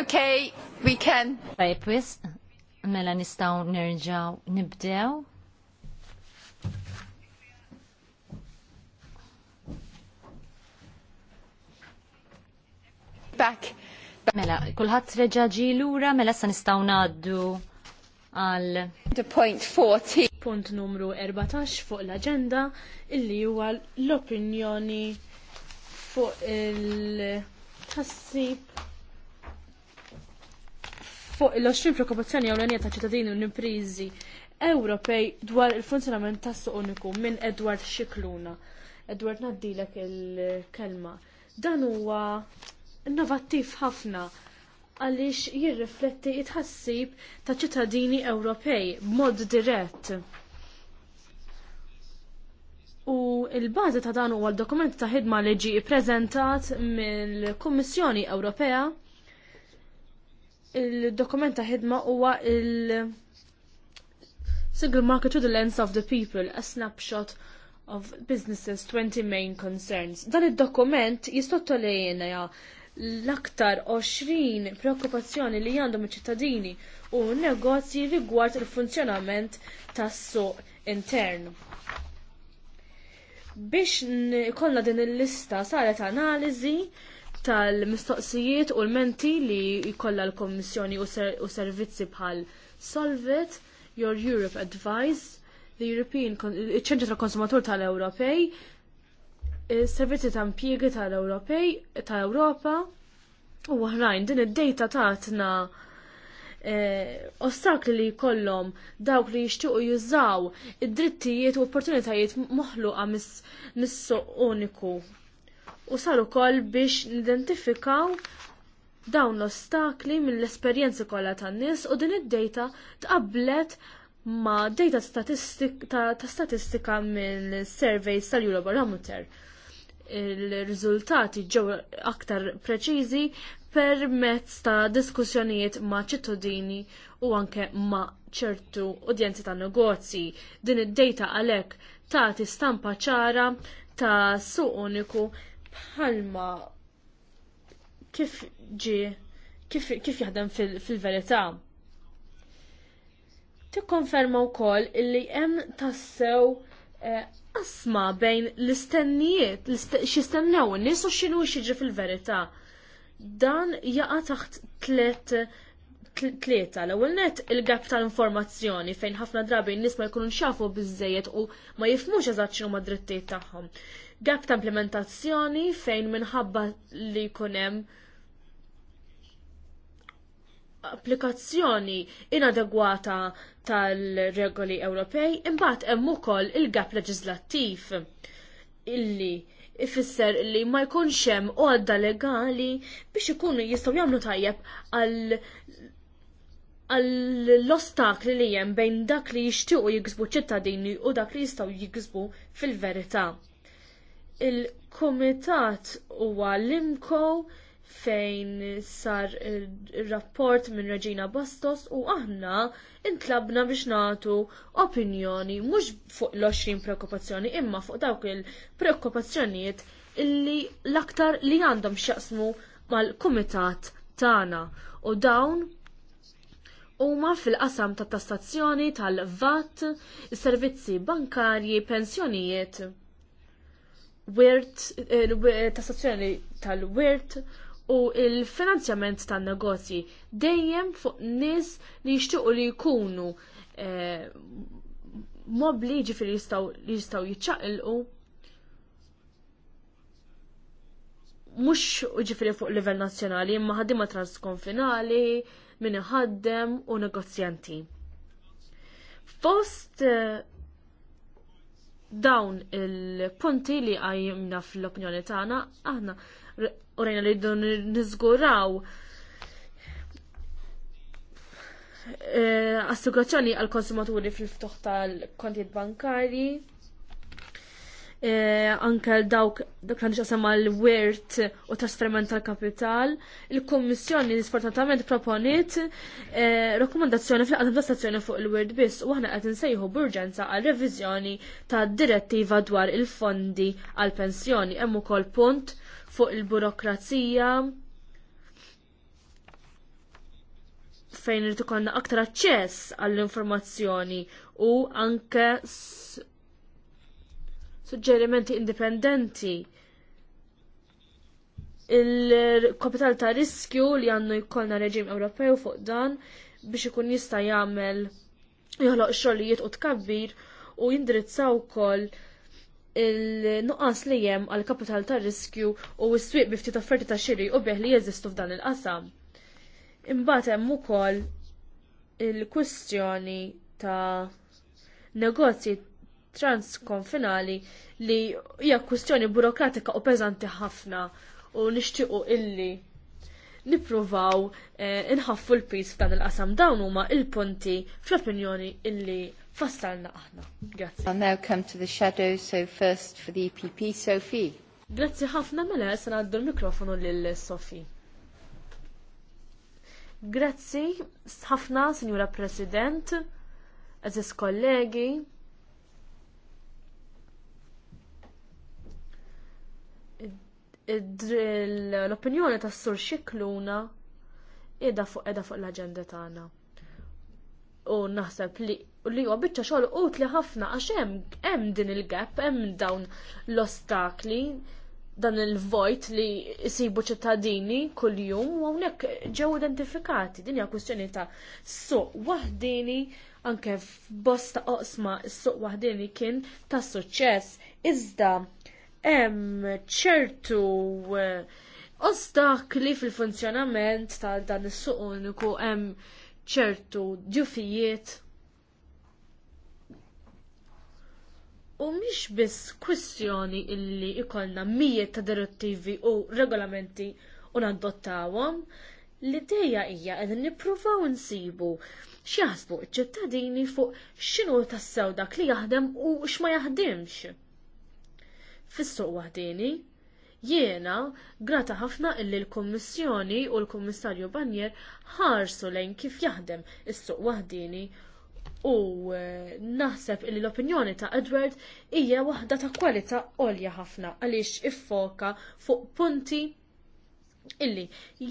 Okay, we can. Tajb, wis, mela nistaw nerġaw nibdew. Back. Mela, kullħat l-ura, mela sa nistaw naddu għal. The point 40. Punt numru 14 fuq l-agenda, illi huwa l-opinjoni fuq il-ħassib fuq il-20 preoccupazzjoni għawlenija ta' ċittadini u l-imprizi Ewropej dwar il-funzjonament tas suq uniku minn Edward Xikluna. Edward naddilek il-kelma. Dan huwa innovattiv ħafna għaliex jirrifletti it-ħassib ta' ċittadini Ewropej b'mod dirett. U il-bazi ta' dan huwa l-dokument ta' ħidma li ġie prezentat mill-Kummissjoni Ewropea il-dokument ta' ħidma huwa il- Single market through the lens of the people, a snapshot of businesses 20 main concerns. Dan id-dokument jistottolejna l-aktar 20 preoccupazzjoni li għandhom iċ-ċittadini u n negozji rigward il-funzjonament tas-suq intern. Biex kollha din il-lista saret analiżi tal-mistoqsijiet u l-menti li jkollha l-Kommissjoni u servizzi bħal Solvit, Your Europe Advice, the European ċentru tal-Konsumatur tal-Ewropej, servizzi ta' impjiegi tal-Ewropej tal Ewropa u oħrajn din id-dejta tatna eh, ostakli li jkollhom dawk li jixtiequ jużaw id-drittijiet u opportunitajiet moħluqa mis-suq uniku u saru kol biex nidentifikaw dawn l-ostakli mill-esperjenzi kollha tan-nies u din id-data tqabblet ma' data ta' statistika mill surveys tal-Eurobarometer. Il-riżultati ġew aktar preċiżi permezz ta' diskussjonijiet ma' ċittadini u anke ma' ċertu udjenzi ta' negozji. Din id-data għalhekk tagħti stampa ċara ta' suq uniku bħalma kif ġi kif, kif jaħdem fil-verità. Fil Tikkonferma wkoll illi hemm tassew eh, asma bejn l-istennijiet, xistennew n-nies u x'inhu xiġi fil-verità. Dan jaqa' taħt tliet tlieta l-ewwel net il-gap tal-informazzjoni fejn ħafna drabi n-nies ma jkunux xafu biżejjed u ma jifmux eżatt x'inhuma d-drittijiet tagħhom gap ta' implementazzjoni fejn minħabba li kunem applikazzjoni inadegwata tal-regoli Ewropej imbagħad hemm ukoll il-gap leġislattiv illi ifisser li ma jkunx hemm għodda legali biex ikunu jistgħu jagħmlu tajjeb għal għall-ostakli li hemm bejn dak li jixtiequ jiksbu ċittadini u dak li jistgħu jiksbu fil-verità. Il-Kumitat huwa l-imko fejn sar il-rapport minn Reġina Bastos u aħna intlabna biex nagħtu opinjoni mhux fuq l-20 preokkupazzjoni imma fuq dawk il-preokkupazzjonijiet illi l-aktar li għandhom x'jaqsmu mal-kumitat tagħna u dawn huma fil-qasam tat tassazzjoni tal-VAT, is-servizzi bankarji, pensjonijiet wirt, il tassazzjoni tal-wirt u il-finanzjament tan negozji dejjem fuq nies li jixtiequ li jkunu eh, mobli ġifiri li jistaw jitxaqilqu mux ġifiri fuq level nazjonali, imma ħaddima transkonfinali minn iħaddem u negozjanti. Fost eh, dawn il-punti li għajmna fl-opinjoni tagħna aħna urejna li dun niżguraw eh, assigurazzjoni għal konsumaturi fil-ftuħ tal-kontijiet bankarji Eh, anke dawk dak għandu l-wirt u trasferiment tal-kapital, il-Kommissjoni sfortunatament proponiet eh, rakkomandazzjoni fil-qadam stazzjoni fuq il-wirt biss u aħna qed nsejħu b'urġenza għal reviżjoni ta' direttiva dwar il-fondi għal pensjoni hemm ukoll punt fuq il-burokrazija fejn irid ikollna aktar aċċess għall-informazzjoni u anke suġġerimenti indipendenti il-kapital ta' riskju li għannu jkollna reġim Ewropew fuq dan biex ikun jista' jagħmel joħloq xogħlijiet u tkabbir u jindirizzaw ukoll il-nuqqas li hemm għal kapital ta' riskju u s-swieq ftit offerti ta' xiri u beħ li jeżistu f'dan il-qasam. Imbagħad hemm ukoll il-kwistjoni ta' negozji transkonfinali li hija kwistjoni burokratika u peżanti ħafna u nixtiequ illi nippruvaw eh, inħaffu l-pis f'dan il-qasam dawn huma il-punti fl-opinjoni illi fassalna aħna. Grazzi. I'll now come to the shadow, so first for the EPP, Sophie. Grazzi ħafna mela se ngħaddu l-mikrofonu lil Sophie. Grazzi ħafna, Sinjura President, eżis kollegi, l-opinjoni tas sur xikluna edha fuq edha fuq l-agenda tagħna. U naħseb li li huwa biċċa xogħol utli ħafna għax hemm hemm din il-gap, hemm dawn l-ostakli, dan il-vojt li jisibu ċittadini kuljum u hawnhekk ġew identifikati. Din hija kwistjoni ta' suq wahdini anke f'bosta oqsma s-suq wahdini kien ta' suċċess iżda hemm ċertu eh, ostakli fil-funzjonament ta' dan is-suq uniku hemm ċertu ġufijiet U mhix biss kwistjoni illi ikollna mijiet ta' direttivi u regolamenti u nadottawhom, l-ideja hija qed nippruvaw insibu x'jaħsbu ċ-ċittadini fuq x'inhu tassew dak li jaħdem u x'ma jaħdimx fis-suq waħdini. Jiena grata ħafna illi l-Kummissjoni u l-Kummissarju Banjer ħarsu lejn kif jaħdem is-suq waħdini u eh, naħseb illi l-opinjoni ta' Edward hija waħda ta' kwalità għolja ħafna għaliex iffoka fuq punti illi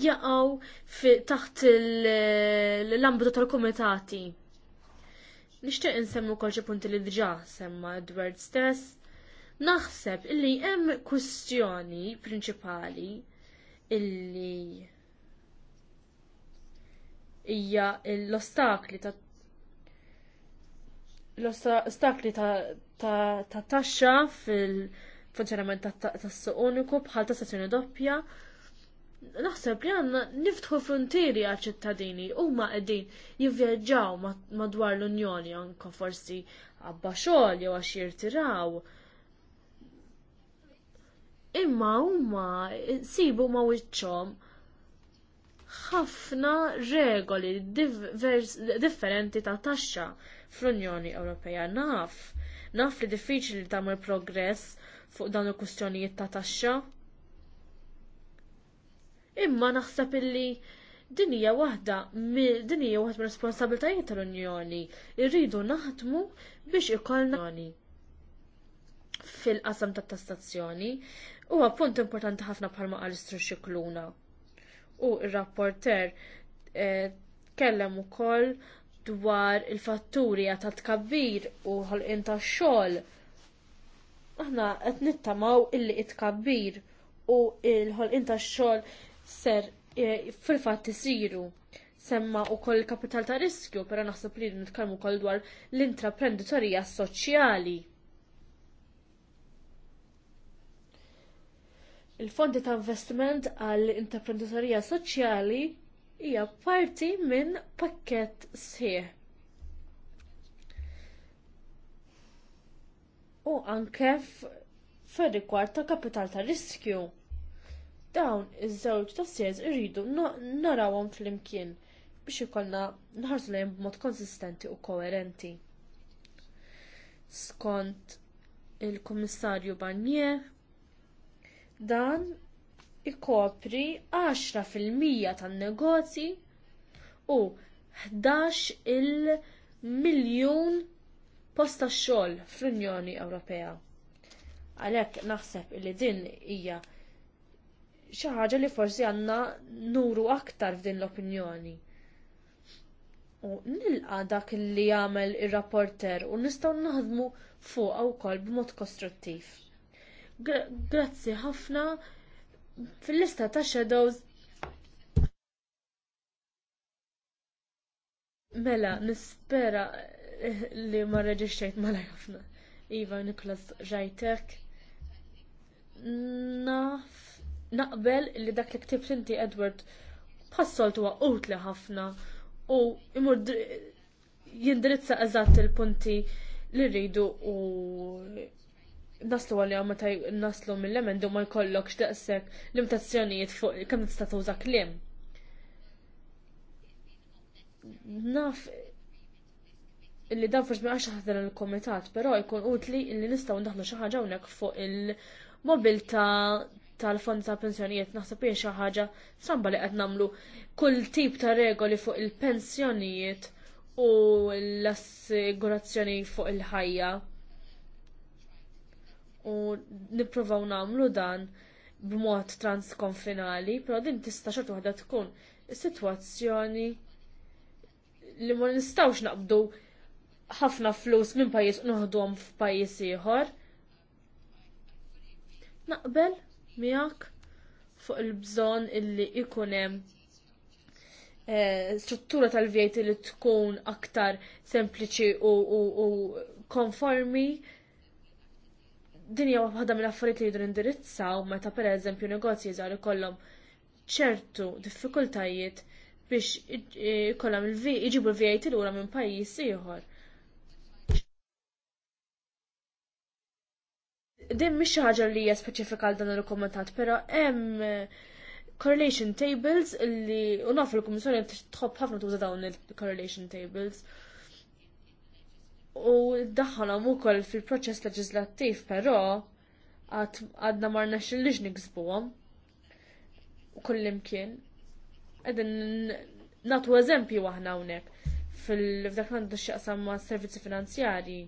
jaqgħu taħt eh, l-ambitu tal-kumitati. Nixtieq insemmi wkoll xi punti li diġà semma Edward stess Naħseb illi hemm kwistjoni prinċipali illi hija l-ostakli ta' l-ostakli ta' taxxa fil-funzjonament tas-suq uniku bħal tassazzjoni doppja naħseb li għanna niftħu frontieri għal ċittadini u ma għedin jivvjaġġaw madwar l-Unjoni anka forsi għabba xogħol jew għax jirtiraw imma huma sibu ma wiċċhom ħafna regoli differenti ta' taxxa fl-Unjoni Ewropea. Naf, naf li diffiċli li tagħmel progress fuq dawn il-kustjonijiet ta' taxxa. Imma naħseb illi din hija waħda din hija waħda responsabiltajiet tal-Unjoni. Irridu naħdmu biex ikollna fil-qasam tat tassazzjoni Huwa punt importanti ħafna bħalma qal istru xikluna. U r-rapporter u e, ukoll dwar il-fatturi ta' tkabbir u għal tax xogħol. Aħna qed nittamaw illi tkabbir u l-ħolqien tax xogħol ser e, fil-fatt isiru semma u koll kapital ta' riskju, pero naħseb li nitkellmu koll dwar l-intraprenditorija soċjali. il-fondi ta' investiment għall intraprenditorija soċjali hija parti minn pakkett sħiħ. U anke f'rigward ta' kapital ta' riskju. Dawn iż-żewġ dossiers irridu narawhom flimkien biex ikollna nħarsu lejn b'mod konsistenti u koerenti. Skont il-Kummissarju Barnier, Dan ikopri 10% tan-negozji u 11 il-miljun posta xogħol fl-Unjoni Ewropea. Għalhekk naħseb li din hija xi ħaġa li forsi għandna nuru aktar f'din l-opinjoni. U nilqa dak li jagħmel ir-rapporter u nistgħu naħdmu fuqha wkoll b'mod kostruttiv. Grazzi ħafna fil-lista ta' shadows Mela, nispera eh, li ma reġistrejt mala ħafna. Iva Niklas Rajtek. Naf, naqbel li dak li ktibt inti Edward passolt huwa utli ħafna u imur jindirizza eżatt il-punti li rridu u naslu għalli għamma ta' naslu mill-emendu ma' jkollok x'daqsek limitazzjonijiet fuq kemm tista' tuża klim. Naf illi dan forsi ma għax il-komitat, però jkun utli illi nistgħu ndaħlu xi ħaġa hawnhekk fuq il-mobilta tal-fond ta' pensjonijiet naħseb jien xi ħaġa stramba li qed nagħmlu kull tip ta' regoli fuq il-pensjonijiet u l-assigurazzjoni fuq il-ħajja u nippruvaw nagħmlu dan b'mod transkonfinali, però din tista' xorta waħda tkun is-sitwazzjoni li ma nistgħux naqbdu ħafna flus minn pajjiż noħduhom f'pajjiż ieħor. Naqbel miegħek fuq il-bżonn illi ikun hemm eh, struttura tal-vjajt li tkun aktar sempliċi u, konformi din hija waħda mill-affarijiet li jidhru indirizzaw meta pereżempju negozji żgħar ikollhom ċertu diffikultajiet biex ikollhom iġibu l-VAT lura minn pajjiż ieħor. Din mhix xi ħaġa li hija speċifika għal dan il-kumentat, però hemm eh, correlation tables li u nafu l kummissjoni tħobb ħafna tuża dawn il-correlation tables u daħħalhom ukoll fil-proċess leġislattiv, però għadna ma rnex il-liġ niksbuhom kullimkien. Għedin nagħtu eżempju aħna hawnhekk fil-fdak għandu x'jaqsam ma' servizzi finanzjarji.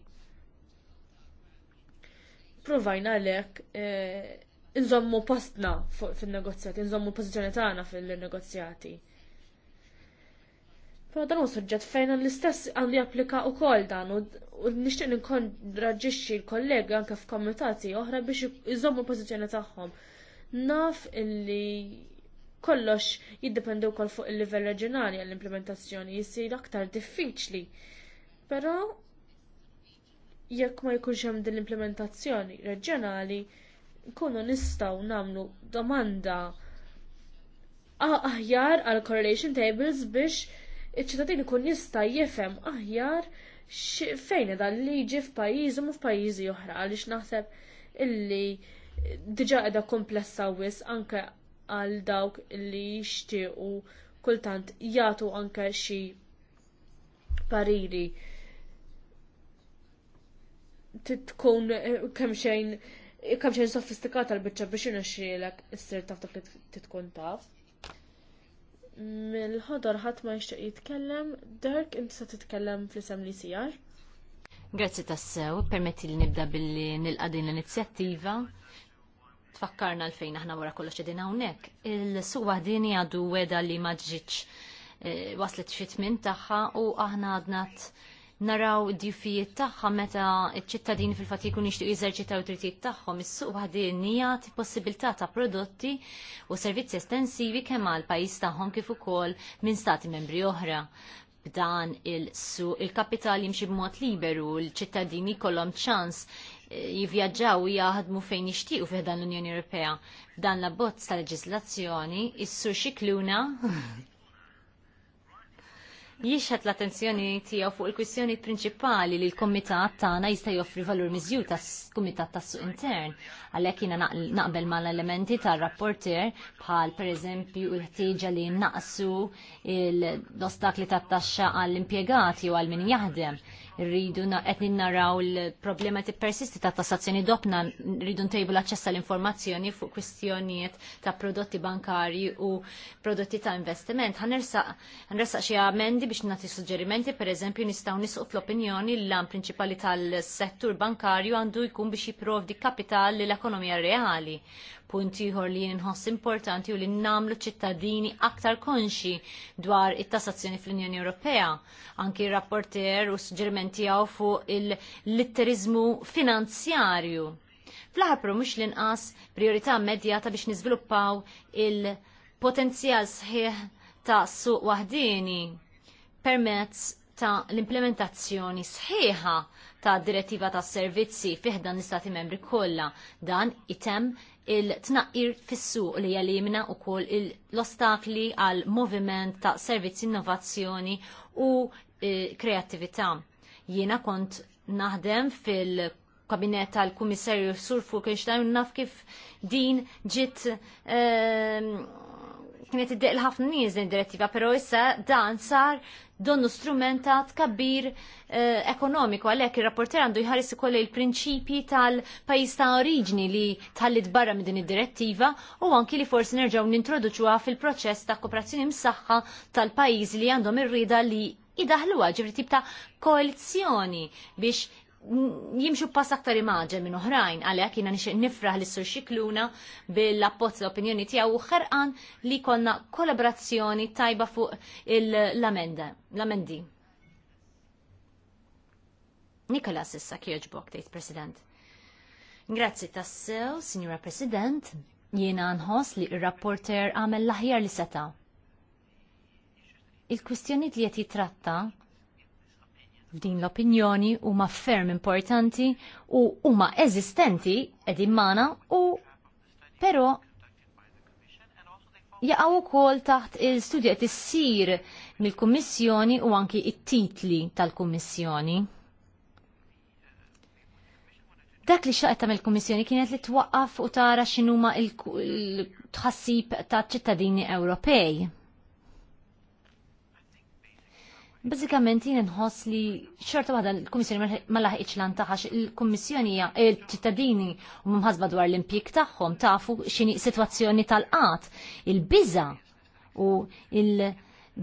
Provajna għalhekk eh, inżommu postna fin-negozjati, inżommu pożizzjoni tagħna fil-negozjati. Pero dan u suġġett fejn l-istess għandu japplika u kol dan u nishtiq raġixxi l-kollegi anke f'komitati oħra biex iżommu pożizzjoni tagħhom. Naf illi kollox jiddependi wkoll fuq il-livell reġjonali għall-implementazzjoni jisir aktar diffiċli. Però jekk ma jkunx hemm din l-implementazzjoni reġjonali, nkunu nistgħu nagħmlu domanda aħjar għal correlation tables biex iċ-ċittadin ikun jista' jifhem aħjar fejn edha liġi f'pajjiżhom u f'pajjiżi oħra għaliex naħseb illi diġà qiegħda komplessa wis anke għal dawk li jixtiequ kultant jagħtu anke xi pariri titkun eh, kemm xejn kemm xejn sofistikata l-biċċa biex inaxxielek sir taf dak li titkun taf mill-ħodor ħadd ma jixtieq jitkellem, Dirk inti se titkellem fl-isem li sijar. Grazzi tassew, permetti li nibda billi nilqa din l-inizjattiva. Tfakkarna l-fejn aħna wara kollox edin hawnhekk. Il-suq din għadu weda li ma ġġitx eh, waslet xi tmien tagħha u aħna għadnat naraw diffijiet tagħha meta ċ-ċittadini fil-fatt jkun jixtiequ jeżerċitaw tritijiet tagħhom is-suq waħdin jagħti possibilità ta' prodotti u servizzi estensivi kemm għal pajjiż tagħhom kif ukoll minn stati membri oħra b'dan il-suq il-kapital jimxi b'mod liberu, l-ċittadini jkollhom ċans eh, jivvjaġġaw jaħdmu fejn jixtiequ fih dan l-Unjoni Ewropea. Dan l bozz ta' leġislazzjoni, is-sur xikluna jixħet l-attenzjoni tiegħu fuq il-kwistjoni prinċipali li l-Kumitat tagħna jista' joffri valur miżjur tas-Kumitat tas-Suq Intern. Għalhekk jiena naqbel mal-elementi tar-rapporter bħal pereżempju l-ħtieġa li naqsu l-ostakli tat-taxxa għall-impjegati u għal min jaħdem rridu qed naraw l-problema tippersisti ta' tassazzjoni dopna, rridu ntejbu l-aċċess tal-informazzjoni fuq kwistjonijiet ta' prodotti bankari u prodotti ta' investiment. Ħanersaq xi amendi biex nagħti suġġerimenti, pereżempju nistgħu nisqu fl-opinjoni l-lan principali tal-settur bankarju għandu jkun biex jipprovdi kapital lill ekonomija reali Punt ieħor li jien inħoss importanti u li nagħmlu ċittadini aktar konxi dwar it-tassazzjoni fl-Unjoni Ewropea. Anki rapporter u suġġerimenti għaw fuq il-litterizmu finanzjarju. Fl-ħapru mhux l-inqas priorità immedjata biex niżviluppaw il-potenzjal sħiħ ta' suq waħdini permezz ta' l-implementazzjoni sħiħa ta' direttiva ta' servizzi fiħdan l-istati membri kollha dan item il-tnaqqir fis-suq li jelimna u l-ostakli għal moviment ta' servizzi innovazzjoni u e, eh, kreattività. Jiena kont naħdem fil kabinet tal-Kummissarju Sur Fulkenstein naf kif din ġiet ehm, kienet iddeq l-ħafna nies din direttiva, però issa dan sar donnu strumenta tkabbir eh, ekonomiku għalhekk ir-rapporter għandu jħares ukoll il-prinċipji tal-pajjiż ta' oriġni li tħallit barra minn din id-direttiva u anki li forsi nerġgħu nintroduċuha fil-proċess ta' kooperazzjoni msaħħa tal-pajjiż li għandhom ir li idaħluha ġifri tip ta' koalizjoni biex jimxu pass aktar imaġe minn oħrajn, għalhekk jiena nixtieq nifraħ li sur xikluna bil-appozz l-opinjoni tiegħu u ħerqan li konna kollaborazzjoni tajba fuq l-amenda, l-amendi. Nikola sissa kieġbok, tgħid President. Grazzi tassew, Signora President, jiena nħoss li r-rapporter għamel l-aħjar li seta. Il-kwistjoni li qed jitratta din l-opinjoni huma ferm importanti u huma eżistenti qegħdin magħna u però jaqgħu wkoll taħt il-studja qed issir mill-Kummissjoni u anki it-titli tal-Kummissjoni. Dak li xaqet tagħmel kummissjoni kienet li twaqqaf u tara x'inhuma l tħassib ta' ċittadini Ewropej Bazzikament jien nħoss li xorta waħda l-Kummissjoni ma laħqitx lan taħax il-Kummissjoni il-ċittadini u mħasba dwar l impjek tagħhom tafu x'inhi sitwazzjoni tal-qat, il-biża u il-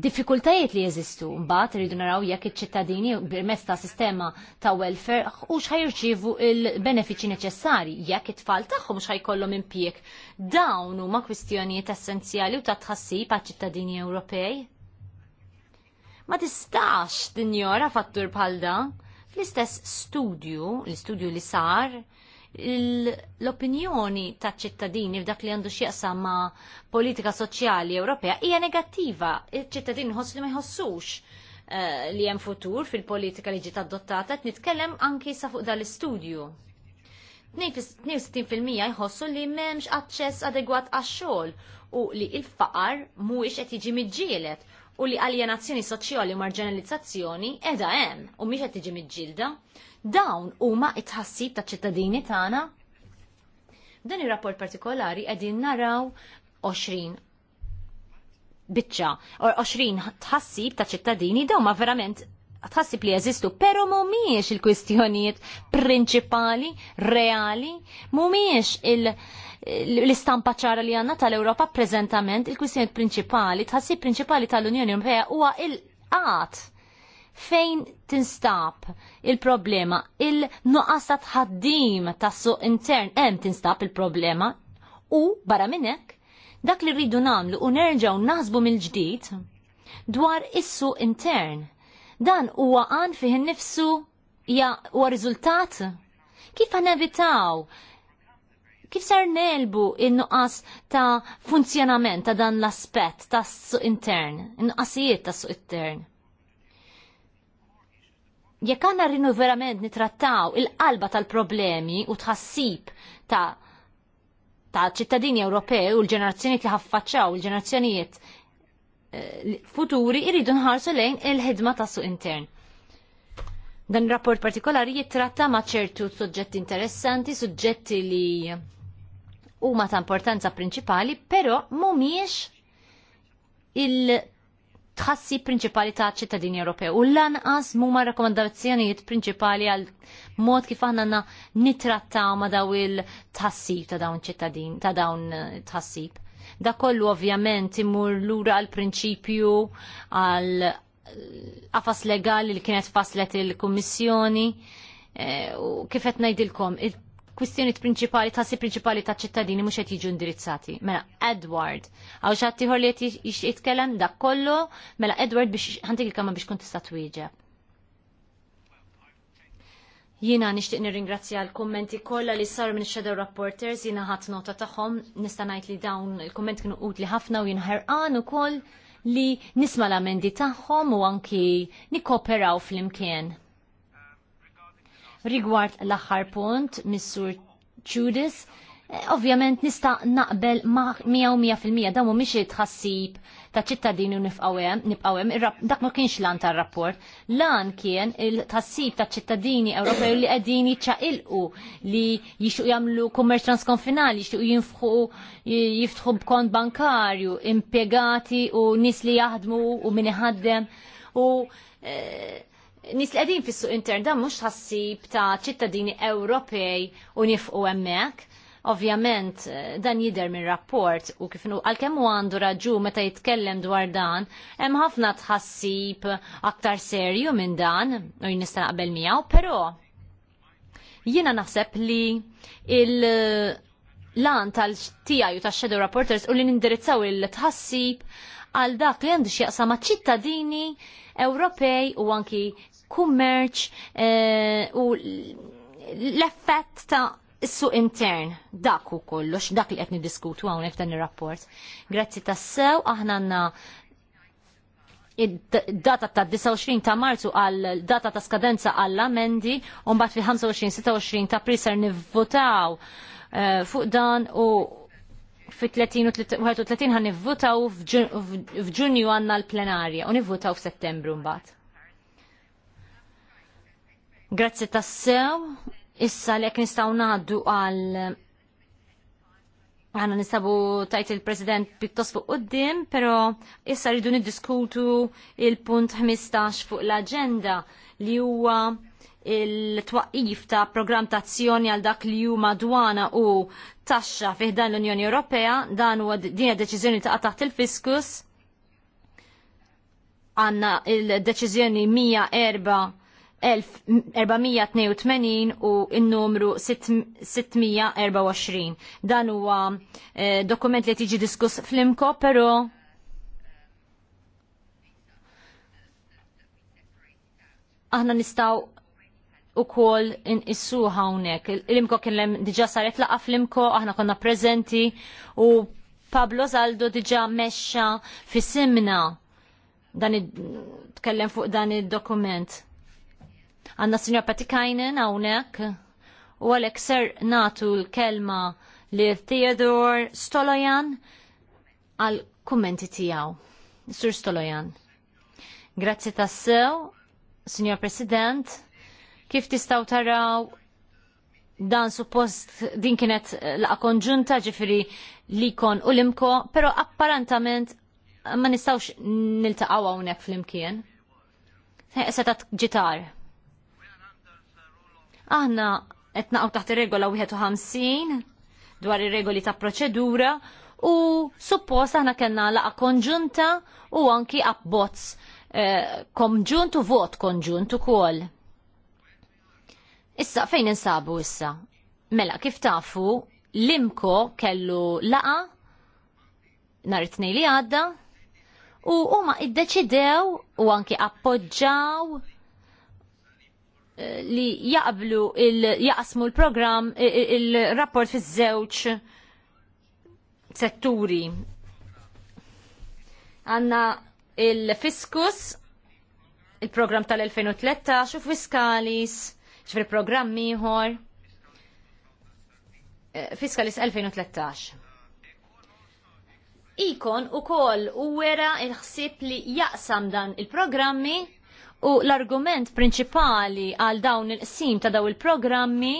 diffikultajiet li jeżistu mbagħad iridu naraw jekk iċ-ċittadini permezz ta' sistema ta' welfare u xħajrċivu il-benefiċċji neċessari jekk it-tfal tagħhom x'ħajkollhom impjieg. Dawn huma kwistjonijiet essenzjali u ta' tħassib għaċ-ċittadini Ewropej. Ma tistax dinjora fattur bħal dan. Fl-istess studju, l-studju li sar, l-opinjoni ta' ċittadini f'dak li għandu xieqsa ma' politika soċjali Ewropea hija negattiva. Il-ċittadini ħoss li ma jħossux uh, li hemm futur fil-politika li ġiet adottata, qed nitkellem anki sa fuq dal-istudju. 62% jħossu li m'hemmx aċċess adegwat għax-xogħol u li il-faqar mhuwiex qed jiġi miġġielet u li alienazzjoni soċjali u marġinalizzazzjoni edha hemm u mhix qed tiġi miġġilda. Dawn huma t tħassib taċ ċittadini tagħna. Dan ir-rapport partikolari qegħdin naraw 20 biċċa or 20 tħassib ta' ċittadini dawn ma verament tħassib li jeżistu, pero mumiex il-kwistjonijiet prinċipali, reali, mumiex il- l-istampa ċara li għanna tal-Europa prezentament il-kwistjoni principali, tħassib principali tal-Unjoni Ewropea huwa il-qat fejn tinstab il-problema, il-nuqqas ta' tħaddim tas-suq intern hemm tinstab il-problema u barra minnek dak li rridu namlu u nerġaw naħsbu mill-ġdid dwar issu intern. Dan huwa għan fih nifsu ja huwa riżultat? Kif għanevitaw kif ser nelbu in-nuqqas ta' funzjonament ta' dan l-aspett ta' suq intern, in-nuqqasijiet ta' suq intern? Jekk għandna rinu verament nitrattaw il-qalba tal-problemi u tħassib ta' ta' ċittadini Ewropej u l-ġenerazzjonijiet li ħaffaċċaw, l-ġenerazzjonijiet eh, futuri irridu nħarsu lejn il-ħidma ta' suq intern. Dan rapport partikolari jittratta ma' ċertu suġġetti interessanti, suġġetti li huma ta' importanza prinċipali, però mhumiex il tħassi prinċipali ta' ċittadini Ewropew u lanqas huma rakkomandazzjonijiet prinċipali għal mod kif aħna nitrattaw ma' daw il-tħassib ta' dawn ċittadin, ta' dawn eh, tħassib. Da kollu ovvjament imur lura għal prinċipju għal għafas eh, legali li kienet faslet il-Kummissjoni eh, u kif qed ngħidilkom, kwistjoni prinċipali, tassi prinċipali ta' ċittadini mhux qed jiġu indirizzati. Mela, Edward, għaw xattiħor li qed jitkellem dak kollu, mela Edward biex ħantik il-kamma biex kun tista' twieġeb. Jina nishtiq nirringrazzja l-kommenti kollha li saru minn shadow reporters jina ħadd nota tagħhom nista' ngħid li dawn il-kommenti kienu utli ħafna u jina ħerqan ukoll li nisma l-amendi tagħhom u anki fl flimkien. Rigward l-aħħar punt, Missur Judis, eh, ovvjament nista' naqbel ma' 100% dawn mhumiex tħassib ta' ċittadini u nifqawem, nifqawem, dak ma kienx lan ta' rapport. Lan kien il tħassib ta' ċittadini Ewropew li qegħdin jiċċaqilqu li jixtu jagħmlu kummerċ transkonfinali, jixuq jinfħu jiftħu b'kont bankarju, impjegati u nis li jaħdmu u min iħaddem u eh, nis li għedin fis-suq intern da mhux ħassib ta' ċittadini Ewropej u nifqu hemmhekk. Ovvjament eh, dan jidher minn rapport u għal għalkemm u għandu raġu meta jitkellem dwar dan, hemm ħafna tħassib aktar serju minn dan u jnista' naqbel miegħu, però jiena naħseb li il- eh, lan tal-tijaj u shadow reporters u li nindirizzaw il-tħassib għal dak li għandu xieqsa ma' ċittadini Ewropej u anki kummerċ eh, u l-effett ta' is-suq intern, dak u kollox, dak li qed niddiskutu hawnhekk dan ir-rapport. Grazzi tas-sew, aħna għandna data ta' 29 ta' Marzu għal data ta' skadenza għall amendi u mbagħad fil-25-26 ta' prisar nivvotaw eh, fuq dan u fit-30 ħan nivvotaw f'Ġunju għandna l-plenarja u nivvotaw f'Settembru mbagħad. Grazzi tassew, issa li nistaw naddu għal għanna nistabu tajt il-President pittos fuq qoddim, pero issa rridu niddiskutu il-punt 15 fuq l-agenda li huwa il-twaqif ta' program ta' azzjoni għal dak li huma dwana u taxxa fih dan l-Unjoni Ewropea, dan huwa din deċiżjoni ta' taħt il-fiskus għanna il deċiżjoni 104 1482 u n-numru 624. Dan huwa eh, dokument li tiġi diskuss fl-imko, pero aħna nistaw u kol in-issu hawnek. L-imko kien diġa saret laqa fl-imko, aħna konna prezenti u Pablo Zaldo diġa mexxa fi simna dan tkellem fuq dan id-dokument. Għanna Sinjor Patikajnen għawnek u għalek ser natu l-kelma li Theodore Stolojan għal kummenti tijaw. Sur Stolojan. Grazzi tassew, Signor President, kif tistaw taraw dan suppost din kienet laqa konġunta ġifiri li kon u limko, pero apparentament ma nistawx niltaqaw hawnhekk fl-imkien. Seta ġitar. Aħna qed naqgħu taħt ir-regola 51 dwar ir-regoli ta' proċedura u suppost aħna kellna laqa konġunta u anki abbozz eh, konġunt u vot konġunt ukoll. Issa fejn insabu issa? Mela kif tafu l-imko kellu laqa nhar it-tnejn li għadda u huma iddeċidew u anki appoġġaw li jaqblu jaqsmu l-program il-rapport fiż żewġ setturi. Għanna il-fiskus, il-program tal-2013 u fiskalis, ċifri program miħor. Eh, fiskalis 2013. Ikon u kol u wera il-ħsib li jaqsam dan il-programmi U l-argument prinċipali għal dawn il-qsim ta' daw il-programmi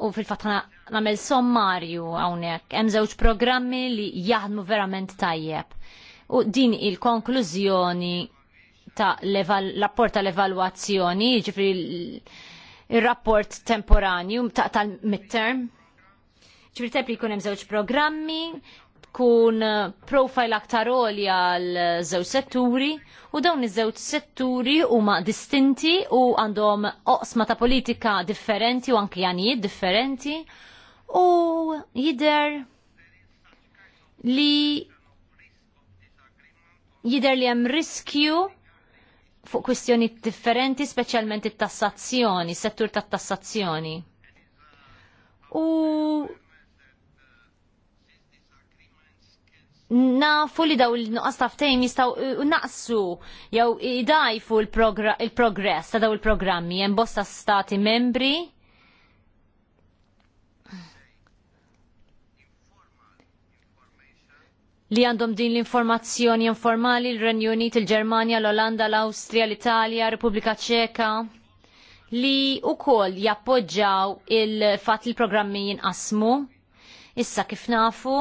u fil-fatt namel sommarju hawnhekk hemm żewġ programmi li jaħdmu verament tajjeb. U din il-konklużjoni ta' l-rapport tal evalwazzjoni ġifri il-rapport temporanju ta' tal-midterm. Ġifri tepp li kunem żewġ programmi Kun eh, profile aktar olja għal żewġ setturi u dawn iż-żewġ setturi huma distinti u għandhom oqsma ta' politika differenti u anki janijiet differenti u jider li jider li hemm riskju fuq kwistjoni differenti, speċjalment it-tassazzjoni, settur tat-tassazzjoni. U nafu li daw il-nuqqas taftejn jistaw naqsu jew idajfu il-progress ta' daw il-programmi hemm bosta stati membri. li għandhom din l-informazzjoni informali l-Renju Unit, il-Germania, l-Olanda, l-Austria, l-Italja, Repubblika Ċeka li u kol jappoġġaw il-fat il-programmi jinqasmu. Issa kif nafu,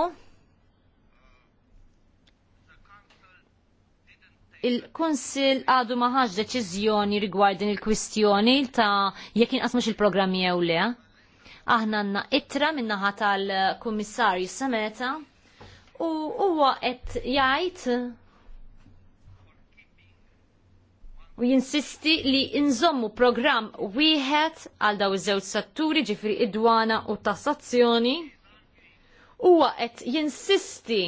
il-Kunsil għadu maħħax deċiżjoni rigwardin il-kwistjoni ta' jekk inqasmux il-programmi jew le. Aħna għandna ittra minnaħa tal-Kummissarju Sameta. u huwa qed jgħid u jinsisti li inżommu programm wieħed għal daw iż-żewġ setturi ġifri id-dwana u tassazzjoni huwa qed jinsisti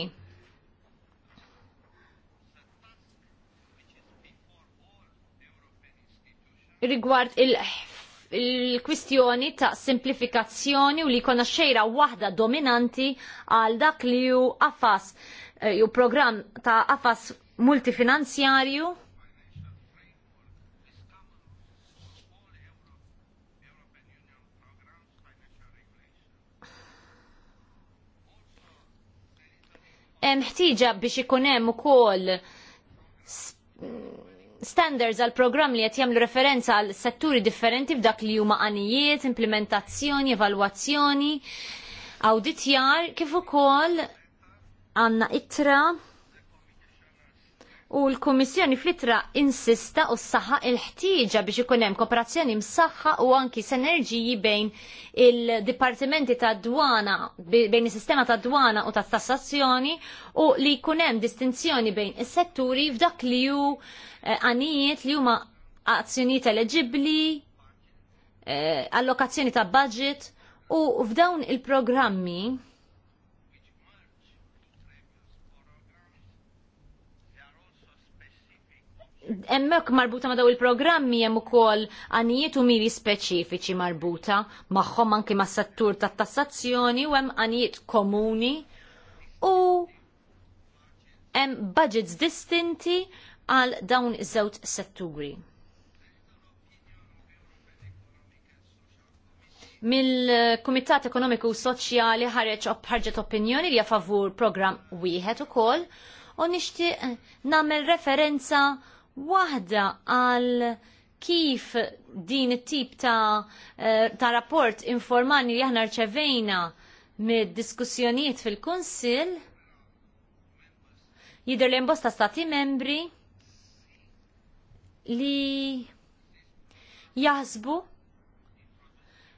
rigward il-kwistjoni ta' simplifikazzjoni u li jkollna xejra waħda dominanti għal dak li ju qafas ju eh, programm ta' qafas multifinanzjarju hemm biex ikun hemm ukoll standards għal programm li qed jagħmlu referenza għal setturi differenti f'dak li huma għanijiet, implementazzjoni, evalwazzjoni, awditjar, kif ukoll għandna ittra U l-Kummissjoni fl-ittra insista u s-saħħa il-ħtieġa biex ikun hemm kooperazzjoni msaħħa u anki sinerġiji bejn il-dipartimenti ta' dwana bejn is-sistema ta' dwana u ta' tassazzjoni u li jkun hemm distinzjoni bejn is-setturi f'dak li hu eh, għanijiet li huma azzjonijiet eleġibbli, eh, allokazzjoni ta' budget u f'dawn il-programmi emmek marbuta ma daw il-programmi hemm ukoll għanijiet u miri speċifiċi marbuta magħhom anki ma' settur tat tassazzjoni u hemm għanijiet komuni u hemm budgets distinti għal dawn iż-żewġ setturi. Mill-Kumitat Ekonomiku Soċjali ħareġ ħarġet opinjoni li favur program wieħed ukoll u nixtieq nagħmel referenza waħda għal kif din it-tip ta', eh, ta rapport informali li aħna rċevejna mid-diskussjonijiet fil-Kunsill jidher li imbosta stati membri li jaħsbu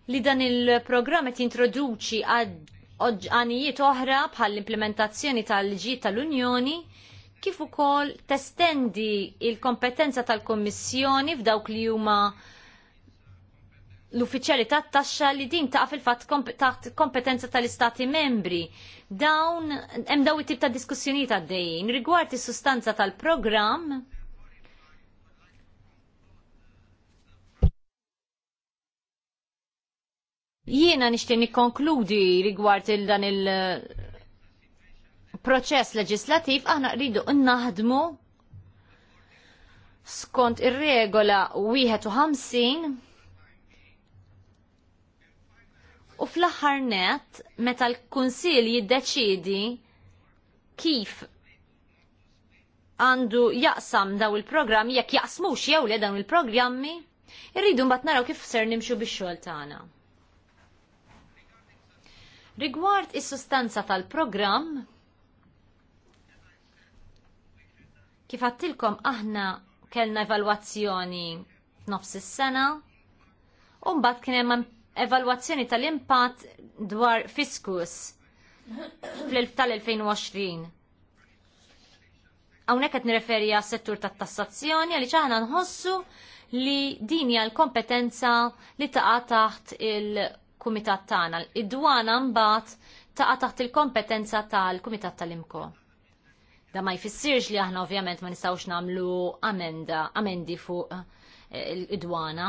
li dan il-programm qed jintroduċi għanijiet oħra bħall implementazzjoni tal-ġi tal-Unjoni kif ukoll testendi il-kompetenza tal-Kommissjoni f'dawk li huma l-uffiċjali tat-taxxa li din ta' fil-fatt taħt kompetenza tal-Istati membri. Dawn hemm daw it-tip ta' diskussjonijiet għaddejjin rigward is-sustanza tal-programm Jiena nixtieq nikkonkludi rigward il dan il- proċess leġislattiv aħna rridu naħdmu skont ir-regola 51 u fl-aħħar net meta l-Kunsill jiddeċidi kif għandu jaqsam daw il-programmi jekk jaqsmux jew le dawn il-programmi, irridu mbagħad naraw kif ser nimxu bix-xogħol tagħna. Rigward is-sustanza tal-programm, Kif għattilkom aħna kellna evalwazzjoni nofs is-sena, u mbagħad kien hemm evalwazzjoni tal-impatt dwar fiskus fl-il tal-2020. Hawnhekk qed nirreferi għas-settur tat-tassazzjoni għaliex aħna nħossu li din hija l-kompetenza li taqa' taħt il-kumitat tagħna. Id-dwana mbagħad taqa' taħt il-kompetenza tal-kumitat tal-imko. Da ma jfissirx li aħna ovvjament ma nistawx namlu amenda, amendi fuq eh, id-dwana.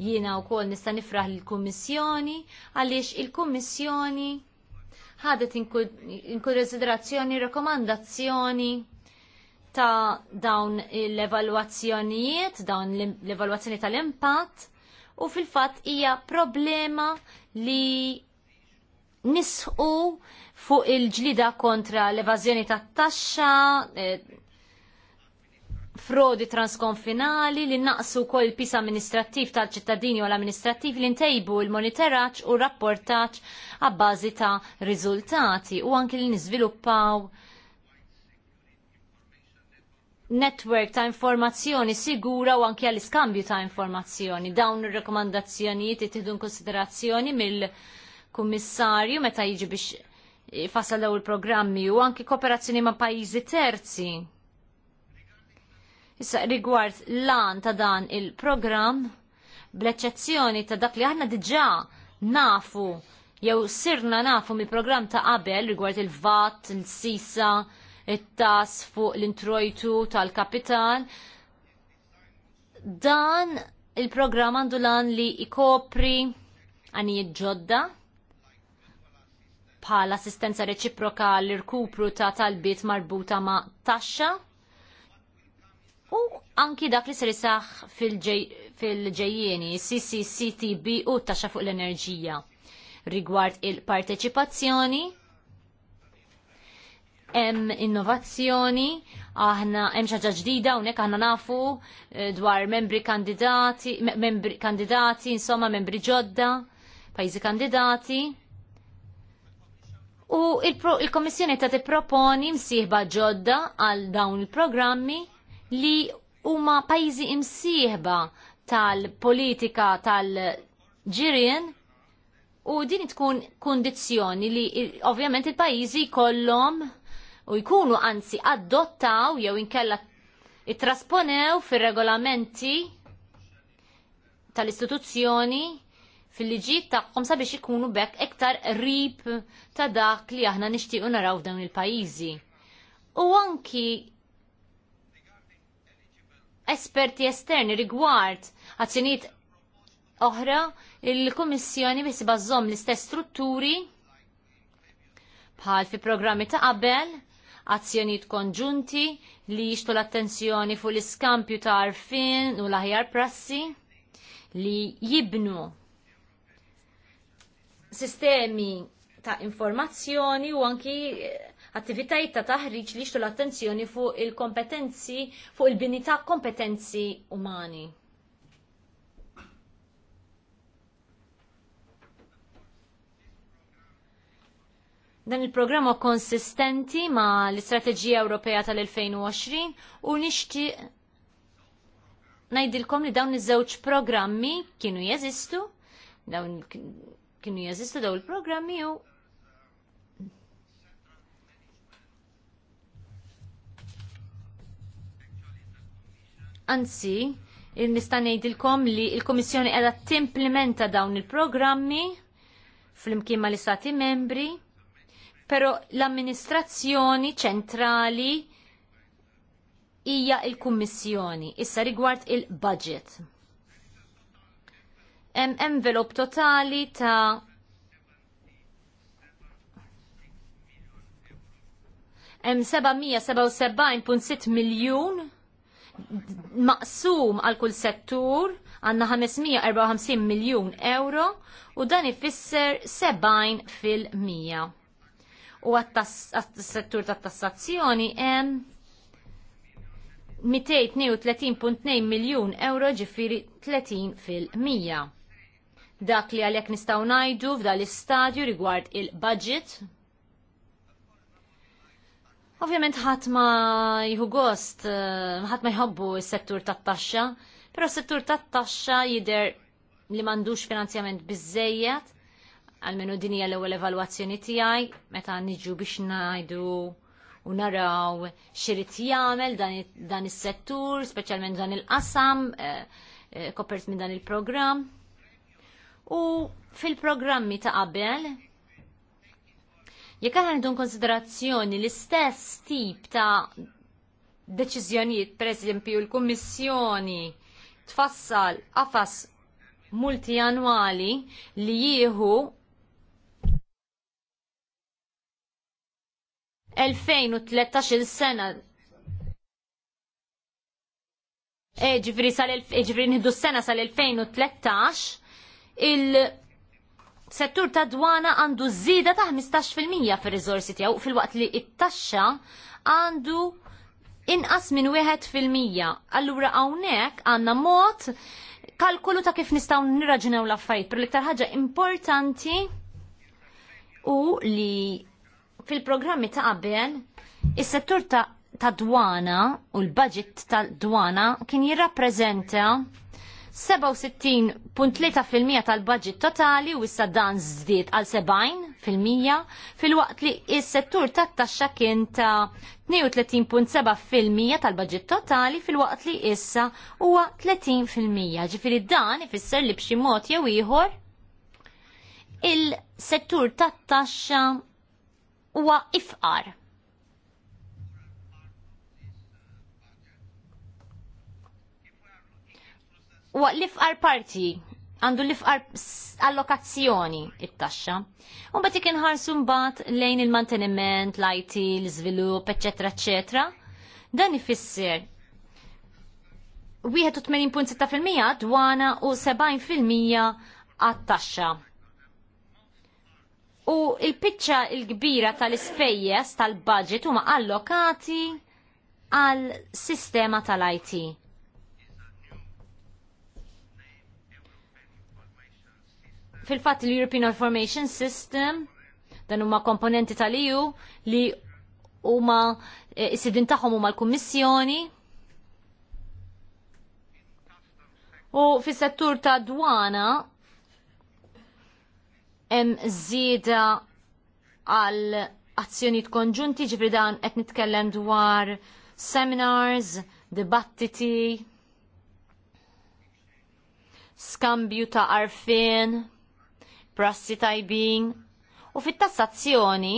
Jiena u kol nista nifraħ l-Kummissjoni għaliex il-Kummissjoni ħadet inkonsiderazzjoni rekomandazzjoni ta' dawn l-evalwazzjonijiet, dawn l-evalwazzjoni tal-impatt u fil-fatt hija problema li nisħu fuq il-ġlida kontra l-evażjoni tat-taxxa, e, frodi transkonfinali li naqsu kol pis amministrattiv tal-ċittadini u l-amministrattiv li ntejbu il-monitoraċ u rapportaċ għabbażi ta' riżultati u anki li nizviluppaw network ta' informazzjoni sigura u anki għall-iskambju ta' informazzjoni. Dawn ir-rekomandazzjonijiet ittieħdu konsiderazzjoni mill-kummissarju meta jiġi biex fasal daw il-programmi u anki kooperazzjoni ma' pajjiżi terzi. Issa rigward lan ta' dan il-programm, bl-eċċezzjoni ta' dak li aħna diġa' nafu jew sirna nafu mi programm ta' qabel rigward il-vat, il-sisa, it-tas fuq l-introjtu tal-kapital. Dan il-programm għandu lan li ikopri għani ġodda bħal assistenza reċiproka l-irkupru ta' talbiet marbuta ma' taxxa u anki dak li ser isaħ fil-ġejjieni CCCTB u taxxa fuq l-enerġija rigward il-parteċipazzjoni hemm innovazzjoni, aħna hemm xi ħaġa ġdida hawnhekk aħna nafu eh, dwar membri kandidati, membri kandidati, insomma membri ġodda, pajjiżi kandidati. U il-Komissjoni ta' tipproponi msieħba ġodda għal dawn il-programmi li huma pajjiżi imsieħba tal-politika tal-ġirien u din tkun kondizjoni li ovvjament il-pajjiżi kollom u jkunu anzi adottaw jew inkella ittrasponew fir-regolamenti tal-istituzzjoni fil-liġijiet tagħhom sabiex ikunu bekk iktar rib ta' dak li aħna nixtiequ naraw dawn il-pajjiżi. U anki esperti esterni rigward azzjonijiet oħra il-Kummissjoni biss bażżomm l-istess strutturi bħal fi programmi ta' qabel, azzjonijiet konġunti li jixtu l-attenzjoni fuq l-iskampju ta' arfin u l-aħjar prassi li jibnu sistemi ta' informazzjoni u anki eh, attivitajiet ta' taħriġ li jixtu l-attenzjoni fuq il-kompetenzi, fuq il-bini ta' kompetenzi umani. Dan il-programma konsistenti ma l-Istrateġija Ewropea tal-2020 u nixtieq ngħidilkom li dawn iż-żewġ programmi kienu jeżistu, dawn kienu jazistu daw il-programmi u Anzi, nista' ngħidilkom li l-Kummissjoni qiegħda timplementa dawn il-programmi fl-imkien mal istati membri, però l-amministrazzjoni ċentrali hija l-Kummissjoni issa rigward il-budget hemm envelop totali ta' 777.6 miljun maqsum għal kull settur għanna 554 miljun euro u dan ifisser 70 fil-100. U għat-settur ta' tassazzjoni hemm 232.2 miljun euro ġifiri 30 fil-100 dak li għalhekk nistgħu ngħidu f'dan l-istadju rigward il-budget. Ovvjament ħadd ma jħu gost, eh, ħadd ma jħobbu s-settur tat-taxxa, però s-settur tat-taxxa jidher li m'għandux finanzjament biżejjed, għalmenu din hija l-ewwel evalwazzjoni tiegħi meta nġu biex ngħidu u naraw xirrit jagħmel dan is-settur, speċjalment dan il-qasam, eh, eh, kopert minn dan il-programm u fil-programmi ta' qabel jekk aħna konsiderazzjoni l-istess tip ta' deċiżjonijiet, pereżempju l-Kummissjoni tfassal qafas multijanwali li jieħu 2013 sena e, ġifri sal s sena sal-2013 il- settur ta' dwana għandu zida ta' 15% fil-rizorsi tiegħu fil-waqt li it-taxxa għandu inqas minn 1%. Allura hawnhekk għandna mod kalkulu ta' kif nistgħu nirraġunew l-affarijiet, per l-iktar ħaġa importanti u li fil-programmi ta' qabel is-settur ta' ta' dwana u l-budget ta' dwana kien jirrappreżenta 67.3% tal-budget totali u issa dan żdied għal 70% fil-waqt li s-settur tat-taxxa kien ta' 32.7% tal-budget totali fil-waqt li issa huwa 30%. Ġifiri dan ifisser li b'xi mod jew ieħor il-settur tat-taxxa huwa ifqar Wa l fqar parti għandu l fqar allokazzjoni it-taxxa. Un bat ikin ħarsu mbagħad lejn il-manteniment, l-IT, l-iżvilupp, eċetera, eċetera. Dan ifisser 81.6% dwana u 70% għat-taxxa. U il-pitċa il-kbira tal-ispejjeż tal-budget huma allokati għal sistema tal-IT fil-fatt l-European Information System dan huma komponenti tal-EU li huma e, is-sidin tagħhom huma l-Kummissjoni. U fis-settur ta' dwana hemm żieda għal azzjonijiet konġunti ġifri dan qed nitkellem dwar seminars, dibattiti, skambju ta' arfin prassi tajbin u fit-tassazzjoni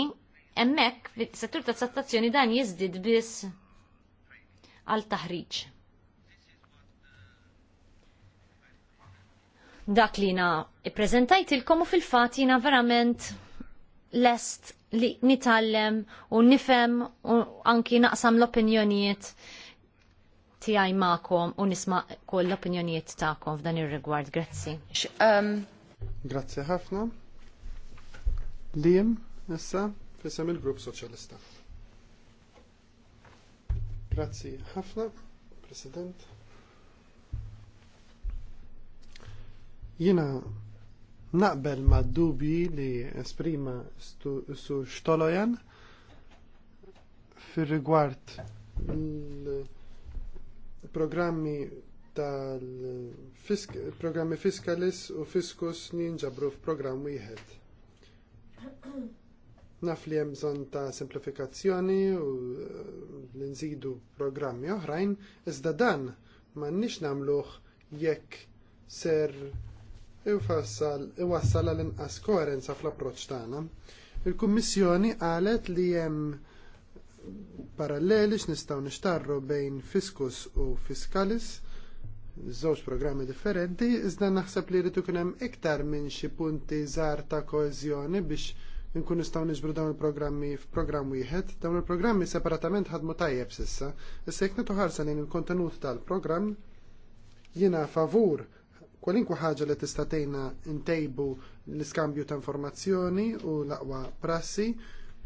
hemmhekk fit-settur tas-tassazzjoni dan jiżdied biss għal taħriġ. Dak li na ippreżentajt u fil-fatt jiena verament lest li nitallem u nifem u anki naqsam l-opinjonijiet tiegħi magħkom u nisma' kull l-opinjonijiet tagħkom f'dan ir-rigward. Grazzi. Um... Grazie ħafna. Liem, nessa, fissam il-Grupp Soċjalista. Grazie ħafna, President. Jina naqbel ma' dubi li esprima su xtolojan fil rigward l-programmi tal-programmi Fiskalis u Fiskus ninġabru f'programm wieħed. Naf li hemm bżonn ta' simplifikazzjoni u eh, li nżidu programmi oħrajn, iżda dan m'għandniex nagħmluh jekk ser iwassal għal inqas koerenza fl-approċċ tagħna. Il-Kummissjoni qalet li hemm paralleli x'nistgħu nixtarru bejn fiskus u fiskalis żewġ programmi differenti, iżda naħseb li rritu kunem hemm iktar minn xi punti żgħar ta' koezjoni biex nkun nistgħu niġbru dawn il-programmi f'programm wieħed. Dawn il-programmi separatament ħadmu tajjeb sissa. Issa jekk nagħtu ħarsa lejn il-kontenut tal-programm jiena favur kwalinkwa ħaġa li tista' tgħinna ntejbu l-iskambju ta' informazzjoni u l-aqwa prassi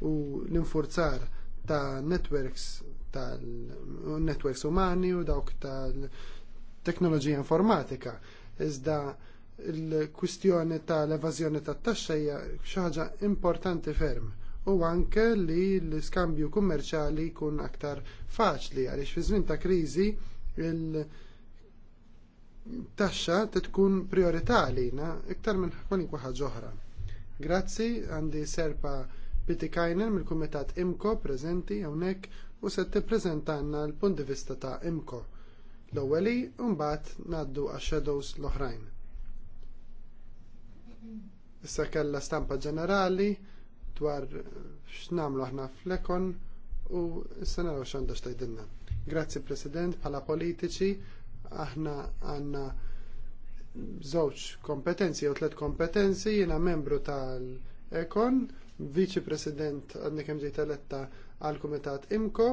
u l-infurzar ta' networks tal-networks umani u dawk tal teknoloġija informatika. Iżda il-kwistjoni tal-evażjoni tat-taxxa hija xi ħaġa importanti ferm u anke li l-iskambju kummerċjali jkun aktar faċli għaliex fi żmien ta' kriżi il- taxxa tkun priorità għalina iktar minn kwalinkwa ħaġa oħra. Grazzi għandi Serpa Kajner mill-Kumitat IMCO preżenti hawnhekk u se t-prezentanna l-punt di vista ta' IMCO l-ewweli u mbagħad ngħaddu għax-shadows l-oħrajn. Issa kellha stampa ġenerali dwar x'namlu aħna flekon u issa naraw x'għandha tgħidilna. Grazzi President, bħala politiċi aħna għandna żewġ kompetenzi jew tliet kompetenzi jiena membru tal-Ekon, Viċi President għandni kemm ġejt eletta għall kumitat IMCO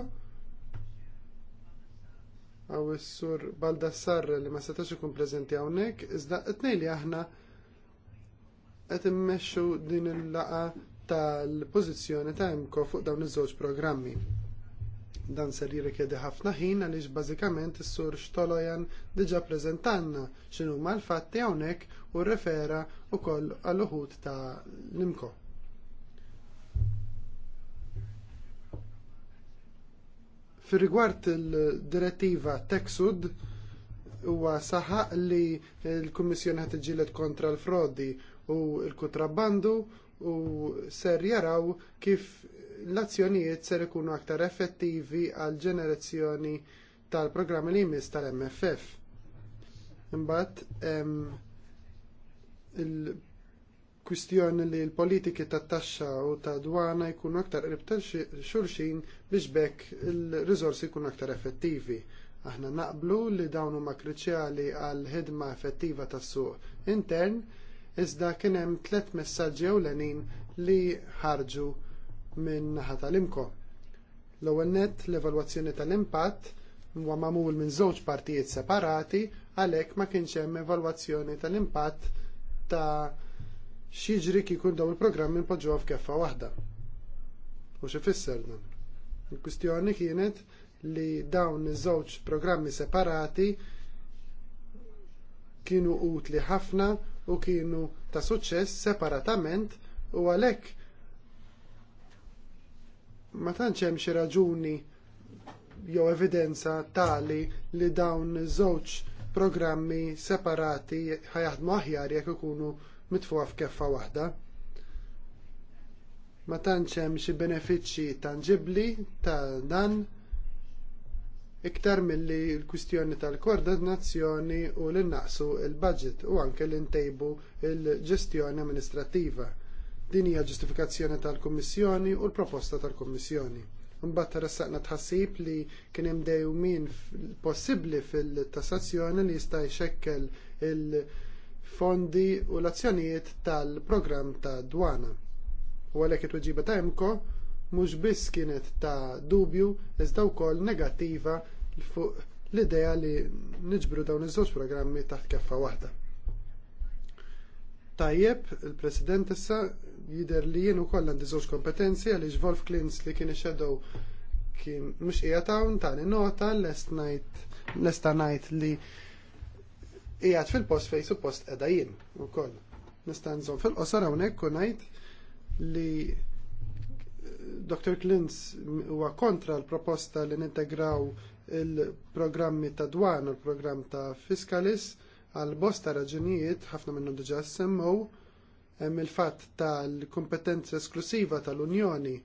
għaw s-sur Baldassarre li ma setax ikun prezenti għawnek, iżda t-nej li aħna qed immexxu din il laqgħa tal-pożizzjoni ta' imko fuq dawn iż-żewġ programmi. Dan ser jirrikjedi ħafna ħin għaliex bażikament is-sur Xtolojan diġà preżentanna x'inhuma l-fatti hawnhekk u rrifera wkoll għal uħud ta' l-imko. Fir rigward il-direttiva Texud huwa saħaq li l-Kummissjoni ħad iġġieled kontra l-frodi u l-kutrabbandu u ser jaraw kif l-azzjonijiet ser ikunu aktar effettivi għal ġenerazzjoni tal-programmi li jmiss tal-MFF. Imbagħad il-kwistjoni li l-politiki tat taxxa u ta' dwana jkunu aktar qrib tal xulxin biex bekk il-rizorsi jkunu aktar effettivi. Aħna naqblu li dawn huma kruċjali għal ħidma effettiva tas-suq intern, iżda kien hemm tliet messaġġi ewlenin li ħarġu minn naħa tal-imko. L-ewwel nett l-evalwazzjoni tal-impatt huwa magħmul minn żewġ partijiet separati għalhekk ma kienx hemm evalwazzjoni tal-impatt ta' x'jiġri kieku dawn il-programmi npoġġuha f'keffa waħda. U xi fisser dan? Il-kwistjoni kienet li dawn iż-żewġ programmi separati kienu utli ħafna u kienu ta' suċċess separatament u għalhekk ma tantx hemm xi raġuni jew evidenza tali li dawn żewġ programmi separati ħajaħdmu aħjar jekk ikunu mitfuqa f'keffa waħda ma tantx hemm xi benefiċċji tangibbli ta' dan iktar milli l-kwistjoni tal-koordinazzjoni u li naqsu l budget u anke li ntejbu l ġestjoni amministrattiva. Din hija ġustifikazzjoni tal-Kummissjoni u l-proposta tal-Kummissjoni. Imbagħad ressaqna tħassib li kien hemm dejjumin possibbli fil-tassazzjoni li jista' jxekkel il-fondi u l-azzjonijiet tal-programm ta' dwana U għalhekk it-tweġiba ta' imko mhux biss kienet ta' dubju iżda wkoll negattiva fuq l-idea li niġbru dawn iż-żewġ programmi taħt keffa waħda. Tajjeb, il-President issa jidher li jien ukoll għandi żewġ kompetenzi għaliex Wolf Klins li kien ixedow kien mhux qiegħed hawn tani nota lest ngħid lesta ngħid li qiegħed fil-post fejn suppost qiegħda jien ukoll. Nista' nżomm fil-qosor hawnhekk u ngħid li Dr. Klintz huwa kontra l-proposta li nintegraw il-programmi ta' dwan u l-programm ta' fiskalis għal bosta raġunijiet ħafna minnu diġà semmu hemm il-fatt tal-kompetenza esklusiva tal-Unjoni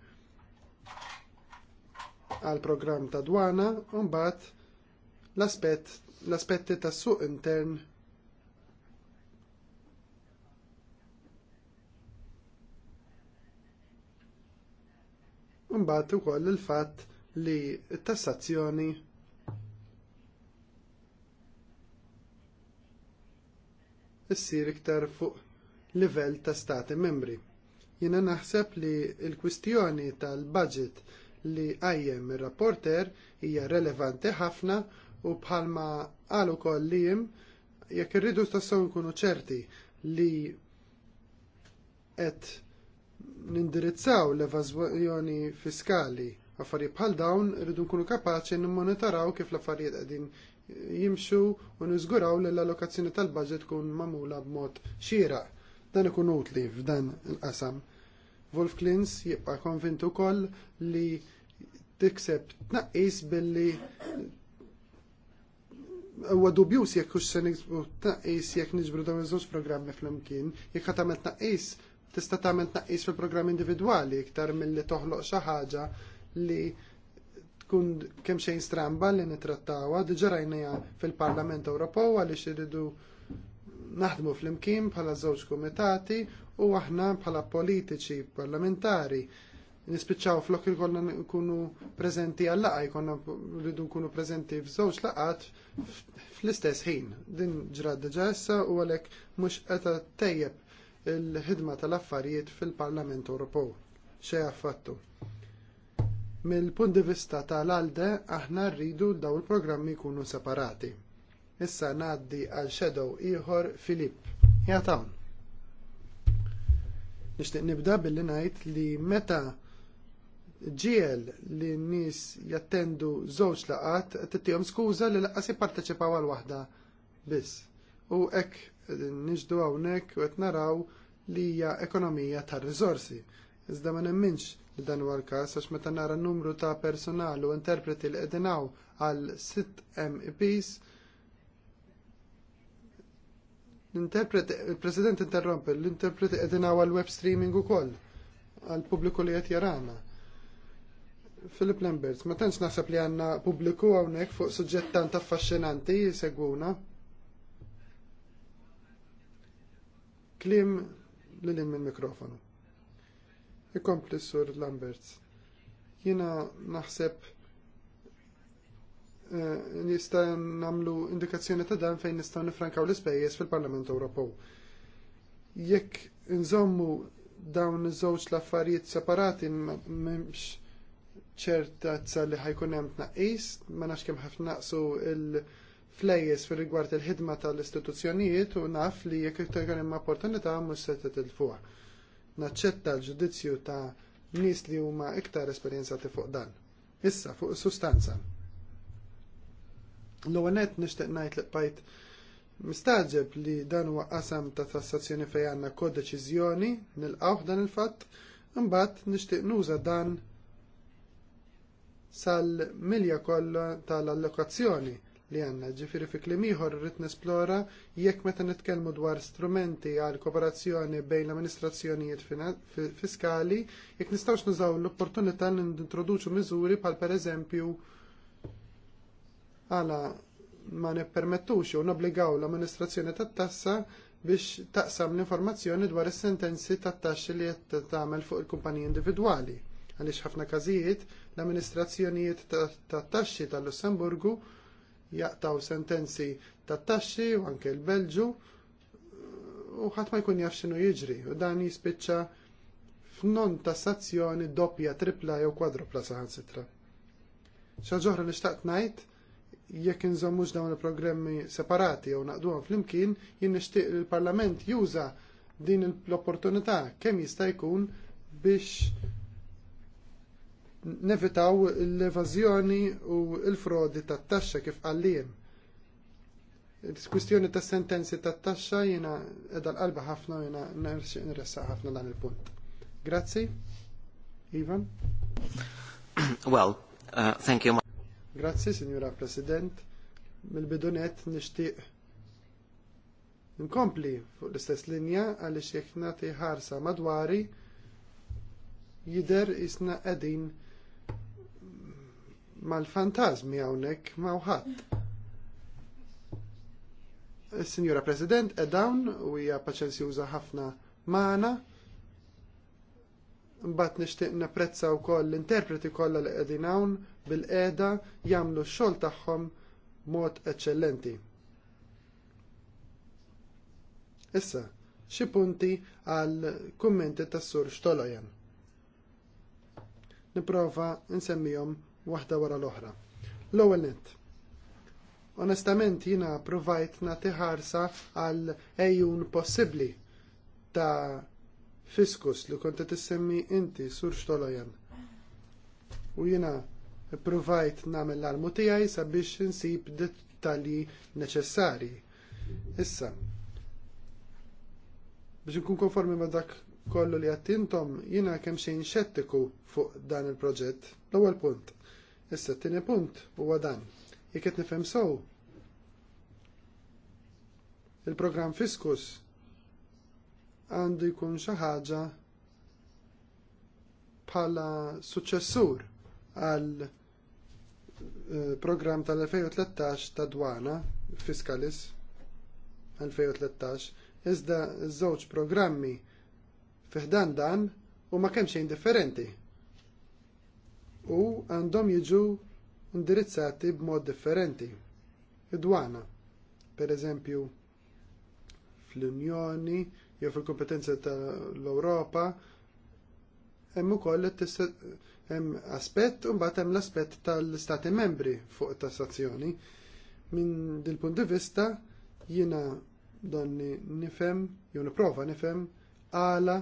għal programm ta' dwana u mbagħad l-aspetti tas-suq intern Mbagħad ukoll il-fatt li t-tassazzjoni issir iktar fuq livell ta' stati membri. Jiena naħseb li l-kwistjoni tal-budget li għajjem ir-rapporter hija relevanti ħafna u bħalma li kolliem jekk irridu tassew nkunu ċerti li qed nindirizzaw l-evażjoni fiskali affarijiet bħal dawn rridu nkunu kapaċi nimmonitoraw kif l-affarijiet qegħdin jimxu u niżguraw li l-allokazzjoni tal-budget tkun magħmula b'mod xieraq. Dan ikun utli f'dan il-qasam. Wolf Klins jibqa' konvintu ukoll li tikseb tnaqqis billi huwa dubjus jekk hux se nixbu tnaqqis jekk niġbru dawn iż-żewġ programmi flimkien, jekk ħadd tagħmel tnaqqis tista' tagħmel tnaqqis fil-programm individwali iktar milli toħloq xi ħaġa li tkun kemm xejn stramba li nittrattawha diġà rajnija fil-Parlament Ewropew għaliex iridu naħdmu fl-imkien bħala żewġ kumitati u aħna bħala politiċi parlamentari nispiċċaw flok il nkunu prezenti għal laqaj konna rridu nkunu preżenti f'żewġ laqat fl-istess ħin. Din ġrat diġà issa u għalhekk mhux qed tejjeb il-ħidma tal-affarijiet fil-Parlament Ewropew. Xej affattu. Mill-punt di vista tal-alde aħna rridu daw il-programmi jkunu separati. Issa ngħaddi għal shadow ieħor Filipp. Jatawn. Nixtieq nibda billi ngħid li meta ġiel li n-nies jattendu żewġ laqat tittihom skuża li laqas jipparteċipaw għal waħda biss u hekk niġdu hawnhekk u qed naraw li hija ekonomija ta' rizorsi. Iżda ma nemminx li dan u l-każ għax meta nara numru ta' personal u interpreti li qegħdin għal 6 MEPs il-President interrompe, l-interpreti qegħdin għal web streaming ukoll għall pubbliku li qed jarana. Philip Lambert, ma tantx naħseb li għandna pubbliku hawnhekk fuq suġġett tant affaxxinanti jisegwuna. Klim li l minn mikrofonu. Ikompli sur Lamberts. Jina naħseb eh, nista namlu indikazzjoni ta' dan fejn nistgħu nifrankaw l-ispejjeż fil-Parlament Ewropew. Jekk nżommu dawn iż-żewġ l-affarijiet separati m'hemmx ċertazza li ħajkun hemm tnaqqis, ma nafx kemm ħafna naqsu il- flejjes fil rigward il-ħidma tal-istituzzjonijiet u naf li jekk iktar hemm opportunità mhux se titilfuha. Naċċetta l-ġudizzju ta' nies li huma iktar esperjenzati fuq dan. Issa fuq is sustanza. L-ewwel nett nixtieq ngħid li bajt Mistaġeb li dan huwa qasam ta' tassazzjoni fejn għandna kodeċiżjoni nilqgħu dan il-fatt, imbagħad nixtieq nuża dan sal-milja kollha tal-allokazzjoni li għandna. Ġifieri fi kliem ieħor rrid nesplora jekk meta nitkellmu dwar strumenti għal kooperazzjoni bejn l-amministrazzjonijiet fiskali, jekk nistgħux nużaw l-opportunità li nintroduċu miżuri bħal pereżempju għala ma nippermettux jew nobbligaw l-amministrazzjoni tat-tassa biex taqsam l-informazzjoni dwar is-sentenzi tat-taxxi li qed tagħmel fuq il-kumpaniji individwali. Għaliex ħafna każijiet l-amministrazzjonijiet tat-taxxi tal-Lussemburgu jaqtaw sentenzi ta' taxxi u anke l-Belġu u ħadd ma jkun jaf x'inhu jiġri u dan jispiċċa f'non tassazzjoni doppja, tripla jew kwadrupla saħansitra. ċaġoħra nixtaqt ngħid jekk inżommux dawn il-programmi separati jew naqduhom flimkien, jien nixtieq il-Parlament juża din l-opportunità kemm jista' jkun biex nevitaw l-evażjoni u l-frodi tat-taxxa kif għalliem. Kwistjoni ta' sentenzi ta' taxxa jiena edha l-qalba ħafna jiena nirressa ħafna dan il-punt. Grazzi. Ivan. Well, uh, thank you. Grazzi, Signora President. mil bidunet nixtieq nkompli fuq l-istess linja għaliex jekk nagħti ħarsa madwari jidher isna qegħdin mal fantazmi hawnhekk ma' ħadd. Signora sinjura President qed dawn u hija paċenzjuża ħafna magħna. Mbagħad nixtieq napprezza wkoll l-interpreti kollha li qegħdin hawn bil-qiegħda jagħmlu x-xogħol tagħhom mod eċċellenti. Issa, xi punti għal kummenti tas-sur Stolojan. Nipprova nsemmihom waħda wara l-oħra. L-ewwel nett. Onestament jiena provajt nagħti ħarsa għal ejjun possibbli ta' fiskus li kont qed issemmi inti sur xtolojan. U jiena provajt nagħmel l-armu tiegħi sabiex insib dettalji neċessarji. Issa, biex nkun konformi ma' dak kollu li għattintom jina kemm xejn xettiku fuq dan il-proġett. L-ewwel punt. Issa t-tieni punt huwa dan. Jekk qed nifhem Il-programm Fiskus għandu jkun xi ħaġa bħala suċessur għal eh, program tal-2013 ta' dwana fiskalis 2013 iżda żewġ programmi fiħdan dan u ma kemm xejn differenti u għandhom jiġu indirizzati b'mod differenti. Id-dwana, pereżempju, fl-Unjoni jew fil-kompetenza tal-Ewropa, hemm ukoll hemm aspett u mbagħad hemm l-aspett tal-Stati membri fuq tassazzjoni. Min din punt di vista jiena donni nifhem jew nipprova nifhem għala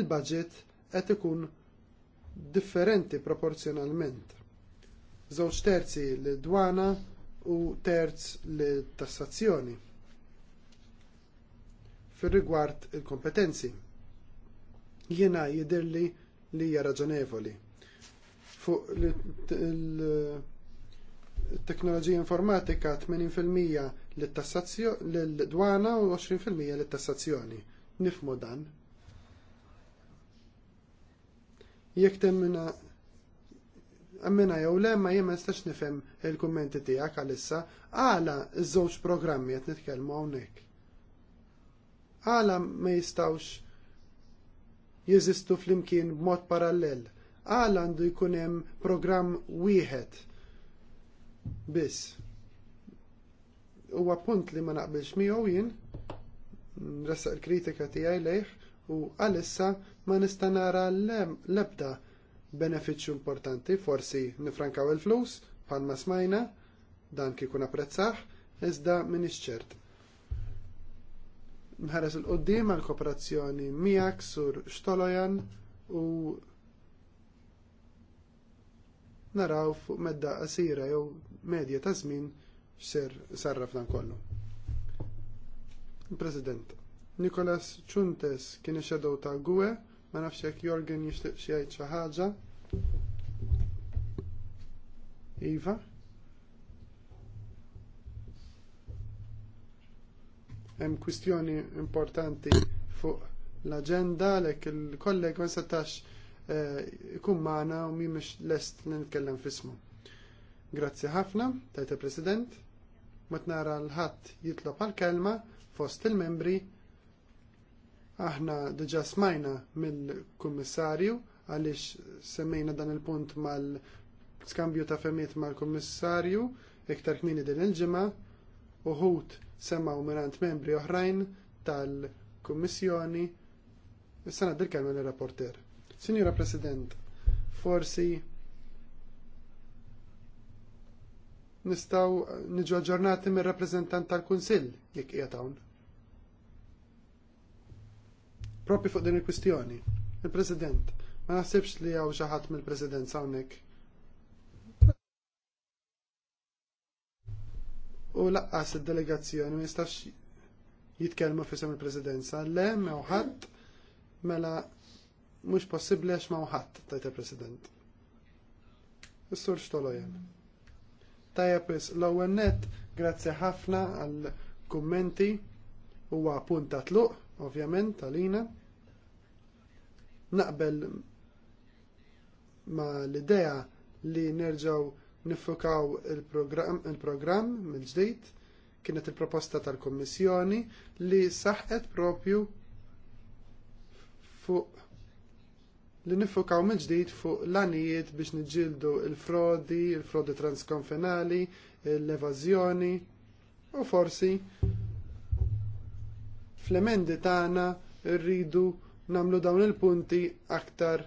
il-budget qed ikun differenti proporzjonalment. Żewġ terzi li dwana u terz lit tassazzjoni fir rigward il-kompetenzi. Jiena jidirli li hija raġonevoli. Fuq il-teknoloġija informatika 80% fil tassazzjoni l-dwana u 20% lit tassazzjoni Nifmu dan. jekk temmina għammina jew le ma jemma nistax nifhem il-kummenti tiegħek għalissa għala ż-żewġ programmi qed nitkellmu hawnhekk. Għala ma jistawx jeżistu flimkien b'mod parallel. Għala għandu jkun hemm programm wieħed biss. Huwa punt li ma naqbilx miegħu jien, nressaq il-kritika tiegħi lejħ, u għalissa ma nista' nara l-ebda benefiċċju importanti, forsi nifrankaw il-flus bħalma smajna, dan kikun apprezzah, iżda minix ċert. Nħares il-qoddim għal kooperazzjoni miegħek sur Xtolojan, u naraw fuq medda qasira jew medja ta' żmien x'ser sarraf dan kollu. President Nicolas Chuntes kien ix-shadow ta' Gue ma nafx jekk Jorgen jixtieq xi jgħid xi ħaġa. Iva. Hemm kwistjoni importanti fuq l-aġenda għalhekk il-kolleg ma setax eh, ikun magħna u mi mhix lest li nitkellem fismu. Grazzi ħafna, tajta President. Ma tnara l-ħadd jitlob għal-kelma fost il-membri Aħna diġa smajna mill-Kummissarju għaliex semmejna dan il-punt mal-skambju ta' femiet mal-Kummissarju iktar kmini din il-ġimgħa uħut semmaw mirant membri oħrajn tal-Kummissjoni Issa naddil kelma l-rapporter. Signora President, forsi nistaw niġu ġurnati mir rappresentant tal-Kunsill jekk qiegħed hawn propri fuq din il-kwistjoni. Il-President, ma naħsibx li għaw xi ħadd mill-President hawnhekk. U laqqas id-delegazzjoni ma jistax jitkellmu fissam il-Presidenza, le mew ħadd mela mhux possibbli għax ma ħadd tajt il-President. Is-sur xtolojen. Tajab l-ewwel net, grazzi ħafna għall kummenti huwa għapunta ta' tluq ovvjament għalina. Naqbel ma l-idea li nerġaw nifukaw il-program il-programm mill-ġdejt kienet il-proposta tal-Kommissjoni li saħqet propju fuq li nifukaw mill ġdid fuq l-anijiet biex nġildu l frodi il-frodi transkonfenali, l-evażjoni u forsi fl-emendi tagħna rridu nagħmlu dawn il-punti aktar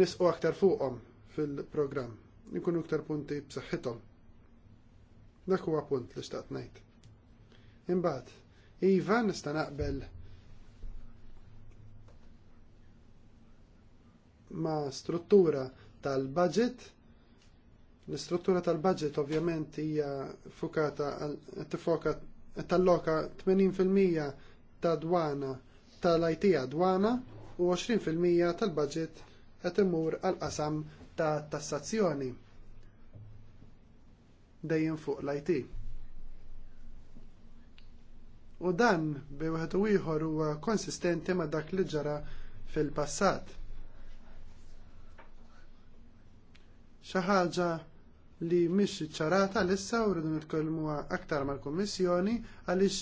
nisqu aktar fuqhom fil-programm. Ikunu aktar punti b'saħħithom. Dak huwa punt li xtaqt ngħid. Imbagħad, iva nista' naqbel ma' struttura tal-budget L-istruttura tal-budget ovvjament hija fukata tifoka talloka 80% ta' dwana tal-IT dwana u 20% tal-budget qed imur għal qasam ta' tassazzjoni dejjem fuq l-IT. U dan bi wieħed u ieħor huwa konsistenti ma' dak li ġara fil-passat. Xi ħaġa li mhix ċarata lissa u rridu nitkellmuha aktar mal-Kummissjoni għaliex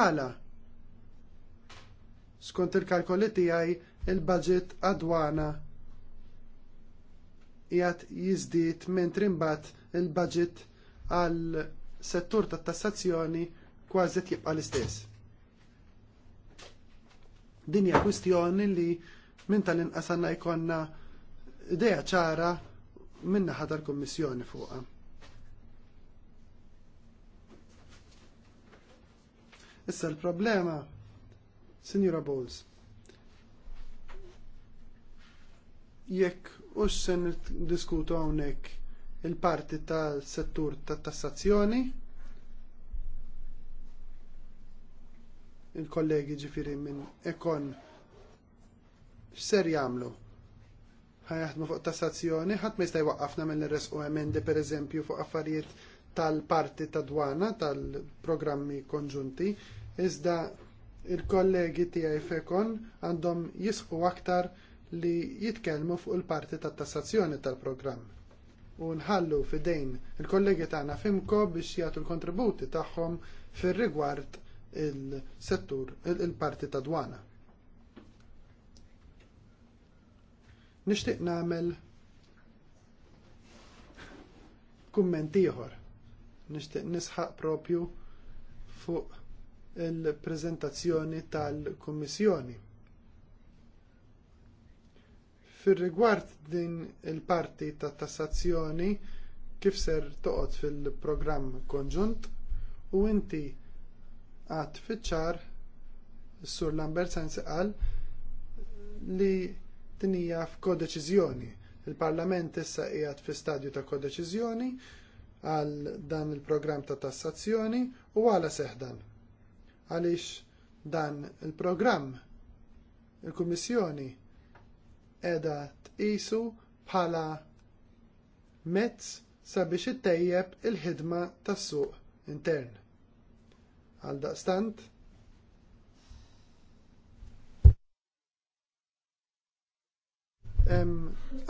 għala skont il-kalkoli tiegħi il-budget għadwana jgħat jizdit minn trimbat il-budget għal settur tat tassazzjoni kważi tjibqa l-istess. Din hija kwistjoni li minn tal-inqas għandna jkollna idea ċara minn naħa tal-Kummissjoni fuqha. Issa l-problema Signora Bowles, jekk ux se diskutu hawnhekk il-parti tal-settur tat-tassazzjoni, il-kollegi ġifiri minn ekon x'ser jagħmlu? ħajaħdmu fuq tassazzjoni, ħadd ma jista' jwaqqafna mill res u emendi pereżempju fuq affarijiet tal-parti ta' dwana tal-programmi konġunti, iżda il-kollegi tiegħi fekon għandhom jisħu aktar li jitkellmu fuq il-parti tat tassazzjoni tal-programm. U nħallu fidejn il-kollegi tagħna fimko biex jagħtu l-kontributi tagħhom fir-rigward il-settur il-parti ta' dwana. Nixtieq nagħmel kumment ieħor. Nixtieq nisħaq propju fuq il-prezentazzjoni tal-Kummissjoni. Fir-rigward din il-parti tat tassazzjoni kif ser toqgħod fil-programm konġunt u inti għad fiċ sur Lambert Sanz qal li tinija f'kodeċiżjoni. Il-Parlament issa qiegħed fi stadju ta' kodeċiżjoni għal dan il-programm ta' tassazzjoni u għala seħdan għaliex dan il-programm il-Kummissjoni qiegħda tqisu bħala mezz sabiex ittejjeb il-ħidma tas-suq intern. Għaldaqstant, hemm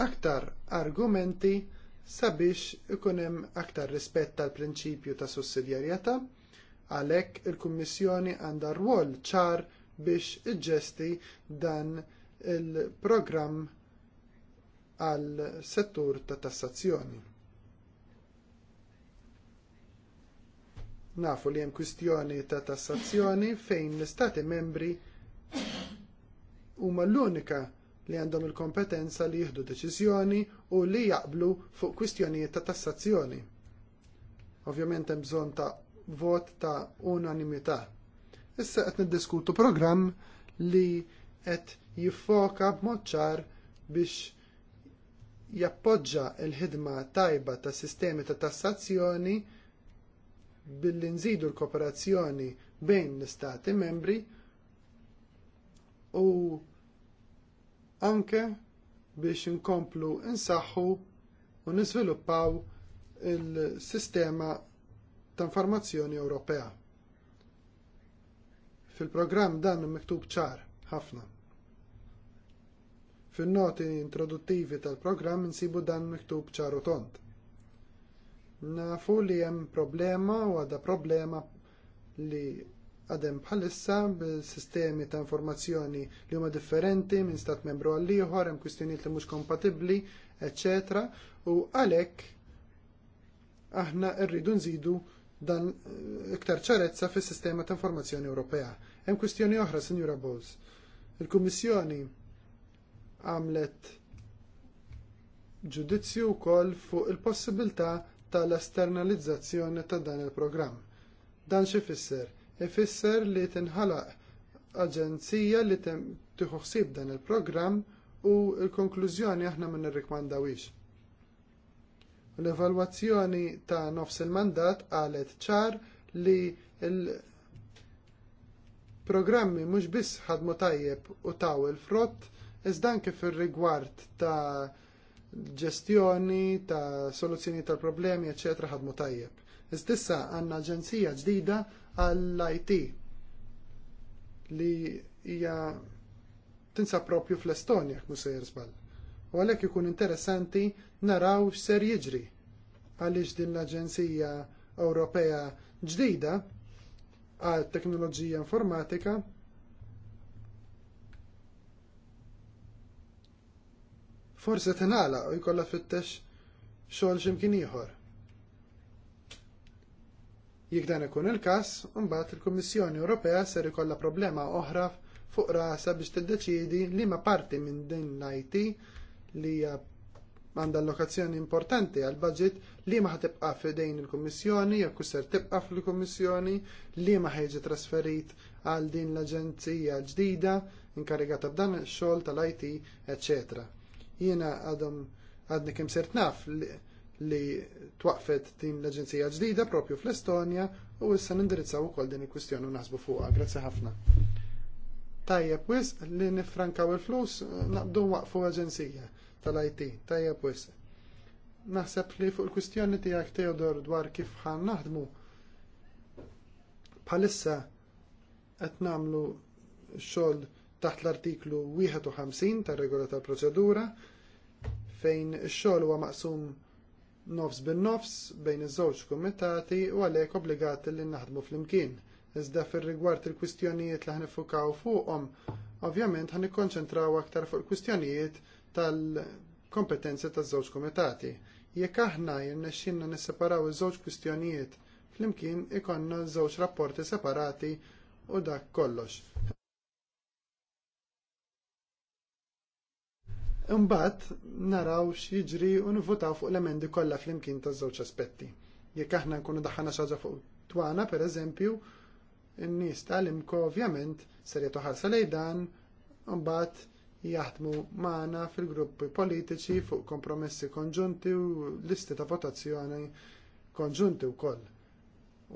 aktar argumenti sabiex ikun hemm aktar rispett tal-prinċipju ta' sussidjarjetà Għalhekk il-Kummissjoni għandha rwol ċar biex iġġesti dan il-programm għal settur ta' tassazzjoni. Nafu li hemm kwistjoni ta' tassazzjoni fejn l-Istati membri huma l-unika li għandhom il-kompetenza li jieħdu deċiżjoni u li jaqblu fuq kwistjonijiet ta' tassazzjoni. Ovvjament hemm bżonn ta' vot ta' unanimità. Issa qed niddiskutu programm li qed jiffoka b'mod ċar biex jappoġġa l-ħidma tajba tas sistemi ta' tassazzjoni billi nżidu l-kooperazzjoni bejn l-istati membri u anke biex inkomplu insaħħu u nizviluppaw il-sistema ta' informazzjoni Ewropea. Fil-programm dan miktub ċar ħafna. Fin-noti introduttivi tal-programm insibu dan miktub ċar u tont. Nafu li hemm problema u għadha problema li għadem bħalissa bil-sistemi ta' informazzjoni li huma differenti minn stat membru għal ieħor hemm kwistjonijiet li mhux kompatibbli, eċċetera, u għalhekk aħna rridu nżidu dan eh, iktar ċarezza fis sistema ta' informazzjoni Ewropea. Hemm kwistjoni oħra, Sinjura Bowles. Il-Kummissjoni għamlet ġudizzju wkoll fuq il-possibilità tal-esternalizzazzjoni ta' dan il-programm. Dan xi fisser? Ifisser li tinħalaq aġenzija li tieħu ħsieb dan il-programm u l konklużjoni aħna ma nirrikmandawix L-evalwazzjoni ta' nofs il-mandat qalet ċar li l programmi mhux biss ħadmu tajjeb u taw il-frott iżda anke fir-rigward ta' ġestjoni, ta' soluzzjoni tal-problemi, eċetera, ħadmu tajjeb. Iżdissa għandna aġenzija ġdida għall-IT li hija tinsa propju fl-Estonja, jekk se żball. U għalhekk ikun interessanti naraw x'ser jiġri għaliex din l-Aġenzija Ewropea ġdida għal teknoloġija informatika forse tenala u jkollha fittex xogħol x'imkien ieħor. Jekk dan ikun il-każ, mbagħad il-Kummissjoni Ewropea ser ikollha problema oħra fuq rasa biex tiddeċiedi li ma parti minn din l-IT li għanda għandha allokazzjoni importanti għal budget li ma ħatibqa f'dejn il-Kummissjoni jekk ser tibqa fil-Kummissjoni li ma ħejġi trasferit għal din l-aġenzija ġdida inkarigata b'dan ix-xogħol tal-IT, etc. Jiena għadhom għadni kemm sirt naf li, li twaqfet din l-aġenzija ġdida propju fl-Estonja u issa nindirizzaw ukoll din il-kwistjoni u naħsbu fuqha. Grazzi ħafna. Tajjeb wisq li nifrankaw il-flus naqbdu waqfu aġenzija tal-IT, tajja pwis. Naħseb li fuq il-kwistjoni tiegħek Teodor dwar kif ħan naħdmu bħalissa qed nagħmlu xogħol taħt l-artiklu 51 tar-regola tal-proċedura fejn ix-xogħol huwa maqsum nofs bin-nofs bejn iż-żewġ kumitati u għalhekk obbligati li naħdmu flimkien. Iżda fir-rigward il-kwistjonijiet li ħnifukaw fuqhom, ovvjament ħan ikkonċentraw aktar fuq il-kwistjonijiet tal-kompetenza taż-żewġ kumitati. Jekk aħna jirnexxinna nisseparaw iż-żewġ kwistjonijiet flimkien ikonna żewġ rapporti separati u dak kollox. Imbagħad naraw x'jiġri u nivvotaw fuq l-emendi kollha flimkien taż-żewġ aspetti. Jekk aħna nkunu daħħalna xi ħaġa fuq twana pereżempju, n-nies tal-imko ovvjament ser jetoħarsa lejn dan imbagħad jaħdmu magħna fil-gruppi politiċi fuq kompromessi konġunti u listi ta' votazzjoni konġunti wkoll.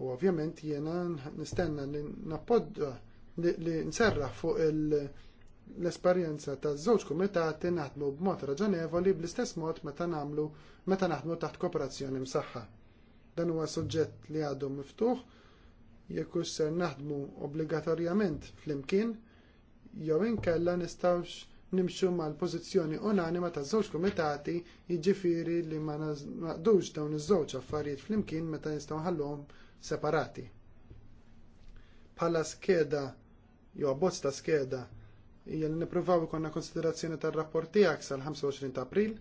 U ovvjament jiena nistenna li nappoġġa li nserraħ fuq l-esperjenza taż żewġ kumitati naħdmu b'mod raġonevoli bl-istess mod meta nagħmlu meta naħdmu taħt kooperazzjoni msaħħa. Dan huwa suġġett li għadu miftuħ jekk hux ser naħdmu obbligatorjament flimkien jew inkella nistgħux nimxu mal-pożizzjoni unanima taż żewġ kumitati jiġifieri li ma naqdux dawn iż-żewġ affarijiet flimkien meta nistgħu ħallhom separati. Bħala skeda jew abbozz ta' skeda hija li nippruvaw ikollna konsiderazzjoni tar-rapport tiegħek sal-25 ta' April,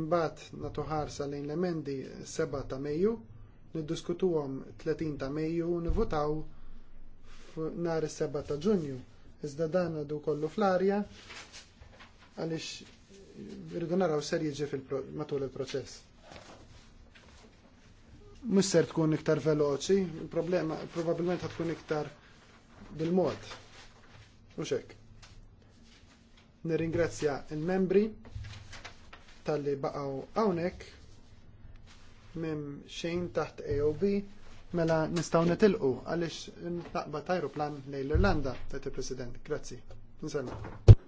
imbagħad nagħtu ħarsa lejn l-emendi 7 ta' Mejju, niddiskutuhom 30 ta' Mejju u nivutaw nhar is-7 ta' Ġunju Iżda dan għadu kollu fl-arja għaliex rridu naraw ser jiġi matul il-proċess. Mhux ser tkun iktar veloċi, il-problema probabbilment tkun iktar bil-mod. Uxek. Neringrazzja Nirringrazzja il-membri tal-li baqgħu hawnhekk minn xejn taħt AOB mela nistgħu nitilqu għaliex taqbad ajruplan lejn l-Irlanda, tajt il-President. Grazzi. Nsemma.